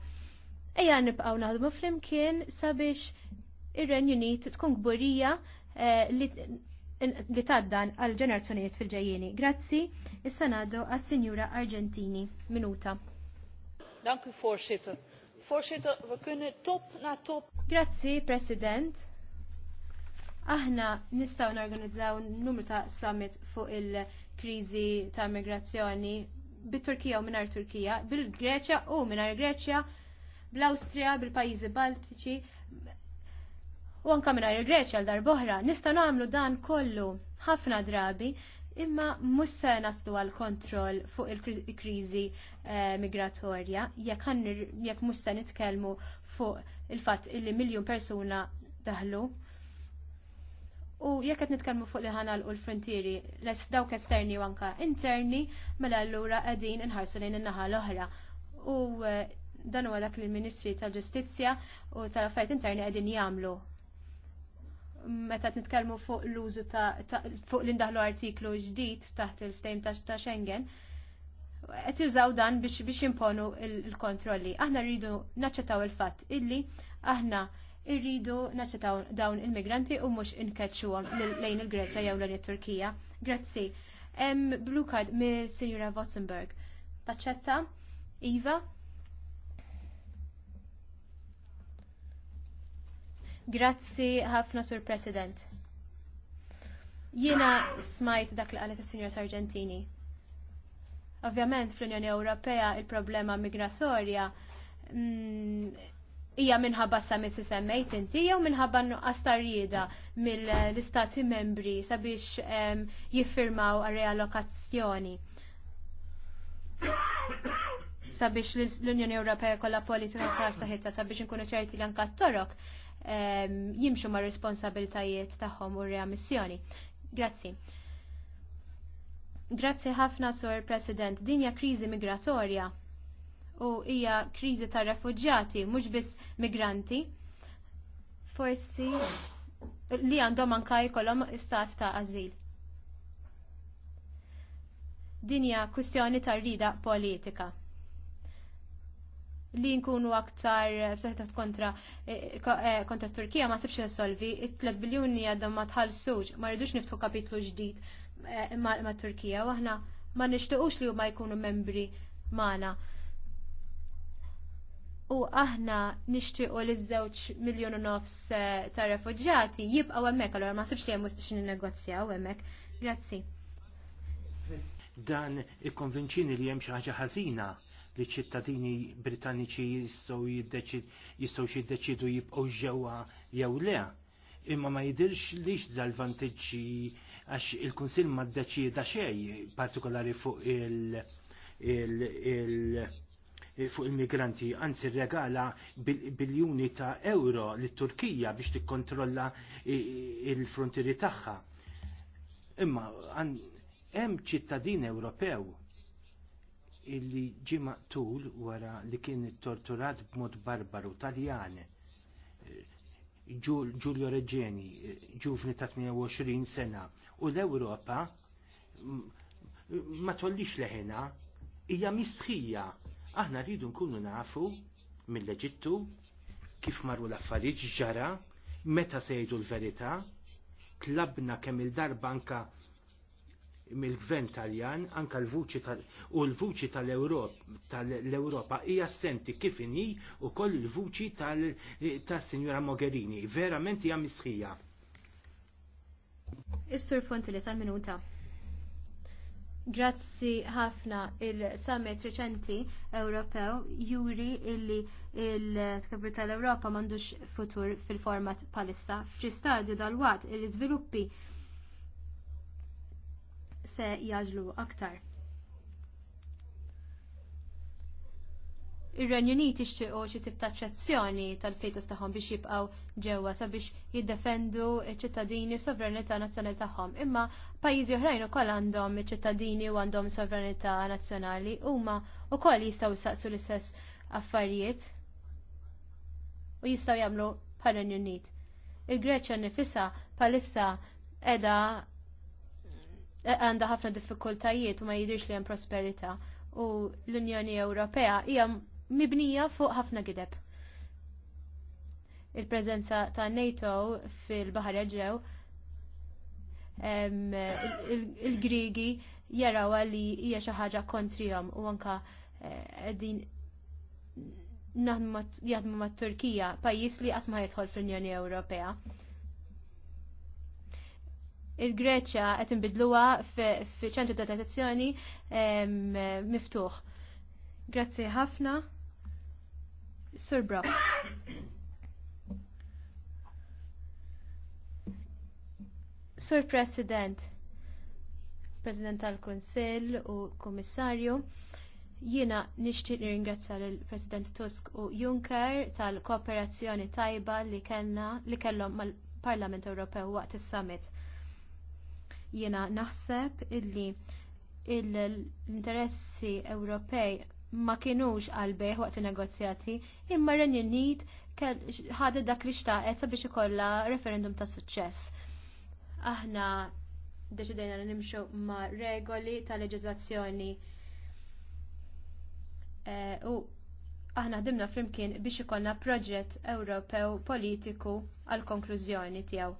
Ejja nibqgħu naħdmu fl-imkien sabiex ir-Renju Unit tkun gburija eh, li taddan għal ġenerazzjonijiet fil-ġejjeni. Grazzi, is sanado għas-Sinjura Argentini. Minuta. Danku u voorzitter. we kunnen top na top. Grazzi, President. Aħna nistaw norganizzaw numru ta' summit fuq il-krizi ta' migrazzjoni bit-Turkija u minar Turkija, bil-Greċja u minar Greċja, bl-Austria, bil-Pajizi Baltiċi, u anka mingħajr il għal dar darboħra nista' nagħmlu dan kollu ħafna drabi imma mhux se naslu għal kontroll fuq il-kriżi eh, migratorja jekk jekk mhux se nitkellmu fuq il-fatt illi miljun persuna daħlu. U jekk qed nitkellmu fuq li ħana l-frontieri, les dawk esterni u anka interni, mela allura qegħdin inħarsu lejn in-naħa l-oħra. U eh, dan huwa dak li l-Ministri tal-Ġustizzja u tal-Affarijiet Interni qegħdin jagħmlu meta nitkellmu fuq l-użu ta' fuq l-indaħlu artiklu ġdid taħt il-ftejm ta' Schengen, qed jużaw dan biex biex imponu l-kontrolli. Aħna rridu naċċettaw il-fatt illi aħna rridu naċċettaw dawn il-migranti u mhux inkeċċuhom lejn il-Greċja jew lejn it-Turkija. Grazzi. Blue card mill Sinjura Votzenberg. Taċċetta? Iva? Grazzi ħafna sur President. Jiena smajt dak li għalet is-Sinjor Sargentini. Ovvjament fl-Unjoni Ewropea il-problema migratorja mm, hija minħabba summit si semmejt inti jew minħabba nuqqas tarjida mill-istati membri sabiex jiffirmaw għal-reallokazzjoni. Sabiex l-Unjoni Ewropea kollha politika ta' saħitha sabiex inkunu ċerti l-anka torok jimxu ma' responsabiltajiet tagħhom u reammissjoni. Grazzi. Grazzi ħafna, Sur President. Dinja kriżi migratorja u hija kriżi ta' refuġjati, mhux biss migranti. Forsi li għandhom anka jkollhom istat ta' azil. Dinja kwistjoni ta' rida politika li nkunu aktar eh, f'seħtat kontra eh, eh, kontra Turkija ma sibx jissolvi it-3 biljuni għadhom ma tħallsux, ma rridux niftu kapitlu ġdid ma' Turkija u aħna ma nixtiequx li huma jkunu membri magħna. U aħna nixtiequ li żewġ miljon u nofs ta' refuġjati jibqgħu hemmhekk allura ma sibx li hemm mhux negozjaw hemmhekk. Grazzi. Dan ikkonvinċini li hemm xi ħaġa ħażina li ċittadini Britanniċi jistgħu jiddeċidu jibqgħu ġewwa jew le. Imma ma jidirx lix dal-vantiġġi għax il-Kunsill ma ddeċida xejn partikolari fuq il- fuq il-migranti, anzi regala biljuni ta' euro l turkija biex tikkontrolla il-frontieri tagħha. Imma hemm ċittadin Ewropew illi ġi maqtul wara li kien torturat b'mod barbaru taljan. Giulio Reġeni, ġuvni ta' 28 sena, u l-Ewropa ma tollix leħena, hija mistħija. Aħna rridu nkunu nafu mill-Eġittu kif marru l-affarijiet ġara, meta sejdu l-verità, klabna kemm il-darba anka mill-gvern taljan anka l-vuċi tal u l-vuċi tal-Europa hija senti kif inhi wkoll il l-vuċi tal-Sinjora Mogherini. Verament hija mistħija. Is-Sur li sal-minuta. Grazzi ħafna il-summit reċenti Ewropew juri illi il-tkabir tal-Ewropa m'għandux futur fil-format palissa. F'xi stadju dal-wat il-iżviluppi il izviluppi il iżviluppi se jaġlu aktar. Ir-Renju Unit ixtiequ xi tip ta' ċezzjoni tal-status tagħhom biex jibqgħu ġewwa sabiex jiddefendu ċ-ċittadini u sovranità nazzjonali tagħhom. Imma pajjiżi oħrajn ukoll għandhom ċittadini u għandhom sovranità nazzjonali huma wkoll jistgħu jsaqsu l-istess affarijiet u jistgħu jagħmlu bħal Renju Unit. Il-Greċja nifisha bħalissa qiegħda għandha ħafna diffikultajiet u ma jidirx li hemm prosperità u l-Unjoni Ewropea hija mibnija fuq ħafna gideb. Il-preżenza ta' NATO fil-Baħar Eġew il-Grigi jaraw li hija xi ħaġa kontrihom u anka eh, qegħdin jaħdmu mat-Turkija, pajjiż li qatt ma jidħol fl-Unjoni Ewropea il-Greċja qed inbidluha f'ċentru ta' tradizzjoni miftuħ. Grazzi ħafna. Sur Brock. Sur President, President tal-Kunsill u Kummissarju, jiena nixtieq nirringrazzja lill president Tusk u Juncker tal-kooperazzjoni tajba li kellna li kellhom mal-Parlament Ewropew waqt is-summit. Jiena naħseb illi l-interessi Ewropej ma kinux għalbej waqt negozjati imma Renju Unit ħadet dak li xtaqet sabiex ikollha referendum ta' suċċess. Aħna deċidejna li nimxu ma' regoli ta' leġiżlazzjoni e, u aħna ħdimna flimkien biex ikollna proġett Ewropew politiku għall konklużjoni tiegħu.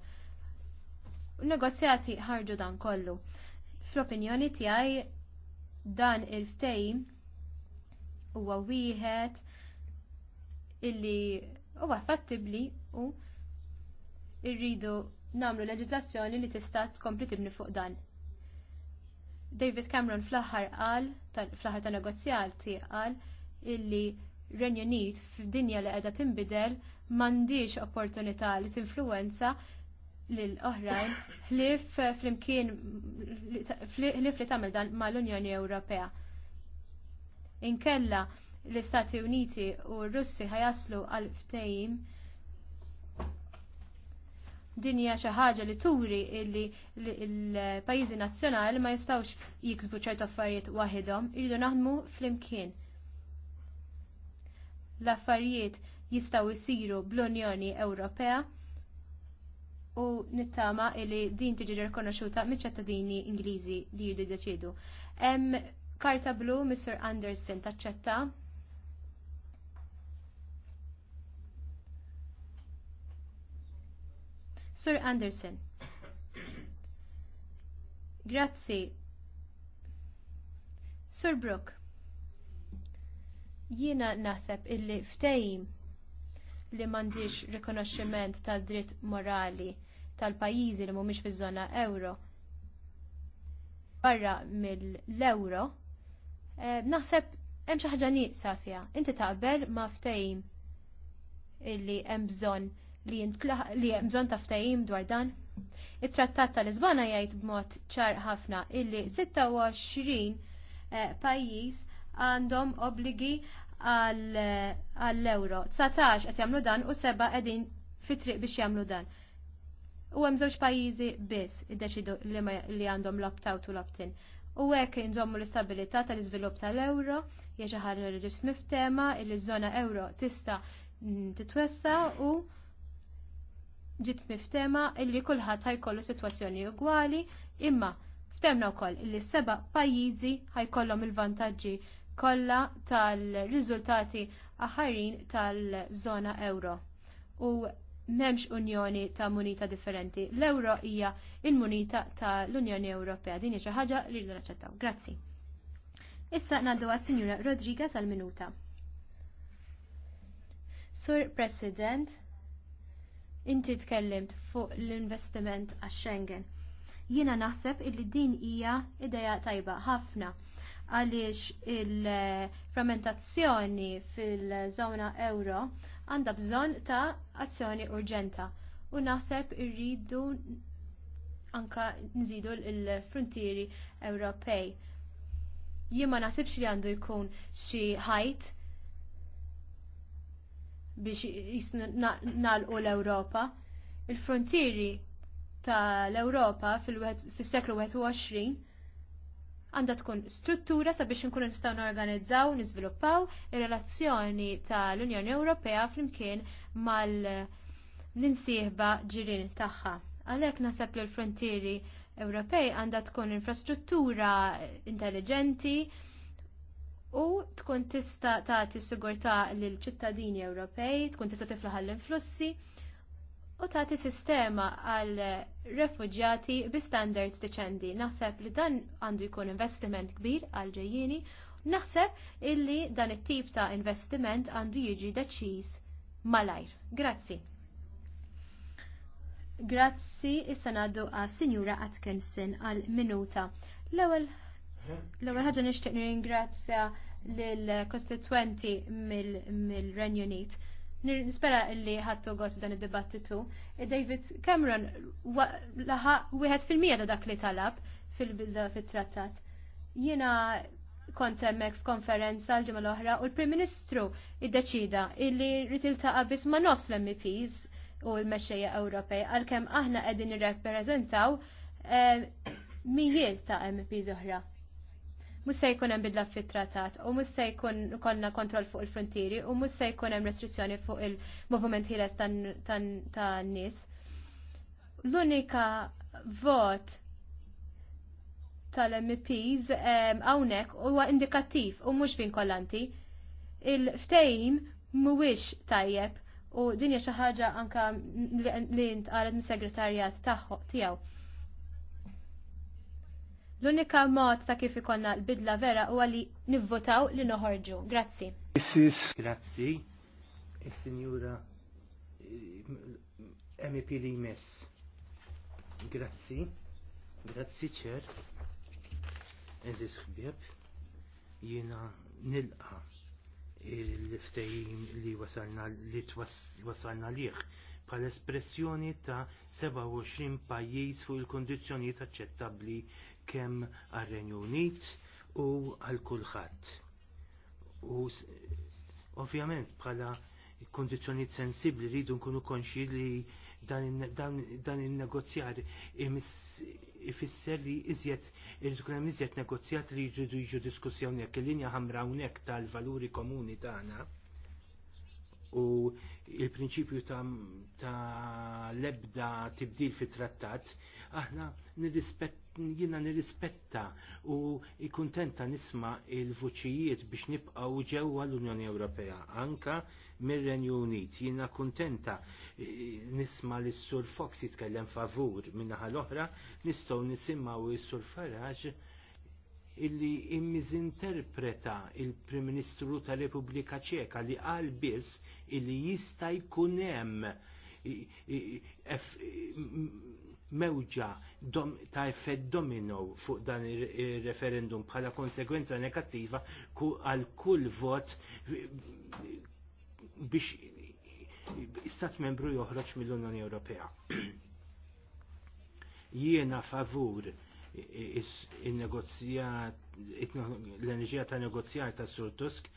Negozjati ħarġu dan kollu. Fl-opinjoni tiegħi dan il-ftejm huwa wieħed illi huwa fattibli u irridu namlu leġislazzjoni li tista' tkompli tibni fuq dan. David Cameron fl-aħħar qal fl-aħħar ta' negozjati qal illi Renju Unit f'dinja li qiegħda tinbidel m'għandix opportunità li tinfluwenza l-oħrajn ħlif flimkien ħlif li tagħmel dan mal-Unjoni Ewropea. Inkella l-Istati Uniti u r-Russi ħajaslu għal ftehim din hija xi ħaġa li turi li l-pajjiżi nazzjonali ma jistgħux jiksbu ċertu affarijiet waħedhom, iridu naħdmu flimkien. L-affarijiet jistgħu jsiru bl-Unjoni Ewropea u nittama li din tiġi rikonoxuta miċ-ċittadini Ingliżi li jridu jiddeċidu. Hemm karta blu Mr. Anderson taċċetta. Sir Anderson. Grazzi. Sir Brook. Jiena naħseb illi ftejim li mandiġ rikonoxximent ta' dritt morali tal-pajjiżi li mhumiex fiż-żona euro barra mill-euro, eh, naħseb hemm xi ħaġa nieqsa fiha. Inti taqbel ma' ftehim illi hemm bżonn li hemm bżonn ta' ftehim dwar dan. It-trattat tal-Lisbona jgħid b'mod ċar ħafna illi 26 eh, pajjiż għandhom obbligi eh, għall-euro. 19 qed jagħmlu dan u seba' qegħdin fitriq biex jagħmlu dan. U hemm żewġ pajjiżi biss iddeċidu li għandhom l-opt-out u l-opt-in. U hekk inżommu l-istabilità tal-iżvilupp tal-euro, hija xi ħaġa li miftema li ż-żona euro tista' mm, titwessa u ġiet miftema illi kulħadd ħajkollu sitwazzjoni ugwali, imma ftemna wkoll illi seba' pajjiżi ħajkollhom il-vantaġġi kollha tal-riżultati aħarin tal-żona euro. U memx unjoni ta' munita differenti. L-euro hija il-munita ta' l-Unjoni Ewropea. Din hija xi ħaġa li naċċettaw. Grazzi. Issa ngħaddu għas-Sinjura Rodriguez għal minuta. Sur President, inti tkellimt fuq l-investiment għax Schengen. Jiena naħseb illi din hija ideja tajba ħafna għaliex il-frammentazzjoni fil-żona euro għandha bżonn ta' azzjoni urġenta u naħseb irridu anka nżidu l-frontieri Ewropej. Jien ma naħsibx li għandu jkun xi ħajt biex nalqu l-Ewropa. Il-frontieri tal-Ewropa fis-seklu 21 għandha tkun struttura sabiex nkunu nistgħu norganizzaw, niżviluppaw ir-relazzjoni tal-Unjoni Ewropea flimkien mal-nimsieħba ġirin tagħha. Għalhekk naħseb li l-frontieri Ewropej għandha tkun infrastruttura intelligenti u tkun tista' tagħti sigurtà lill ċittadini Ewropej, tkun tista' tiflaħ l-influssi u tagħti sistema għal refugjati bi standards deċendi. Naħseb li dan għandu jkun investiment kbir għal ġejjini, naħseb illi dan it-tip ta' investiment għandu jiġi deċiż malajr. Grazzi. Grazzi issa għaddu għas Sinjura Atkinson għal minuta. L-ewwel ħaġa nixtieq nirringrazzja lill mill-Renju Unit Nispera illi ħattu għos dan id-dibattitu. Eh, David Cameron laħa wieħed fil-mija da dak li talab fil-bidla fit-trattat. Jiena kont hemmhekk f'konferenza l-ġimgħa l-oħra u l-Prim Ministru id-deċida illi rrid iltaqa' biss ma' nofs l-MPs u l-mexxejja Ewropej għalkemm aħna qegħdin nirrappreżentaw eh, mijiet ta' MPs oħra mhux se jkun hemm bidla fit-trattat u mhux se jkun konna kontroll fuq il-frontieri u mhux se jkun hemm restrizzjoni fuq il-movement ħieles tan-nies. L-unika vot tal-MPs hawnhekk huwa indikattiv u mhux vinkolanti. Il-ftehim mhuwiex tajjeb u dinja xi ħaġa anke li ntqalet mis-segretarjat tiegħu. L-unika mod ta' kif ikonna l-bidla vera huwa li nivvotaw li noħorġu. Grazzi. Isis. Grazzi. Is-Sinjura eh, MP e li Mess. Grazzi. Grazzi ċer. Eżis ħbieb. Jiena nilqa il-ftejim li wasalna li wasalna liħ pal espressjoni ta' 27 pajjiż fuq il-kondizzjonijiet aċċettabbli kemm għar-Renju Unit u għal kulħadd. U ovvjament bħala kondizjoniet sensibli rridu nkunu konxi li dan il-negozjar ifisser li iżjed irridu kunem iżjed negozjat li jridu jiġu diskussjoni għak il-linja ħamra hawnhekk tal-valuri komuni tagħna u il-prinċipju ta' lebda tibdil fit trattat aħna nirrispett jina nirrispetta u kuntenta nisma il-vuċijiet biex nibqaw ġewwa l-Unjoni Ewropea, anka mir-Renju Unit. Jina kuntenta e, nisma li sur Fox jitkellem favur minnaħa l-oħra, nistgħu nisimgħu is-Sur Farage illi interpreta il-Prim Ministru tal Repubblika Ċeka li qal biss illi jista' jkun hemm mewġa ta' effett domino fuq dan il-referendum bħala konsegwenza negattiva għal kull vot biex stat membru joħroġ mill-Unjoni Ewropea. Jiena favur in-negozjat l-enerġija ta' negozjar ta' Sur Tusk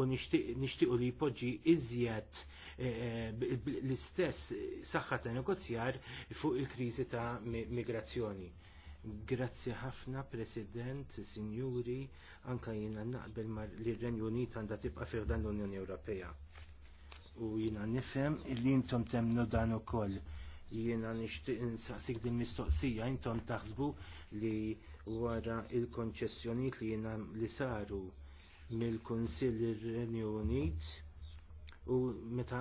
u nixtiequ li jpoġġi iżjed eh, eh, l-istess saħħa ta' negozjar fuq il-kriżi ta' migrazzjoni. Grazzi ħafna, President, Sinjuri, anka jina naqbel li r-Renju Unit għandha tibqa' fih dan l-Unjoni Ewropea. U jina nifhem li intom temnu dan ukoll. Jiena nixtieq nsaqsik din mistoqsija, intom taħsbu li wara l konċessjonijiet li jiena li saru mill-Kunsill ir-Renju Unit u meta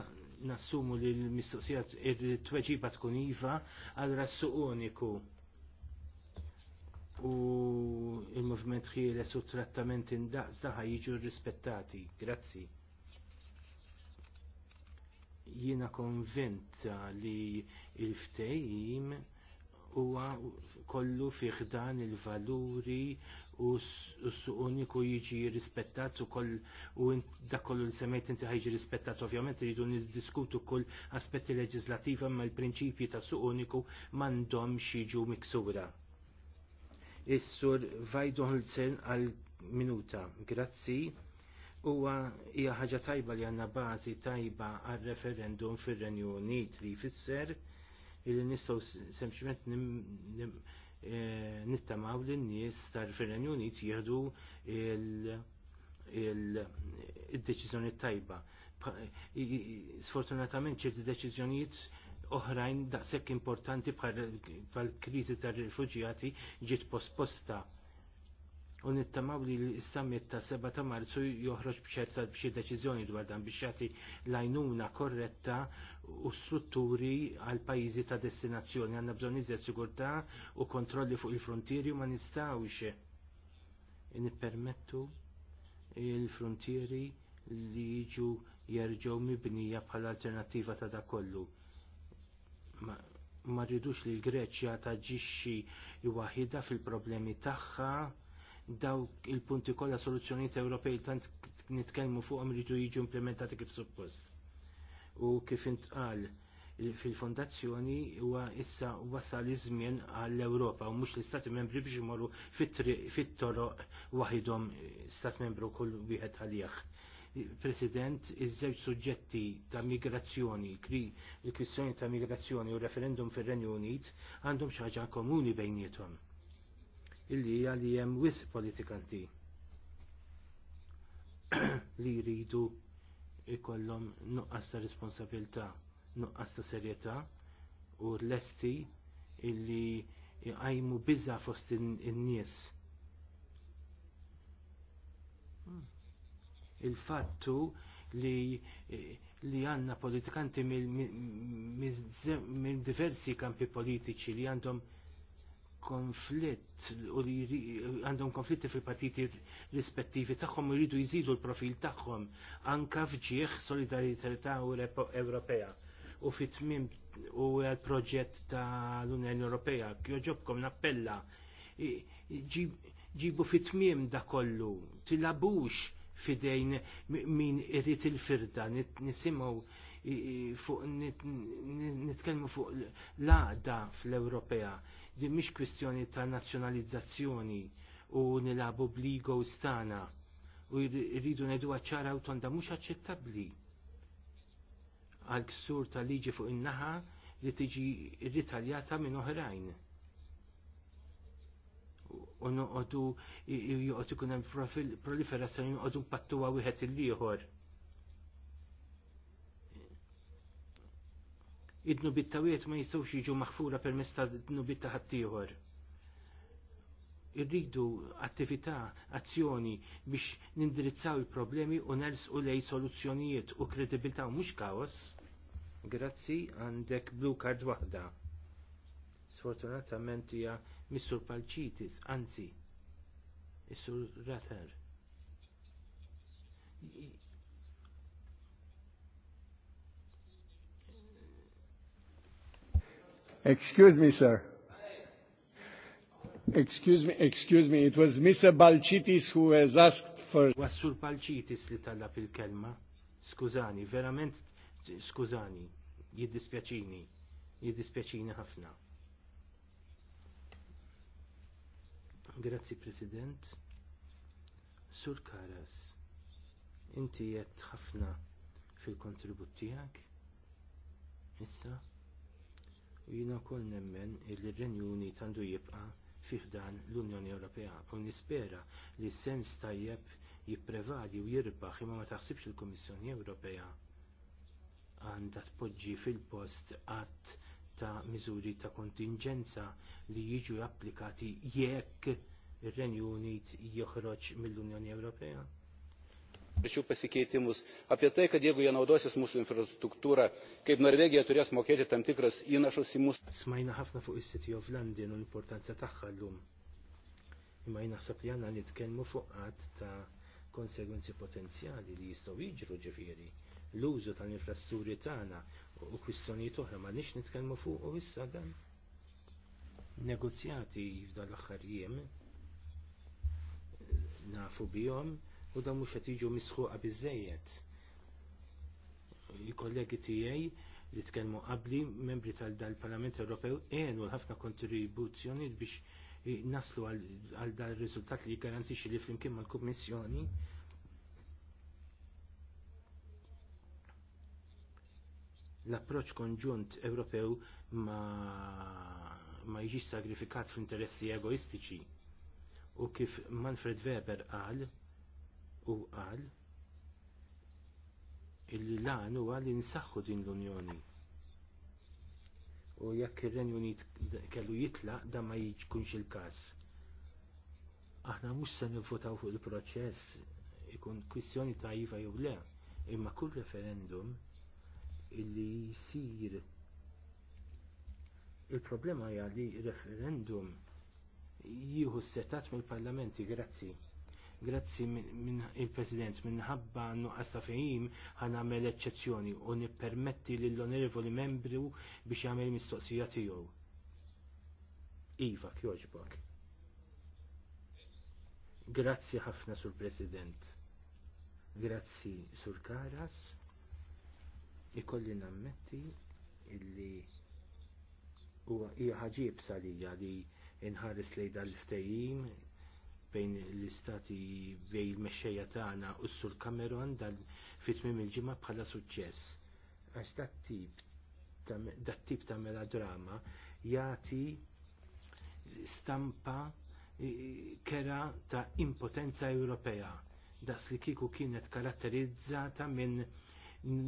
nassumu li l-mistoqsijat il-tweġiba tkun iva, għal rassu uniku u il-movement ħieles u trattament indaqs daħa jiġu rispettati. Grazzi. Jiena konvinta li il-ftejim huwa kollu fih dan il-valuri u s-suq uniku jiġi rispettat u koll u dak kollu li semmejt inti ħajġi rispettat ovvjament rridu niddiskutu kull aspetti leġislativi ma l-prinċipji ta' suq uniku mandom xiġu miksura. Is-sur Vajdu Vajdoholzen għal minuta. Grazzi huwa hija ħaġa tajba li għandna bażi tajba għal referendum fir-Renju Unit li jfisser illi nistgħu sempliċement eh, nittamaw li n-nies tar-Renju Unit jieħdu il-deċiżjoni tajba. Sfortunatament ċerti deċiżjonijiet oħrajn daqshekk importanti bħal kriżi tar-rifuġjati ġiet posposta u nittamaw li l-summit ta' 7 ta' marzu joħroġ bċerta b'xi deċiżjoni dwar dan biex jagħti lajnuna korretta u strutturi għal pajjiżi ta' destinazzjoni għanna bżonn iżjed sigurtà u kontrolli fuq il-frontieri u ma nistgħux nippermettu il-frontieri li jiġu jerġgħu mibnija bħala alternattiva ta' dak kollu ma rridux li l-Greċja taġixxi waħida fil-problemi tagħha dawk il-punti kollha soluzzjonijiet Ewropej tant nitkellmu fuqhom rridu jiġu implementati kif suppost. U kif intqal fil-fondazzjoni huwa issa wasal iż-żmien għall-Ewropa u mhux l-Istati Membri biex imorru fit-toroq waħidhom Stat Membru kull wieħed għalih. President, iż-żewġ suġġetti ta' migrazzjoni, il-kwistjoni ta' migrazzjoni u referendum fir-Renju Unit għandhom xi ħaġa komuni bejniethom illi hija li hemm wis politikanti li jridu ikollhom nuqqas ta' responsabilità, nuqqas ta' serjetà u lesti illi jqajmu biża fost in-nies. Il-fattu li li għanna politikanti minn diversi kampi politiċi li għandhom konflitt u li għandhom konflitti fil-partiti rispettivi tagħhom u jridu jżidu l-profil tagħhom anka fġieħ solidarjetà Ewropea u fit tmim u għal-proġett tal unjoni Ewropea. Joġobkom nappella ġibu fit tmim da kollu, tilabux fidejn min irrit il-firda, nisimaw fuq nitkellmu fuq l-għaqda fl-Ewropea Din mhix kwistjoni ta' nazzjonalizzazzjoni u nilabu bligo stana u rridu nedu ċara u tonda mhux aċċettabbli għal ksur ta' liġi fuq in-naħa li tiġi ritaljata minn oħrajn. U noqogħdu joqgħod ikun hemm proliferazzjoni noqogħdu pattuwa wieħed il-ieħor. id-nubit tawiet ma jistawx jiġu maħfura permezz ta' id-nubit ta' ħaddieħor. Irridu attività, azzjoni biex nindirizzaw il-problemi u nelsqu lej soluzzjonijiet u kredibilta u mhux kaos. Grazzi għandek blue card waħda. Sfortunatament hija Missur Palċitis, anzi, Missur Rater Excuse me, sir. Excuse me, excuse me, it was Mr. Balcitis who has asked for... Wassur Balcitis li tallab il-kelma. Skużani, verament, skużani, jiddispjaċini, jiddispjaċini ħafna. Grazzi, President. Sur Karas, inti jett ħafna fil-kontribut tijak? Issa? u jina kol nemmen il-Renjuni tandu jibqa fiħdan l-Unjoni Ewropea u nispera li sens tajjeb jipprevali u jirbaħ imma ma taħsibx il-Kummissjoni Ewropea għandha tpoġġi fil-post għadd ta' miżuri ta' kontingenza li jiġu applikati jekk ir-Renju Unit joħroġ mill-Unjoni Ewropea sričių pasikeitimus apie tai kad jeigu jie naudosis mūsų infrastruktūra kaip norvegija turės mokėti tam tikras įnašus į mūsų smajna ħafna fuq is-city of London u l-importanza tagħha llum. Imma jnaħseb li għandna nitkellmu fuq ta' konsegwenzi potenzjali li jistgħu jiġru ġifiri l-użu tal-infrastrutturi tagħna u kwistjonijiet oħra ma nix nitkellmu fuq u issa dan negozjati f'dan l-aħħar jiem nafu bihom u dan mhux qed jiġu misħuqa biżżejjed. Il-kollegi tiegħi li tkellmu qabli membri tal-Parlament Ewropew għenu l-ħafna kontribuzzjoni biex naslu għal dal riżultat li garantixi li flimkien mal-Kummissjoni l-approċ konġunt Ewropew ma, ma jiġix sagrifikat f'interessi egoistiċi. U kif Manfred Weber qal, u qal illi lan huwa li nsaħħu din l-Unjoni. U jekk ir-Renju Unit kellu jitlaq da ma jkunx il-każ. Aħna mhux se nivvotaw fuq il-proċess ikun kwistjoni ta' iva jew le, imma kull referendum illi jsir il-problema hija li referendum jieħu setat mill-parlamenti, grazzi. Grazzi minn il-President, minħabba nuqqas ta' fejim ħan għamel eċċezzjoni u nippermetti lill-onorevoli membru biex jagħmel mistoqsija tiegħu. Iva, kjoġbok. Grazzi ħafna sur President. Grazzi sur Karas. Ikolli nammetti illi huwa hija salija li inħares lejn l ftehim bejn l-istati bejn il-mexxejja tagħna u s-Sur Cameron dal fit-tmiem il-ġimgħa bħala suċċess. Għax dat-tip dat-tip ta' melodrama jagħti stampa kera ta' impotenza Ewropea daqs li kieku kienet karatterizzata minn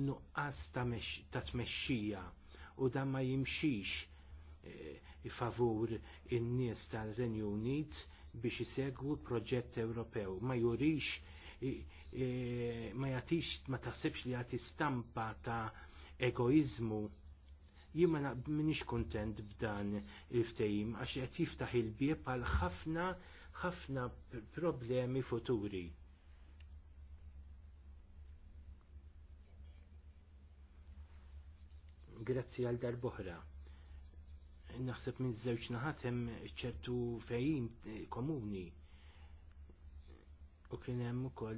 nuqqas ta' tmexxija u dan ma jimxix eh, favur in-nies tal-Renju Unit biex jisegwu proġett Ewropew. Ma jurix, ma jatix, ma taħsibx li jati stampa ta' egoizmu. Jien minix kuntent b'dan il-ftejim, għax qed jiftaħ il-bieb għal ħafna ħafna problemi futuri. Grazzi għal darboħra naħseb minn żewġ naħat hemm ċertu fejjim komuni. U kien hemm ukoll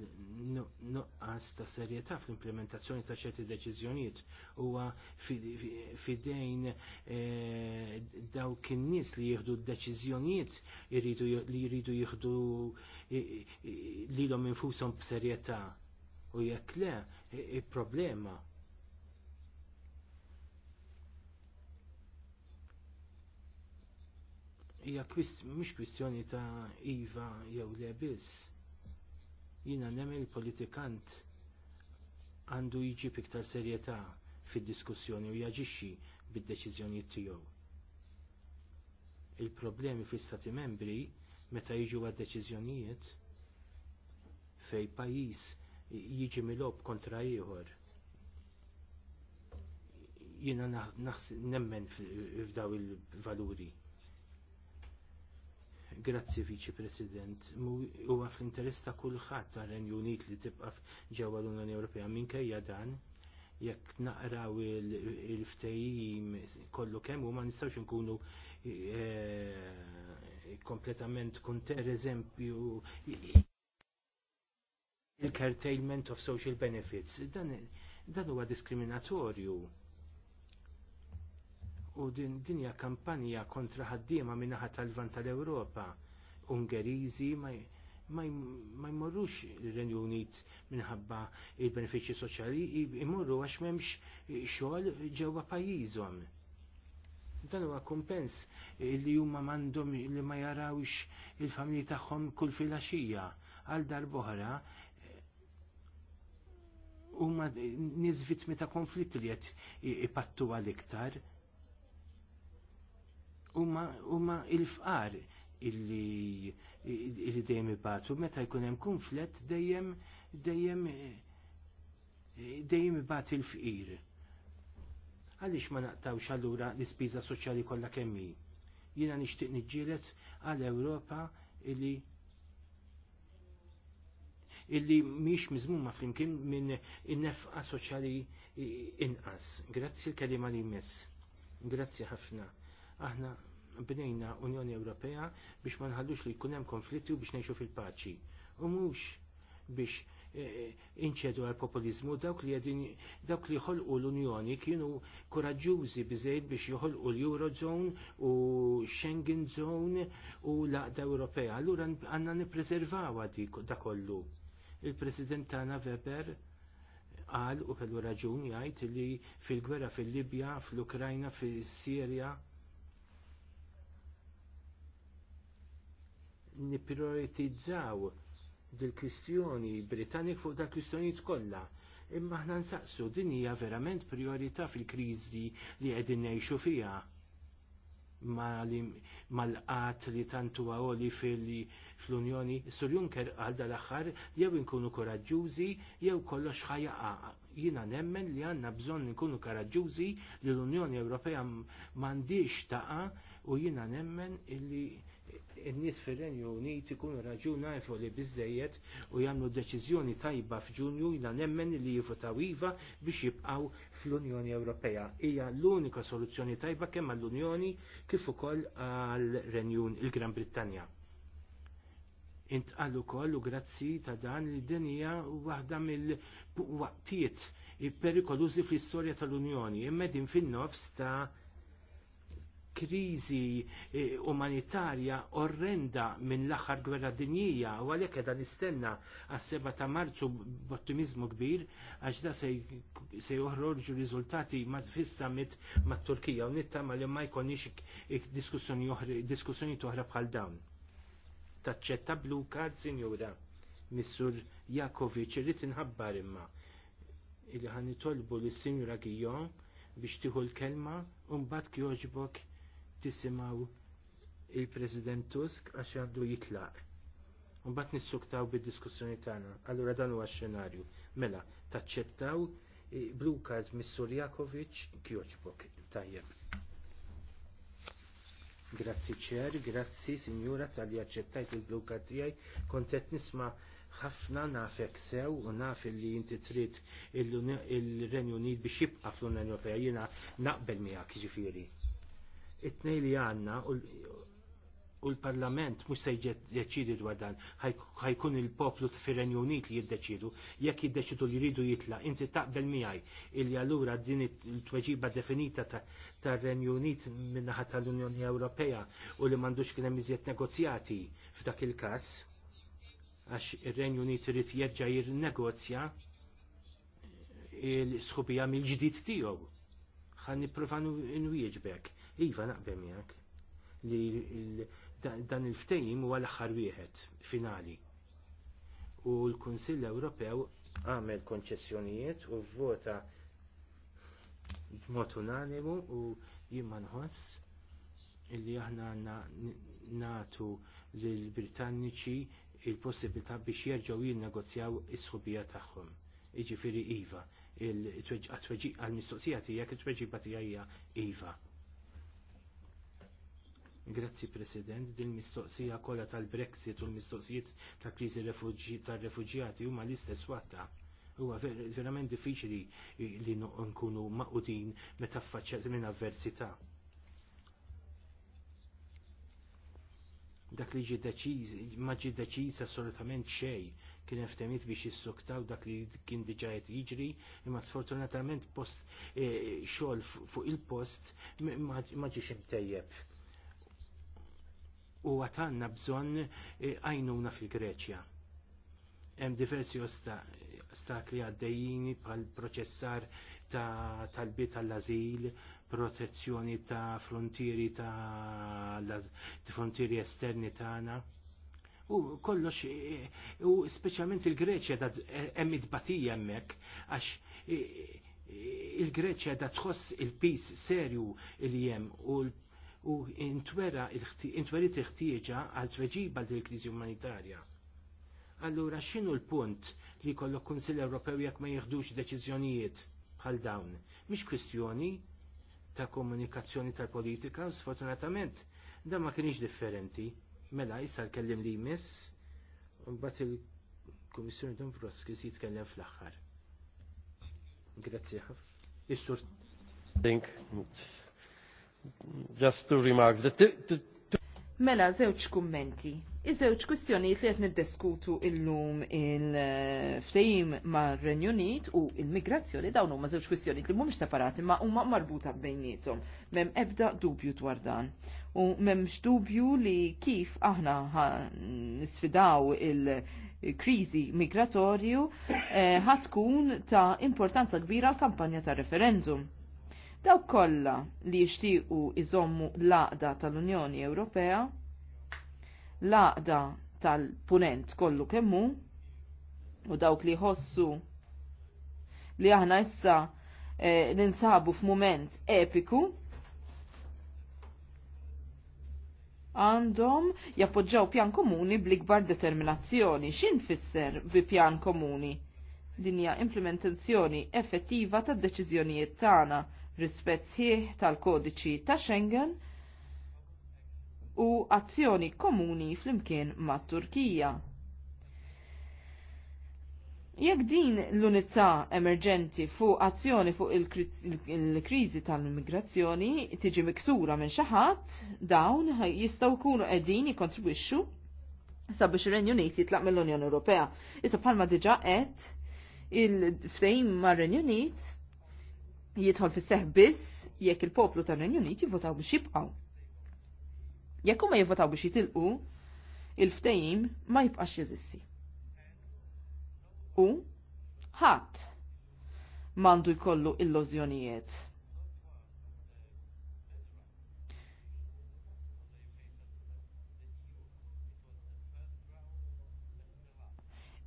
nuqqas ta' serjetà fl-implementazzjoni ta' ċerti deċiżjonijiet huwa fidejn eh, dawk in-nies li jieħdu d-deċiżjonijiet li jridu jieħdu lilhom infushom b'serjetà. U jekk le, il-problema hija mhux kwistjoni ta' iva jew le biss. Jiena nemmen il-politikant għandu jiġi iktar serjetà fid-diskussjoni u jaġixxi bid-deċiżjonijiet tiegħu. Il-problemi fl-Stati membri meta jiġu għad deċiżjonijiet fej pajjiż jiġi milob kontra ieħor. Jiena nemmen f'daw il-valuri. Grazzi Viċi President. Huwa fl-interess ta' kulħadd ta' renju Unit li tibqa' ġewwa l-Unjoni Ewropea minkejja dan jekk naqraw il-ftejim kollu kemm u ma nistgħux nkunu eh, kompletament kunter eżempju il-curtailment of social benefits. Dan huwa diskriminatorju u din dinja kampanja kontra ħaddiema min-naħa tal-van tal-Ewropa. Ungeriżi ma jmorrux il-Renju Unit minħabba il-benefiċċji soċjali, jmorru għax m'hemmx xogħol ġewwa pajjiżhom. Dan huwa kumpens li huma m'għandhom li ma jarawx il-familji tagħhom kull filgħaxija għal darb'oħra huma niż vittmi ta' konflitt li qed ipattu għal iktar huma il-fqar illi illi dejjem ibatu meta jkun hemm kunflett dejjem dejjem dejjem ibat il-fqir. Għaliex ma naqtawx allura l-ispiża soċjali kollha kemm hi. Jiena nixtieq niġġielet għal Ewropa illi illi miex mizmuma flimkien minn in-nefqa soċjali inqas. Grazzi l-kelima li jmiss. Grazzi ħafna. Aħna bnejna Unjoni Ewropea biex ma nħallux li jkun hemm konflitti u biex ngħixu fil-paċi. U mhux biex eh, eh, inċedu għal populizmu dawk li għedin dawk li ħolqu l-Unjoni kienu koraġġużi biżejt biex joħolqu l-Eurozone u Schengen Zone u l-Aqda Ewropea. Allura għandna nippreservaw da kollu. Il-President tagħna Weber qal u kellu raġun jgħid li fil-gwerra fil-Libja, fl-Ukrajna, fis-Sirja, fil niprioritizzaw dil-kwistjoni Britannik fuq dal kwistjonijiet kollha. Imma aħna nsaqsu din hija verament priorità fil-kriżi li qegħdin ngħixu fiha mal-qat li tantu għoli fil-Unjoni, Sur Juncker għal dal-axħar jew nkunu koraġġużi jew kollox ħajaqa. Jina nemmen li għanna bżon nkunu koraġġużi li l-Unjoni Ewropea mandiġ taqa u jina nemmen illi n-nies fir-Renju Unit ikunu raġuna nafu li biżejjed u jagħmlu deċiżjoni tajba f'Ġunju jina nemmen li jivvotaw iva biex jibqgħu fl-Unjoni Ewropea. Hija l-unika soluzzjoni tajba kemm għall-Unjoni kif ukoll għall-Renjun il-Gran Brittanja. Intqalu ukoll u grazzi ta' dan li din hija waħda mill-waqtiet perikolużi fl-istorja tal-Unjoni, imma din fin-nofs ta' krizi eh, umanitarja orrenda minn l-aħħar gwerra dinjija u għalhekk qiegħda nistenna għas-7 ta' Marzu b'ottimizmu kbir għax da se joħroġu riżultati ma fissa mit mat-Turkija u nittama li ma jkunix diskussjoni oħra toħra bħal dawn. Taċċetta blu kard sinjura Missur Jakovic irrid inħabbar imma li ħan nitolbu lis sinjura Gijon biex tieħu l-kelma u mbagħad kjoġbok tisimaw il-President Tusk għax għandu jitlaq. Unbat nissuktaw bid-diskussjoni tagħna. Allura dan huwa x-xenarju. Mela, taċċettaw eh, blue card Missur Jakovic Kjoċbok. Tajjeb. Grazzi ċer, grazzi sinjura tal-li aċċettajt il-blue card tiegħi. Kont qed nisma' ħafna nafek sew u naf li inti trid il-Renju Unit biex jibqa' fl-Unjoni Ewropea jiena naqbel miegħek ġifieri it-tnej li għanna u l-Parlament mhux se jiddeċidi dwar dan, ħajkun il-poplu fir-Renju Unit li jiddeċidu, jekk jiddeċidu li jridu jitla, inti taqbel il illi allura din il-tweġiba definita tar-Renju Unit min-naħa tal-Unjoni Ewropea u li m'għandux kien hemm iżjed negozjati f'dak il-każ, għax ir-Renju Unit irid jir negozja l-sħubija mill-ġdid tiegħu. Ħan nipprova nwieġbek Iva naqbem jak, li dan il-ftejim huwa l-aħħar wieħed finali. U l-Kunsill Ewropew għamel konċessjonijiet u vvota b'mod unanimu u jimma nħoss illi aħna natu lill britanniċi l possibilità biex jerġgħu jinnegozjaw is-sħubija tagħhom. Jiġifieri iva, il-tweġiqa għall mistoqsija tiegħek it-tweġiba tiegħi hija iva. Grazzi President, din mistoqsija kollha tal-Brexit u l-mistoqsijiet ta' kriżi tar-refuġjati huma l-istess watta. Huwa verament diffiċli li nkunu maqudin meta ffaċċat minn avversità. Dak li ġi deċiż, ma ġi deċiż assolutament xejn kien ftemit biex jissuktaw dak li kien diġa qed jiġri, imma sfortunatament post eh, xogħol fuq il-post ma ġiex imtejjeb u għatanna bżon e, għajnuna fil-Greċja. Hemm diversi ostakli għaddejjini pal proċessar ta' talbi tal-azil, protezzjoni ta' frontieri ta' frontieri esterni tagħna. U kollox, e, u speċjalment il-Greċja da' e, hemm it-batija hemmhekk għax il-Greċja da tħoss il-pis serju il-jem u l u intwera intwerit il-ħtieġa għal tweġiba l kriżi umanitarja. Allura x'inhu l-punt li jkollok Kunsill Ewropew jekk ma jieħdux deċiżjonijiet bħal dawn? Mhix kwistjoni ta' komunikazzjoni tal-politika, sfortunatament, da ma kienx differenti. Mela, issa l-kellim li jmiss, u mbagħad il-Kummissjoni Dombrovski jitkellem fl-aħħar. Grazzi ħafna. Is-sur just two remarks. The two, Mela, zewċ kummenti. Iż-żewġ li li qed il-lum il-ftehim mar renju Unit u l-migrazzjoni dawn huma żewġ kwistjonijiet li mhumiex separati ma huma marbuta bejnietom. Mem ebda dubju dwar dan. U m'hemmx dubju li kif aħna nisfidaw il-kriżi migratorju eh, ħatkun eh, ta' importanza kbira l kampanja ta' referendum Daw kollha li jixtiequ iżommu l-aqda tal-Unjoni Ewropea, l-aqda tal-punent kollu kemmu, u dawk li jħossu li aħna issa e, ninsabu f'mument epiku, għandhom jappoġġaw pjan komuni bl-ikbar determinazzjoni. Xin fisser bi pjan komuni? Dinja implementazzjoni effettiva tad deċiżjonijiet tagħna rispett sħiħ tal-kodiċi ta' Schengen u azzjoni komuni flimkien mat Turkija. Jekk din l-unità emerġenti fuq azzjoni fuq il-kriżi tal-immigrazzjoni tiġi miksura minn xi ħadd, dawn jistgħu jkunu qegħdin jikkontribwixxu sabiex ir-Renju Unit jitlaq mill-Unjoni Ewropea. Issa bħalma diġà qed il-ftehim mar-Renju Unit jidħol fis seħ biss jekk il-poplu tal-Renju Unit jivvotaw biex jibqgħu. Jekk huma jivvotaw biex jitilqu, il-ftehim ma jibqax jeżissi. U ħadd m'għandu jkollu illużjonijiet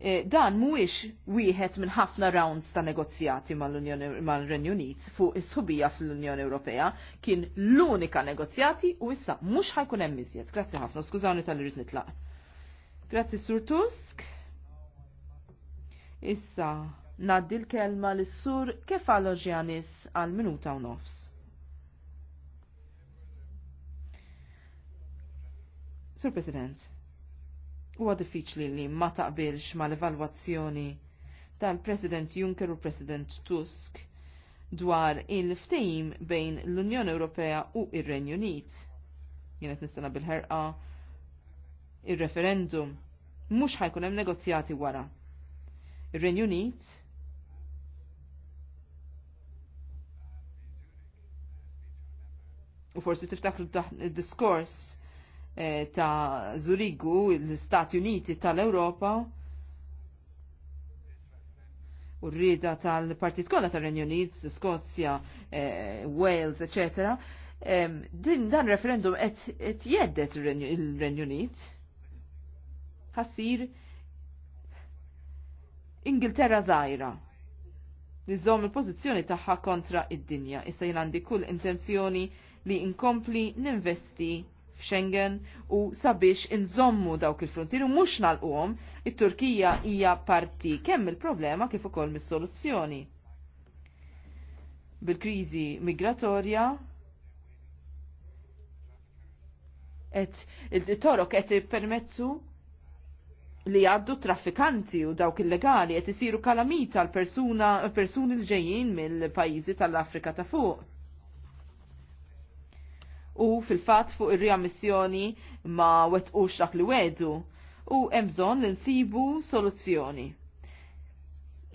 Eh, dan mhuwiex wieħed minn ħafna rounds ta' negozjati mal renju Unit fuq is-subija fl-Unjoni Ewropea kien l-unika negozjati u issa mhux ħajkun hemm iżjed. Grazzi ħafna, skużawni tal irid nitlaq. Grazzi Sur Tusk. Issa ngħaddi l-kelma lis sur Kefalo Janis għal minuta u nofs. Sur President. Huwa diffiċli li ma taqbilx mal-evalwazzjoni tal-President Juncker u President Tusk dwar il-ftehim bejn l-Unjoni Ewropea u ir-Renju Unit. Jienet nistana bil-ħerqa ir-referendum mhux ħajkun hemm negozjati wara. Ir-Renju Unit u forsi tiftakru id-diskors Eh, ta' Zurigu, l-Stati Uniti tal-Europa, u rrida tal-Partit kollha tar-Renju Unit, Skozja, eh, Wales, eccetera, din dan referendum qed jeddet il-Renju Unit. Ħassir Ingilterra żgħira. Nizzom il-pożizzjoni tagħha kontra id-dinja. Issa jien għandi kull intenzjoni li inkompli ninvesti f'Schengen u sabiex inżommu dawk il-frontier u mhux nalquhom, it-Turkija hija parti kemm il-problema kif ukoll mis-soluzzjoni. Bil-kriżi migratorja et il-torok qed ippermezzu li għaddu traffikanti u dawk illegali qed isiru kalamita l persuna persuni l ġejjin mill-pajjiżi tal-Afrika ta' fuq u fil-fat fuq ir-riammissjoni ma wetqux dak li wedu u hemm bżonn li nsibu soluzzjoni.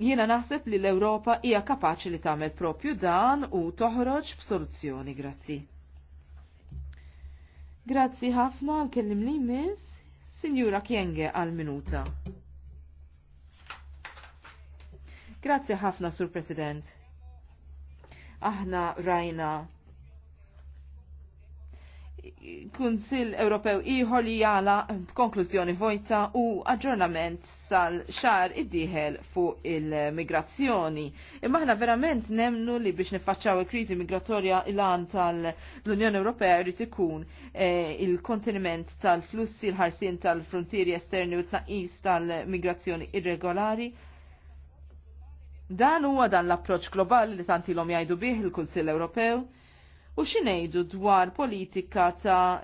Jiena naħseb li l-Ewropa hija kapaċi li tagħmel propju dan u toħroġ b'soluzzjoni, grazzi. Grazzi ħafna għal kellim li miss, Sinjura Kienge għal minuta. Grazzi ħafna, Sur President. Aħna rajna Kunsill Ewropew ieħor li jala konklużjoni vojta u aġġornament sal-xar iddieħel fuq il-migrazzjoni. Imma aħna verament nemnu li biex niffaċċaw il-kriżi migratorja il-għan tal-Unjoni Ewropea jrid ikun eh, il-konteniment tal-flussi l-ħarsien tal-frontieri esterni u tnaqqis tal-migrazzjoni irregolari Dan huwa dan l-approċ globali li tantilhom jgħidu bih il-Kunsill Ewropew U xinejdu dwar politika ta'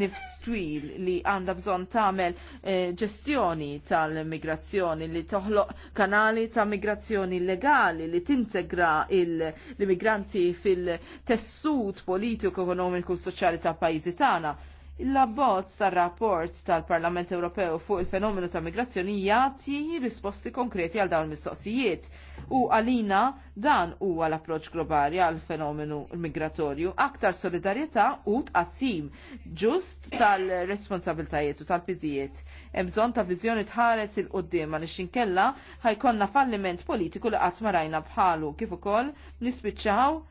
nifs twil li għanda bżon tagħmel eh, ġestjoni tal-migrazzjoni li toħloq kanali ta' migrazzjoni legali li tintegra l-immigranti fil-tessut politiku, ekonomiku, soċjali ta' pajjiżi tagħna l-abbozz tar-rapport tal-Parlament Ewropew fuq il-fenomenu ta' migrazzjoni jagħti risposti konkreti għal dawn il-mistoqsijiet. U għalina dan huwa l-approċċ globali għal fenomenu migratorju aktar solidarjetà u tqassim ġust tal-responsabiltajiet u tal-piżijiet. Hemm bżonn ta' viżjoni tħares il qudiem għal xinkella ħajkonna falliment politiku li qatt ma rajna bħalu kif ukoll nispiċċaw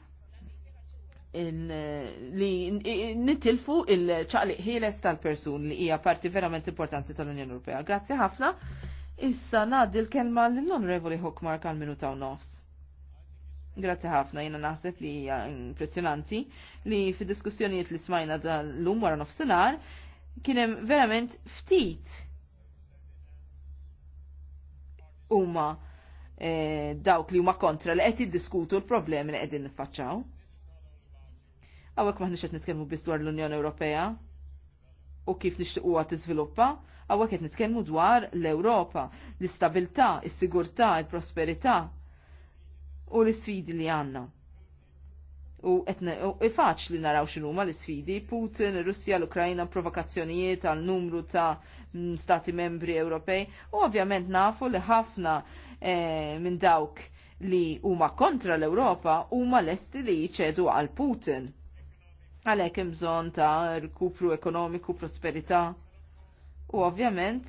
li nitilfu il-ċaqliq ħieles tal-persun li hija parti verament importanti tal-Unjoni Ewropea. Grazzi ħafna. Issa ngħaddi l-kelma l onorevoli Hookmark għal minuta u nofs. Grazzi ħafna, jena naħseb li hija impressjonanti li fi diskussjonijiet li smajna dal-lum wara nofsinhar kien hemm verament ftit huma eh, dawk li huma kontra li qed jiddiskutu l-problemi li qegħdin niffaċċaw. Għawek maħna xet nitkelmu biz dwar l-Unjoni Ewropea u kif nixtiequ għat t-izviluppa, għawek qed nitkelmu dwar l-Europa, l-istabilta, il-sigurta, il-prosperita u l-sfidi li għanna. U e faċ li naraw xinuma l-sfidi, Putin, Russja, l-Ukrajna, provokazzjonijiet għal numru ta' stati membri Ewropej, u ovvjament nafu li ħafna e, minn dawk li huma kontra l-Europa huma lesti li jċedu għal Putin għalhekk hemm bżonn ta' rkupru ekonomiku, prosperità. U ovvjament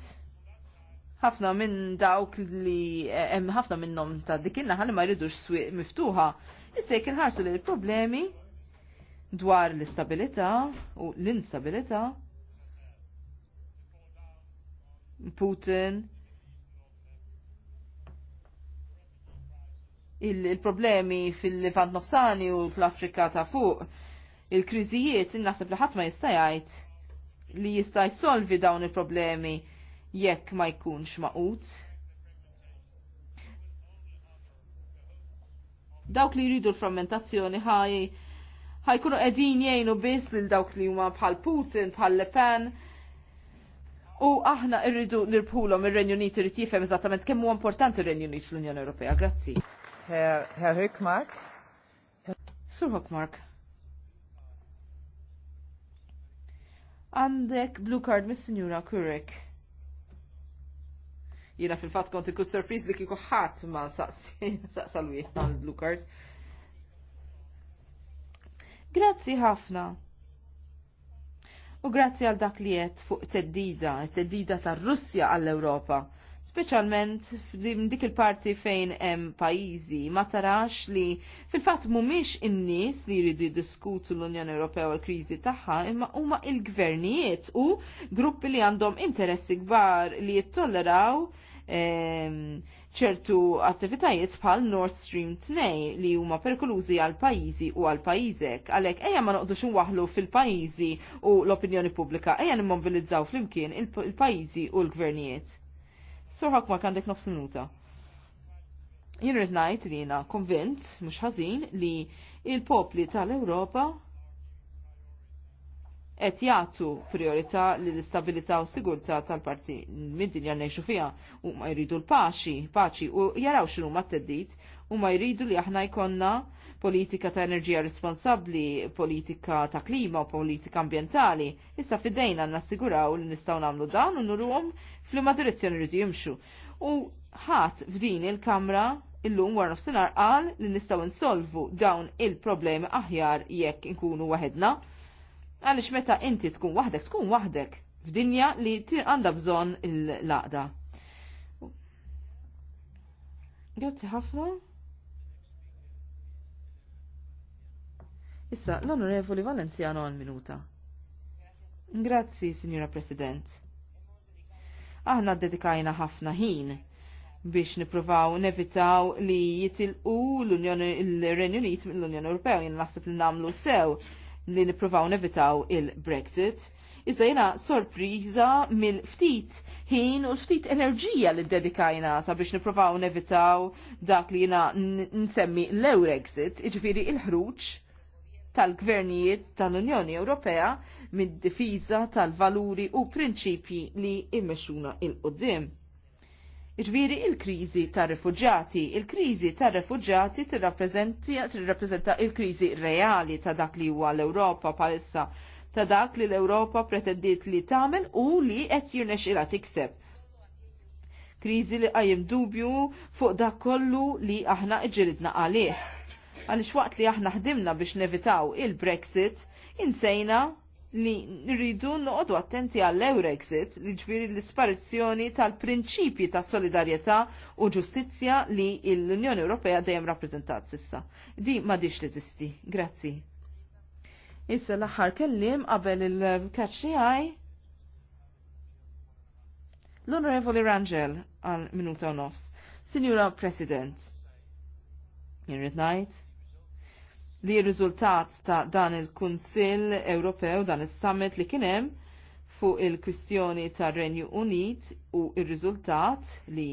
ħafna minn dawk li eh, hemm ħafna minnhom ta' dikinna ħalli ma jridux swieq miftuħa. Issa jekk ħarsu li l-problemi dwar l-istabilità u l-instabilità Putin il-problemi fil-Levant Nofsani u fl-Afrika ta' fuq il-kriżijiet innaħseb li ħadd ma jista' jgħid li jista' jsolvi dawn il-problemi jekk ma jkunx maqut. Dawk li jridu l-frammentazzjoni ħaj ħajkunu qegħdin jgħinu biss lil dawk li huma bħal Putin, bħal Le Pen, U aħna irridu nirbħulhom ir-Renju Unit irid jifhem eżattament kemm huwa importanti r renju Unit fl-Unjoni Ewropea. Grazzi. Herr Hökmark. Sur Hökmark. Għandek blue card mis sinjura Kurek. Jina fil-fat konti kut surpriz li kiku ħat ma saqsalwi għal blue card. Grazzi ħafna. U grazzi għal dak li jett fuq teddida, teddida tar Russja għall-Europa speċjalment dik il-parti fejn hemm pajjiżi ma tarax li fil-fatt mhumiex in-nies li jridu jiddiskutu l-Unjoni Ewropea u l-kriżi tagħha imma huma il-gvernijiet u gruppi li għandhom interessi kbar li jittolleraw ehm, ċertu attivitajiet bħal Nord Stream 2 li huma perkolużi għal pajjiżi u għal pajjiżek. Għalhekk ejja ma noqdux waħlu fil-pajjiżi u l-opinjoni pubblika, ejja nimmobilizzaw flimkien il-pajjiżi u l-gvernijiet. Sur Hawkmark għandek nofs minuta. Jien rrid ngħid li jiena konvint mhux ħażin li il-popli tal-Ewropa qed jagħtu li lill istabilità u sigurtà tal-parti mid-dinja ngħixu fiha u ma jridu l-paċi, paċi u jaraw xinu ma t-teddid u ma jridu li aħna jkollna politika ta' enerġija responsabbli, politika ta' klima u politika ambientali. Issa fidejna nassiguraw li nistgħu nagħmlu dan u nurum fl-ma direzzjoni rridu jimxu. U ħadd f'din il-kamra illum war nofsinhar qal li nistgħu insolvu dawn il-problemi aħjar jekk inkunu waħedna. Għaliex meta inti tkun waħdek tkun waħdek f'dinja li għandha bżonn il-laqda. Grazzi ħafna. Issa, l-Onorevoli Valenziano għal minuta. Grazzi, Signora President. Aħna dedikajna ħafna ħin biex nipruvaw nevitaw li jitilqu l-Unjoni il-Renju Unit mill-Unjoni Ewropew jien naħseb li nagħmlu sew li nipruvaw nevitaw il-Brexit. Iżda jena sorpriża mill-ftit ħin u ftit enerġija li dedikajna sabiex nipruvaw nevitaw dak li jena nsemmi l-Eurexit, iġifieri il-ħruġ tal-gvernijiet tal-Unjoni Ewropea mid-difiża tal-valuri u prinċipji li immexuna il-qoddim. Ġviri il-krizi tar refugġati Il-krizi tar t tirrappreżenta il-krizi reali ta' dak li huwa l-Ewropa palissa ta' dak li l-Ewropa pretendiet li tagħmel u li qed jirnexxilha tikseb. Krizi li qajjem dubju fuq dak kollu li aħna ġilidna għalih Għaliex waqt li aħna ħdimna biex nevitaw il-Brexit, insejna li rridu noqogħdu attenti għall eurexit li ġviri l-isparizzjoni tal-prinċipji ta' solidarjetà u ġustizzja li l-Unjoni Ewropea dejjem rappreżentat sissa. Di ma dix teżisti. Grazzi. Issa l-aħħar kellim qabel il-kaċċi L-Onorevoli Rangel għal minuta u nofs. Signora President, Mirrit Knight li r-riżultat ta' dan il-Kunsill Ewropew dan is-summit li kien hemm fuq il-kwistjoni ta' Renju Unit u il-riżultat li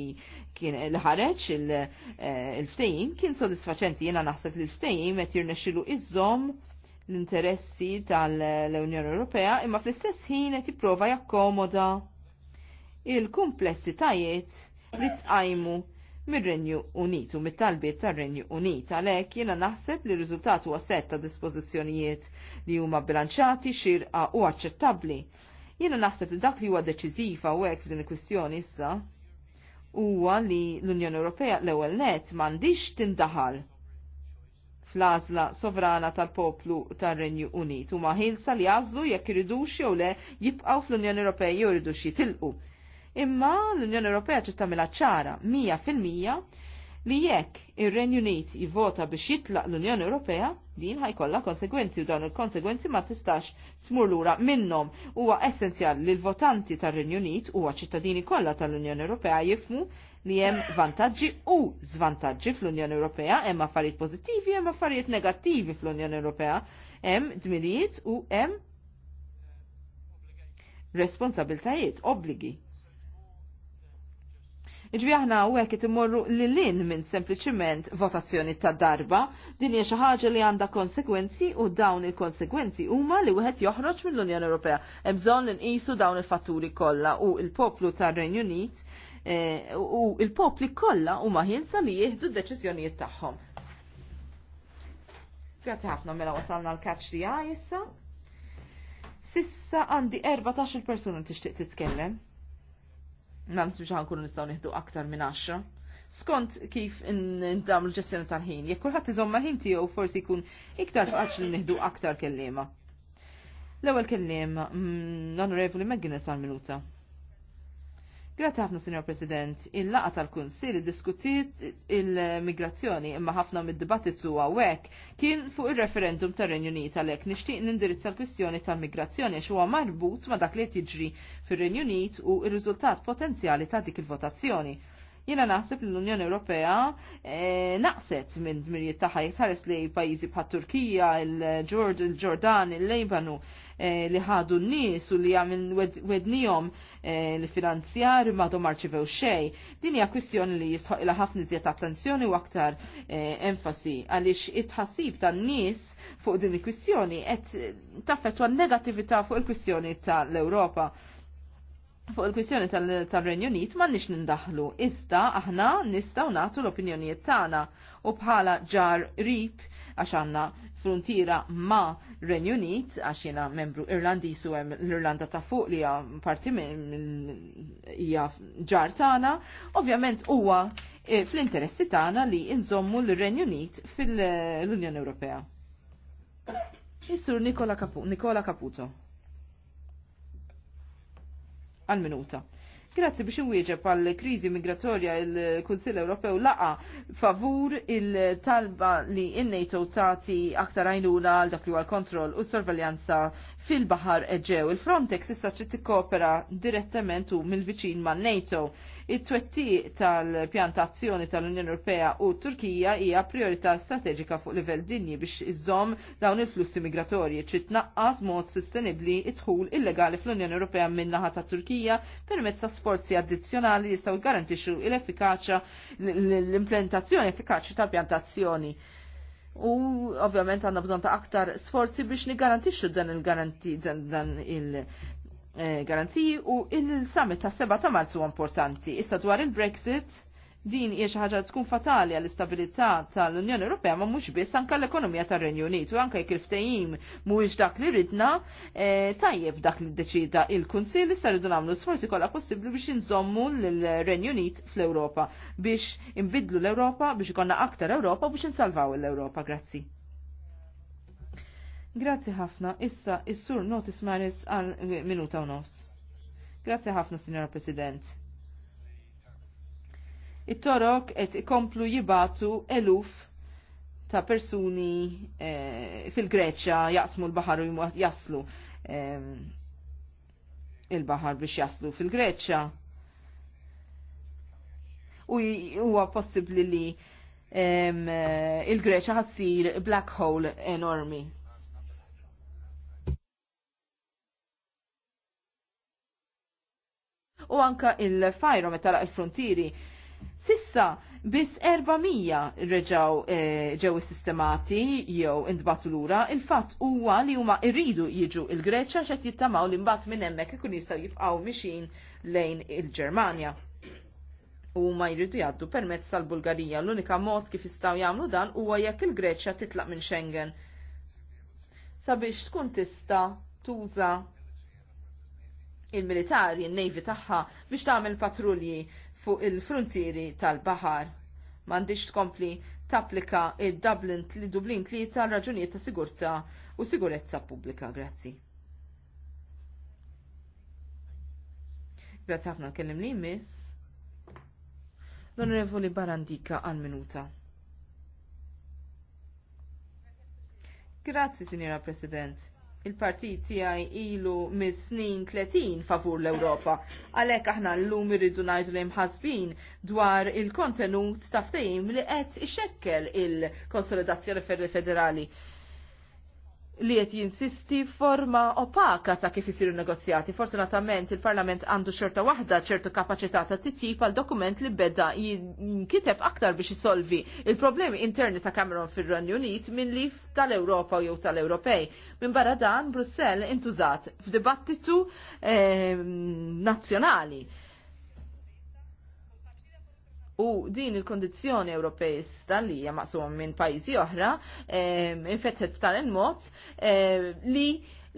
kien l-ħareċ eh, il-ftehim kien sodisfaċenti jiena naħseb li l ftejim qed jirnexxilu iżomm l-interessi tal-Unjoni Ewropea imma fl-istess ħin qed jipprova jakkomoda il-kumplessitajiet li tqajmu mir-Renju Unit u mit-talbiet tar-Renju Unit għalhekk jiena naħseb li r-riżultat huwa set ta' dispożizzjonijiet li huma bilanċati, xirqa u aċċettabbli. Jiena naħseb li dak li huwa deċiżiva u hekk f'din il-kwistjoni issa huwa li l-Unjoni Ewropea l-ewwel net m'għandix tindaħal fl-għażla sovrana tal-poplu tar-Renju Unit u ħilsa li għażlu jekk iridux jew le jibqgħu fl-Unjoni Ewropea jew iridux jitilqu. Imma l-Unjoni Ewropea trid tagħmilha ċara mija fil-mija li jekk ir-Renju Unit jivvota biex jitlaq l-Unjoni Ewropea, din ħajkollha konsegwenzi u dawn il-konsegwenzi ma tistax tmur lura minnhom. Huwa essenzjal li l-votanti tar-Renju Unit huwa ċittadini kollha tal-Unjoni Ewropea jifmu li hemm vantaġġi u żvantaġġi fl-Unjoni Ewropea, hemm affarijiet pożittivi, hemm affarijiet negattivi fl-Unjoni Ewropea, hemm dmirijiet u hemm responsabiltajiet, obbligi. Iġbi aħna u għek immorru l lin minn sempliciment votazzjoni ta' darba, din hija xi ħaġa li għandha konsekwenzi u dawn il-konsekwenzi huma li wieħed joħroġ mill-Unjoni Ewropea. Hemm bżonn inqisu dawn il-fatturi kollha u il-poplu tar-Renju Unit eh, u il-popli kollha huma ħinsa li jieħdu d-deċiżjonijiet tagħhom. Grazzi ħafna mela wasalna l-kaċ li issa. Sissa għandi 14 persuna tixtieq titkellem. Nans biex ħankunu nistaw niħdu aktar minn 10. Skont kif indam l ġessjoni tal-ħin, jekk kulħadd iżomm mal-ħin tiegħu forsi jkun iktar faċli nieħdu aktar kelliema. L-ewwel kelliem mm, l-Onorevoli McGuinness għal-minuta. Grazie ħafna, Signor President. Il-laqa tal-Kunsil diskutiet il-migrazzjoni imma ħafna mid dibattit su għawek kien fuq il-referendum tar renju Unit għalek nixtieq nindirizza l-kwistjoni tal-migrazzjoni għax huwa marbut ma' dak li jiġri fir renju Unit u r-riżultat potenzjali ta' dik il-votazzjoni. Jiena naħseb li l-Unjoni Ewropea eh, naqset minn dmirijiet tagħha jitħares li pajjiżi bħat Turkija, il-Ġordan, il-Lejbanu eh, li ħadu n-nies u li għamil wednijom eh, li finanzjar ma dom arċivew xej. Din hija kwistjoni li jistħoq ilha ħafna iżjed attenzjoni u aktar enfasi għaliex it-ħassib tan-nies fuq din il-kwistjoni qed taffetwa negattività fuq il-kwistjoni tal-Ewropa fuq il-kwistjoni tal-Renju Unit ma nix nindaħlu, Ista, aħna nistaw nagħtu l-opinjonijiet tagħna u bħala ġar rip għax għandna frontiera ma Renju Unit għax jiena membru Irlandis u hemm l-Irlanda ta' fuq li hija parti hija ġar tagħna, ovvjament huwa eh, fl-interessi tagħna li nżommu l-Renju Unit fil-Unjoni Ewropea. Jissur sur Nikola Caputo għal-minuta. Grazzi biex inwieġeb għal kriżi migratorja il-Kunsill Ewropew laqa favur il-talba li in-NATO tagħti aktar għajnuna għal dak li huwa l-kontrol u s sorveljanza fil-Bahar Eġew. Il-Frontex issa trid tikkopera direttament u mill-viċin ma' NATO. It-twetti tal-pjantazzjoni tal-Unjoni Ewropea u Turkija hija priorità strateġika fuq livell dinji biex iżomm dawn il-flussi migratorji trid tnaqqas mod sostenibbli idħul illegali fl-Unjoni Ewropea min-naħa ta' Turkija permezz ta' sforzi addizzjonali jistgħu jgarantixxu l-effikaċja l-implementazzjoni effikaċi tal-pjantazzjoni u ovvjament għandna bżonn ta' aktar sforzi biex nigarantixxu dan il-garanti dan il- eh, garanziji u il-summit ta' 7 ta' marzu importanti. Issa dwar il-Brexit, din hija xi ħaġa tkun fatali għall istabilità tal-Unjoni Ewropea ma mhux biss anke l-ekonomija tar-Renju Unit u anke jekk il-ftehim mhuwiex dak li ridna e, tajjeb dak li ddeċida il-Kunsill issa rridu nagħmlu sforzi kollha possibbli biex inżommu lill-Renju Unit fl-Ewropa biex inbidlu l-Ewropa biex ikonna aktar Ewropa biex insalvaw l-Ewropa. Grazzi. Grazzi ħafna. Issa is-sur notis maris għal minuta u nofs. Grazzi ħafna, Signora President it-torok qed ikomplu jibatu eluf ta' persuni eh, fil-Greċja jaqsmu l-bahar u jaslu eh, il-bahar biex jaslu fil-Greċja. U huwa possibbli li eh, il-Greċja ħassir black hole enormi. U anka il-fajro meta il-frontieri Sissa, biss 400 reġaw eh, ġew sistemati jew intbatu lura, il-fatt huwa li huma irridu jiġu il-Greċja xed jittamaw li mbagħad minn hemmhekk ikun jistgħu jibqgħu mixin lejn il-Ġermanja. U ma jridu jgħaddu permezz tal-Bulgarija. L-unika mod kif jistgħu jagħmlu dan huwa jekk il-Greċja titlaq minn Schengen. Sabiex tkun tista' tuża il-militari, il-nejvi tagħha biex tagħmel patrulji fuq il-frontieri tal-bahar. Mandiċ tkompli tapplika il-Dublin li Dublin tlieta raġunijiet ta' sigurta u sigurezza pubblika. Grazzi. Grazzi ħafna kellim li miss. L-Onorevoli Barandika għal-minuta. Grazzi, Signora President il-partit tiegħi ilu mis snin 30 favur l-Ewropa. Għalhekk aħna llum irridu ngħidu lejn mħasbin dwar il-kontenut ta' ftehim li qed ixekkel il-konsolidazzjoni federali li qed jinsisti forma opaka ta' kif isiru negozjati. Fortunatament il-Parlament għandu xorta waħda ċertu kapaċità ta' titjib għal dokument li beda jinkiteb aktar biex isolvi il-problemi interni ta' Cameron fir-Renju Unit minn li tal-Ewropa jew tal-Ewropej. Minn barra dan Brussell intużat f'dibattitu eh, nazzjonali U din il-kondizjoni Ewropejista li hija maqsum minn pajjiżi oħra, eh, infetħet tal-mod eh, li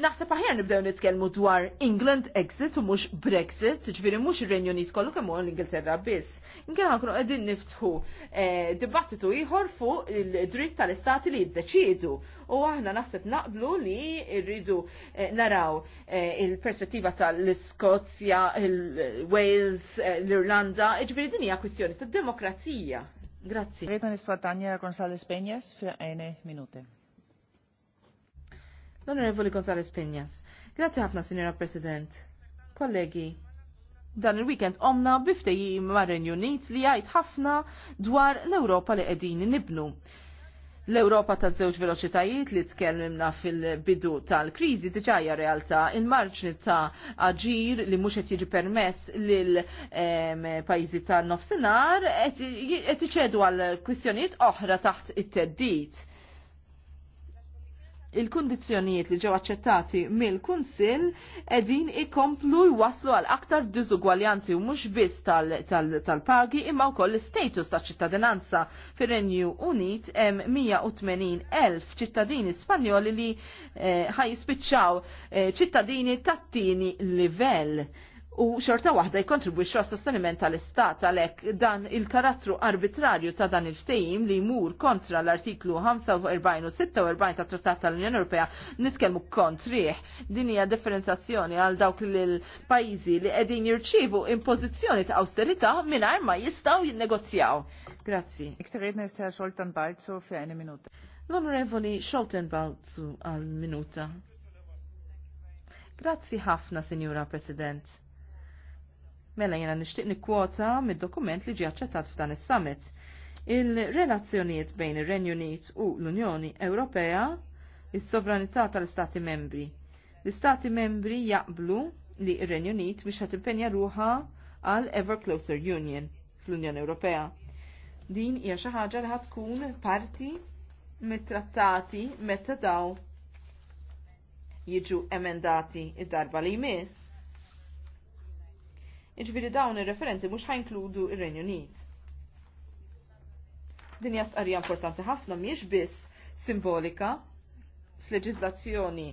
Naħseb aħjar nibdew nitkellmu dwar England exit u mhux Brexit, ġifieri mhux ir-Renju Unit kollu kemm huwa l-Ingilterra biss. Inkien ħakru qegħdin niftħu eh, dibattitu ieħor fuq il-dritt tal-istati li jiddeċiedu. U aħna naħseb naqblu li rridu eh, naraw eh, il-perspettiva tal-Iskozja, il-Wales, l-Irlanda, ġifieri din hija kwistjoni tad-demokrazija. Grazzi. Rejta Tanja Gonzalez Peñas fi minute. L-Onorevoli Gonzales Penjas. Grazie ħafna, Signora President. Kollegi, dan il-weekend omna biftejji ma' unit li jgħid ħafna dwar l-Ewropa li qegħdin nibnu. L-Ewropa ta' żewġ veloċitajiet li tkellimna fil-bidu tal-kriżi diġà hija realtà il-marġni ta' aġir li mhux qed jiġi permess lil pajjiżi tan nofsinhar qed iċedu għal kwistjonijiet oħra taħt it-teddit il-kondizjonijiet li ġew aċċettati mill-Kunsill qegħdin ikomplu jwaslu għal aktar diżugwaljanzi u mhux biss tal-pagi imma wkoll l-status ta' ċittadinanza fir-Renju Unit hemm 180 elf ċittadini Spanjoli li eh, ħajspiċċaw eh, ċittadini tat-tieni livell u xorta waħda jkontribwixxu għas-sosteniment tal-Istat għalhekk dan il-karattru arbitrarju ta' dan il-ftehim li jmur kontra l-artiklu 45 u 46 ta' Trattat tal-Unjoni Ewropea nitkellmu kontrih. Din hija differenzazzjoni għal dawk il-pajjiżi li qegħdin jirċievu impożizzjoni ta' awsterità mingħajr ma jistgħu jinnegozjaw. Grazzi. Iktarejtna jista' Xoltan Balzu fi minuta. L-Onorevoli Xoltan Balzu għal minuta. Grazzi ħafna, Sinjura President Mela jena nishtiq nikkwota mid-dokument li ġi aċċettat f'dan is-summit. Il-relazzjonijiet bejn ir-Renju Unit u l-Unjoni Ewropea is-sovranità tal-Istati membri. L-Istati membri jaqblu li ir-Renju Unit biex impenja ruħa għal Ever Closer Union fl-Unjoni Ewropea. Din hija xi ħaġa li tkun parti mit-trattati meta daw jiġu emendati id-darba li jmiss iġviri dawn ir-referenzi mhux ħajnkludu il renju Unit. Din hija importanti ħafna mhijiex biss simbolika fl-leġizlazzjoni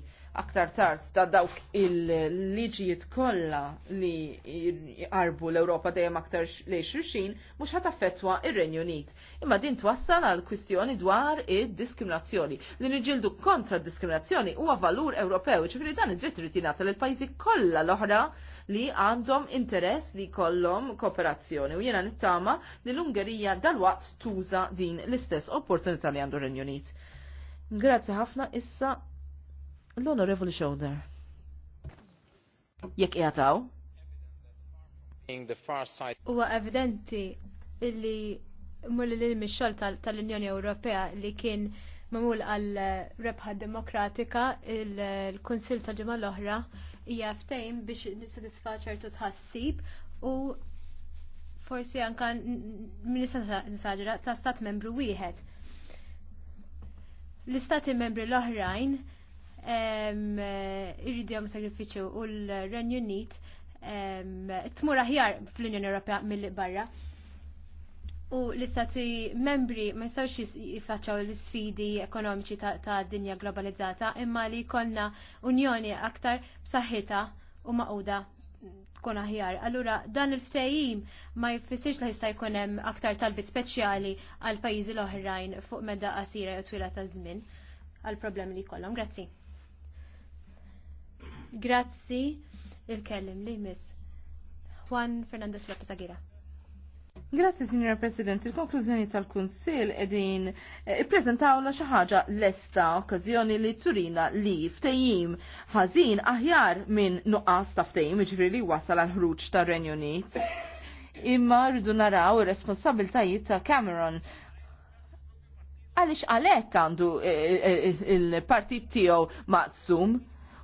aktar tard ta' dawk il-liġijiet kollha li jqarbu l-Ewropa dejjem aktar lejn xulxin mhux ħadd affettwa ir-Renju Unit. Imma din twassal għal kwistjoni dwar id-diskriminazzjoni. Li niġildu kontra d-diskriminazzjoni huwa valur Ewropew, ġifieri dan id-dritt irid jingħata lill-pajjiżi kollha l-oħra li għandhom interess li kollom kooperazzjoni u jiena nittama li l-Ungerija dal-waqt tuża din l-istess opportunità li għandu Renju Unit. Grazzi ħafna issa l-Onorevoli Shoulder. Jekk jgħataw? Huwa evidenti illi mulli li mixxol tal-Unjoni Ewropea li kien mamul għal rebħa demokratika il-Konsil ta' ġimgħa l-oħra hija ftejn biex nissodisfa ċertu tħassib u forsi anka minista nisaġra ta' stat membru wieħed. L-istati membri l-oħrajn irridjom sagrifiċu u l-Renju Unit mura aħjar fl-Unjoni Ewropea mill-barra u l-istati membri ma jistawx jifacċaw l-sfidi ekonomiċi ta', dinja globalizzata imma li konna unjoni aktar b'saħħita u maquda tkun aħjar. Allura dan il-ftejim ma jfissirx li jista' jkun hemm aktar talbit speċjali għal pajjiżi l-oħrajn fuq medda qasira jew twila ta' żmien għal problemi li jkollhom. Grazzi. Grazzi il-kellim li miss. Juan Fernandez Lopez Aguirre. Grazzi, Signora President. Il-konklużjoni tal-Kunsil edin eh, la xi ħaġa lesta okkażjoni li turina li ftejim ħażin aħjar minn nuqqas ta' ftejim ġifieri li wasal għal ħruġ tar-Renju Imma rridu naraw ir-responsabiltajiet ta' Cameron għaliex għalhekk għandu eh, eh, il-partit tiegħu maqsum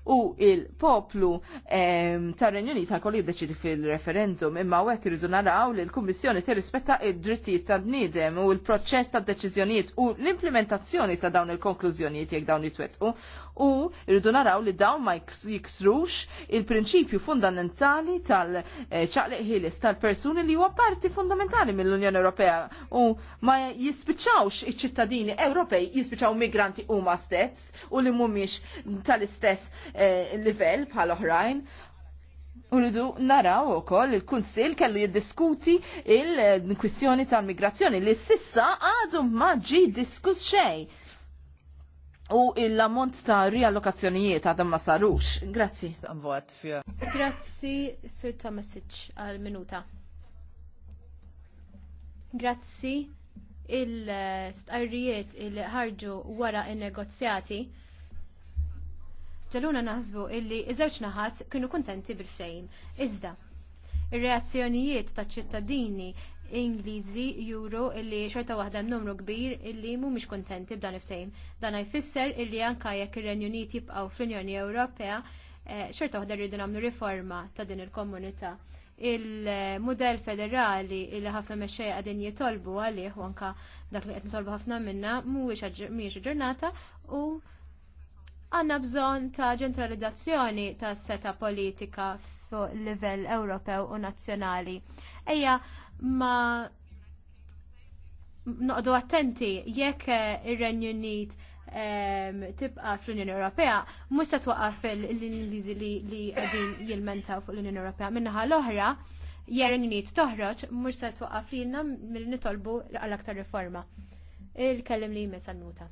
u il-poplu tar-Renju Unit ħakolli jiddeċidi fil-referendum imma hekk irridu naraw li l-Kummissjoni tirrispetta id-drittijiet tad nidem u l-proċess tad-deċiżjonijiet u l-implementazzjoni ta' dawn il-konklużjonijiet jekk dawn jitwettqu u rridu naraw li dawn ma jiksrux il-prinċipju fundamentali tal-ċaqliq eh, ħilis tal-persuni li huwa parti fundamentali mill-Unjoni Ewropea u ma jispiċċawx iċ-ċittadini Ewropej jispiċċaw migranti huma stess u li mhumiex tal-istess eh, livell bħal oħrajn. Uridu naraw u koll il-Kunsil kellu jiddiskuti il-kwistjoni eh, tal-migrazzjoni li sissa għadu maġi diskus xej u l-ammont ta' riallokazzjonijiet għadhom ma sarux. Grazzi. Grazzi, Sir Tomasic, għal-minuta. Grazzi il-stqarrijiet il-ħarġu wara il-negozjati ġaluna naħsbu illi iż-żewġ naħat kienu kontenti bil-ftejn. Iżda, ir-reazzjonijiet ta' ċittadini Ingliżi juru illi xorta waħda numru kbir illi mhumiex kuntenti b'dan il Dan jfisser illi anka jekk ir-Renju Unit jibqgħu fl-Unjoni Ewropea eh, xorta waħda rridu nagħmlu riforma ta' din il-komunità. Il-modell federali illi ħafna mexxej għadin jitolbu għalih u anka dak li qed nitolbu ħafna minna mhuwiex ġurnata u għandna bżonn ta' ġentralizzazzjoni tas seta politika fuq livell Ewropew u nazzjonali. Ejja ma noqdu attenti jekk eh, ir-Renju Unit ehm, tibqa fl-Unjoni Ewropea, mhux se twaqqaf l-Ingliżi li qegħdin jilmentaw fuq l-Unjoni Ewropea. Minnaħa l-oħra, ir-Renju Unit toħroġ, mhux se twaqqaf lilna milli nitolbu għal-aktar riforma. Il-kellim li jmess għal-muta.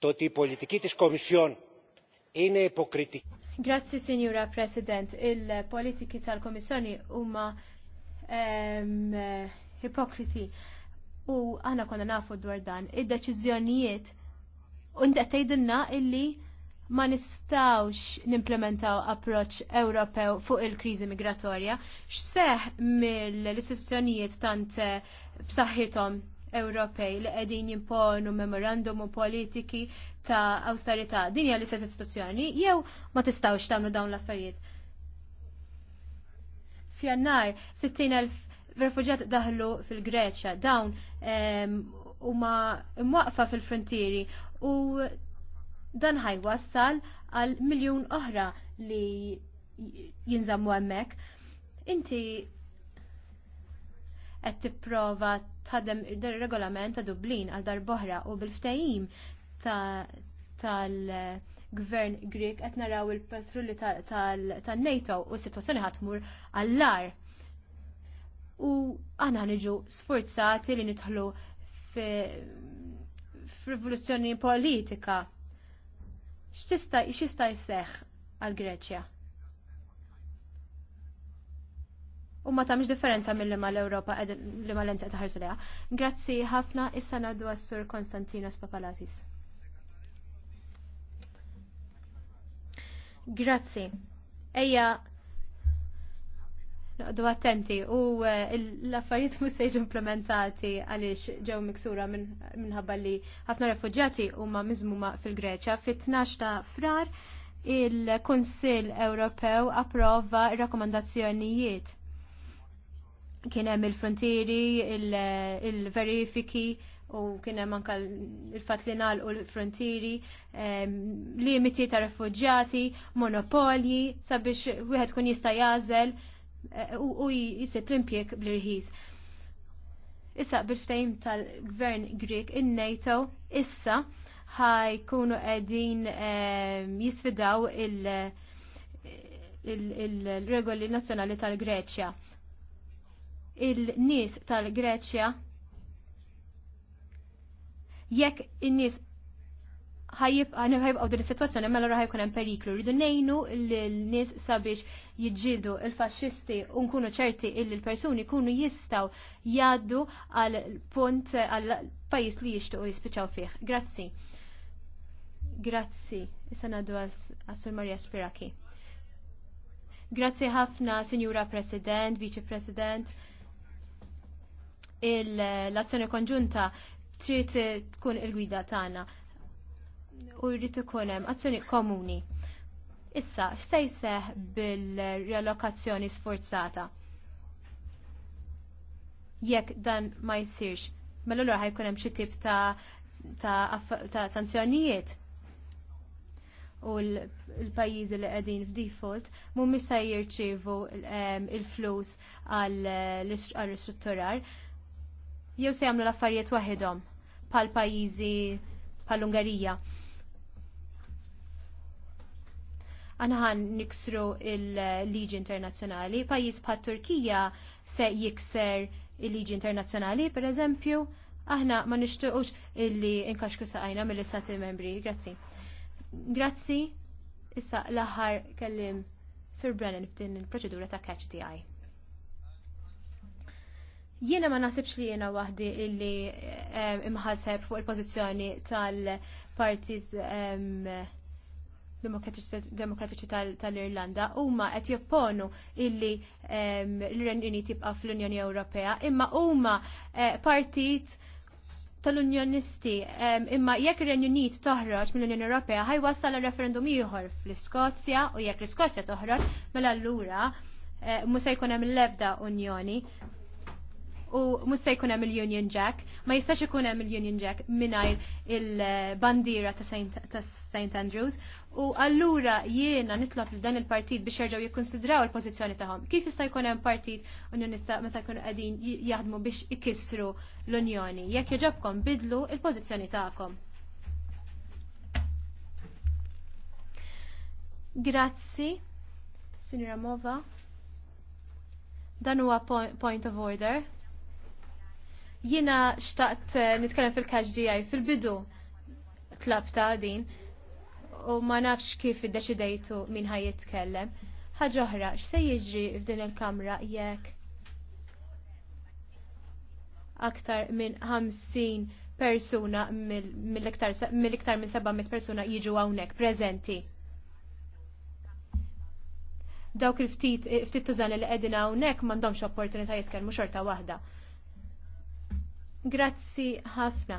Toti politiki tix komissjon, ine ipokritiki. Grazzi, Signora President. Il-politiki tal-Komissjoni huma ipokriti u għana konna nafu dwar dan. Id-deċizjonijiet unt għattajdinna illi ma nistawx nimplementaw approċ Ewropew fuq il-kriżi migratorja, x'seħ mill-istituzzjonijiet tant b'saħħithom Ewropej li qegħdin jimponu memorandum u politiki ta' awsterità. Din hija l-istess istituzzjoni jew ma tistgħux tagħmlu dawn l-affarijiet. F'jannar 60,000 refuġjat daħlu fil-Greċja dawn huma mwaqfa fil-frontieri u dan ħajwassal għal miljun oħra li jinżammu hemmhekk. Inti qed tipprova tħadem ir-regolament ta' Dublin għal dar boħra u bil-ftehim tal-gvern Grek qed naraw il-patrulli tan-NATO u s-sitwazzjoni ħatmur għall-lar. U aħna niġu sforzati li nidħlu f'rivoluzzjoni politika. X'tista' jseħħ għal Greċja? u ma tamx differenza mill ma l-Europa li ma l-enti taħarsu leha. Grazzi ħafna issa naddu għas-Sur Konstantinos Papalatis. Grazzi. Ejja Għadu attenti u eh, l-affarijiet mhux se implementati għaliex ġew miksura minħabba li ħafna refuġjati huma miżmuma fil-Greċja. Fit-12 ta' frar il-Kunsill Ewropew approva r rakkomandazzjonijiet Kien hemm il-frontieri, il-verifiki u kien hemm anke il-fatt li nagħlqu l-frontieri, limiti ta' refuġjati, monopolji sabiex wieħed kun jista' jażel e, u jisib l-impjek bl-irħis. Issa bil-ftejm tal-gvern Grek in-NATO issa ħajkunu qegħdin jisfidaw il-regoli nazzjonali tal-Greċja il-nies tal-Greċja jekk in-nies ħajibqaw din is-sitwazzjoni mela ra ħajkun hemm periklu. Rridu ngħinu lil-nies sabiex jiġġieldu l-faxxisti u nkunu ċerti illi l-persuni jkunu jistgħu jgħaddu għal punt għal pajjiż li jixtiequ jispiċċaw fih. Grazzi. Grazzi. Issa ngħaddu għas-Sur Marja Spiraki. Grazzi ħafna, Sinjura President, Viċi President l-azzjoni konġunta trid tkun il-gwida tagħna u jrid ikun hemm azzjoni komuni. Issa, x'se bil-relokazzjoni sforzata? Jekk dan ma jsirx, mela l ħajkun hemm xi tip ta' ta', ta sanzjonijiet u l-pajjiżi li qegħdin f'default mhumiex se jirċievu il-flus għall-istrutturar jew se jagħmlu l-affarijiet waħedhom bħal pajjiżi bħall Ungarija. ħan niksru il-liġi internazzjonali, pajjiż bħal Turkija se jikser il-liġi internazzjonali, per eżempju, aħna ma nixtuqux illi inkaxku saqajna mill-istati membri. Grazzi. Grazzi, issa l-aħħar kellim Sir Brennan f'din il-proċedura ta' catch the eye. Jiena ma nasibx li jiena waħdi illi eh, imħaseb fuq il-pozizjoni tal-partiz ehm, demokratiċi tal-Irlanda huma qed jopponu illi ehm, l-Renju Unit jibqa' fl-Unjoni Ewropea, imma huma eh, partit tal-Unjonisti ehm, imma jekk ir-Renju Unit toħroġ mill-Unjoni Ewropea ħajwassal referendum ieħor fl-Iskozja u jekk l-Iskozja toħroġ mela allura lura eh, musa jkun hemm l-ebda Unjoni u mhux se jkun hemm il-Union Jack, ma jistax ikun hemm il-Union Jack mingħajr il-bandiera ta' St. Andrews u allura jiena nitlob li dan il-partit biex jerġgħu jikkonsidraw il-pożizzjoni tagħhom. Kif jista' jkun hemm partit unjonista meta jkunu qegħdin jaħdmu biex ikissru l-Unjoni? Jekk jogħġobkom bidlu il-pożizzjoni tagħkom. Grazzi, Sinjora Mova. Dan huwa point of order. Jina xtaqt eh, nitkellem fil-kaġ fil-bidu tlabta din u ma nafx kif iddeċidejtu min ħaj jitkellem. Ħaġa oħra, x'se jiġri f'din il-kamra jekk aktar minn 50 persuna mill-iktar minn 700 persuna jiġu hawnhekk preżenti. Dawk il-ftit ftit tużan li qegħdin hawnhekk m'għandhomx opportunità jitkellmu xorta waħda. Grazzi ħafna.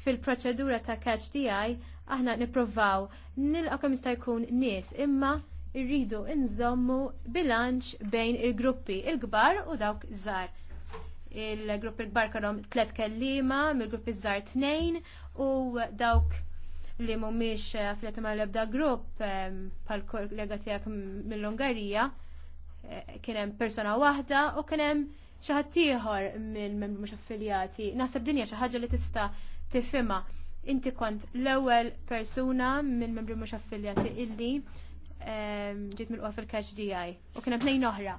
Fil-proċedura ta' catch DI aħna niprovaw nilqa' kemm jista' jkun nies imma rridu nżommu bilanċ bejn il-gruppi il-kbar u dawk żgħar. Il-grupp il-kbar kellhom tliet kellima, mill-gruppi żgħar tnejn u dawk li mhumiex affiliati ma' l-ebda grupp pal kollega tiegħek mill-Ungarija eh, kien hemm persona waħda u kien hemm xi ħadd ieħor mill-membri mhux affiljati. Naħseb dinja xi ħaġa li tista' tifhimha. Inti kont l-ewwel persuna mill-membri mhux affiljati illi ehm, ġiet mill fil-catch DI u kien hemm tnejn oħra.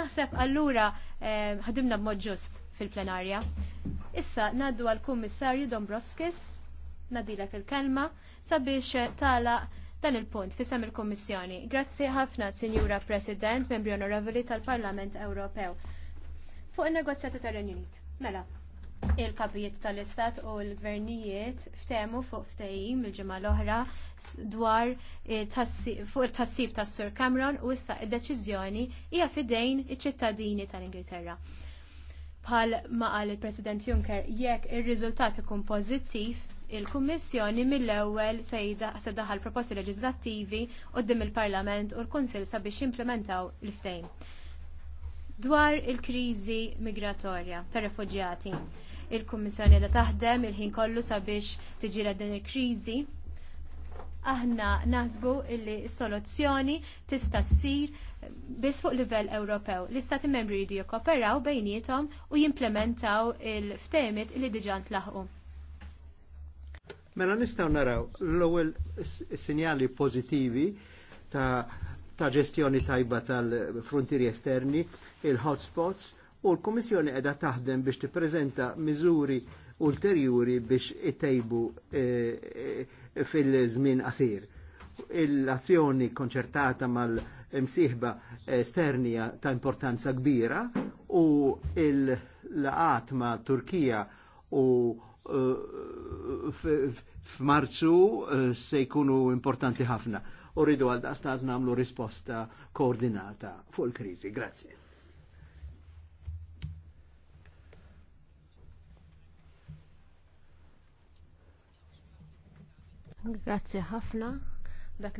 Naħseb allura ehm, ħadimna b'mod ġust fil-plenarja. Issa ngħaddu għall kummissarju Dombrovskis, nadilek il-kelma, sabiex tala' dan il-punt fisem il-Kommissjoni. Grazzi ħafna, Sinjura President, membri onorevoli tal-Parlament Ewropew. Fuq il-negozjati tal Unit. Mela, il-kapijiet tal-Istat u l-gvernijiet ftemu fuq ftehim il-ġimgħa l-oħra dwar fuq il tassib tas-Sur Cameron u issa id-deċiżjoni hija fidejn iċ-ċittadini tal-Ingilterra bħal ma qal il-President Juncker jekk ir-riżultat ikun pożittiv il-Kummissjoni mill-ewwel se daħal proposti leġislattivi qudiem il-Parlament u l-Kunsill sabiex jimplementaw l-ftejn. Dwar il-kriżi migratorja tar refuġjati il-Kummissjoni da taħdem il-ħin kollu sabiex tiġira din il-kriżi. Aħna naħsbu li s-soluzzjoni tista' ssir biss fuq livell Ewropew. L-Istati membri jridu jikkoperaw bejnietom u jimplementaw il-ftehimiet li diġà ntlaħqu. Mela nistaw naraw l-ewwel sinjali pożittivi ta' ta' ġestjoni tajba tal-frontieri esterni, il-hotspots, u l-Komissjoni qiegħda taħdem biex tippreżenta miżuri ulterjuri biex itejbu e, e, fil-żmien qasir. L-azzjoni konċertata mal-imsieħba esterni ta' importanza kbira u l laqat ma' Turkija u f'Marzu eh, se jkunu importanti ħafna. U rridu għal daqstat namlu risposta koordinata fuq il-krizi. Grazie. Grazie ħafna.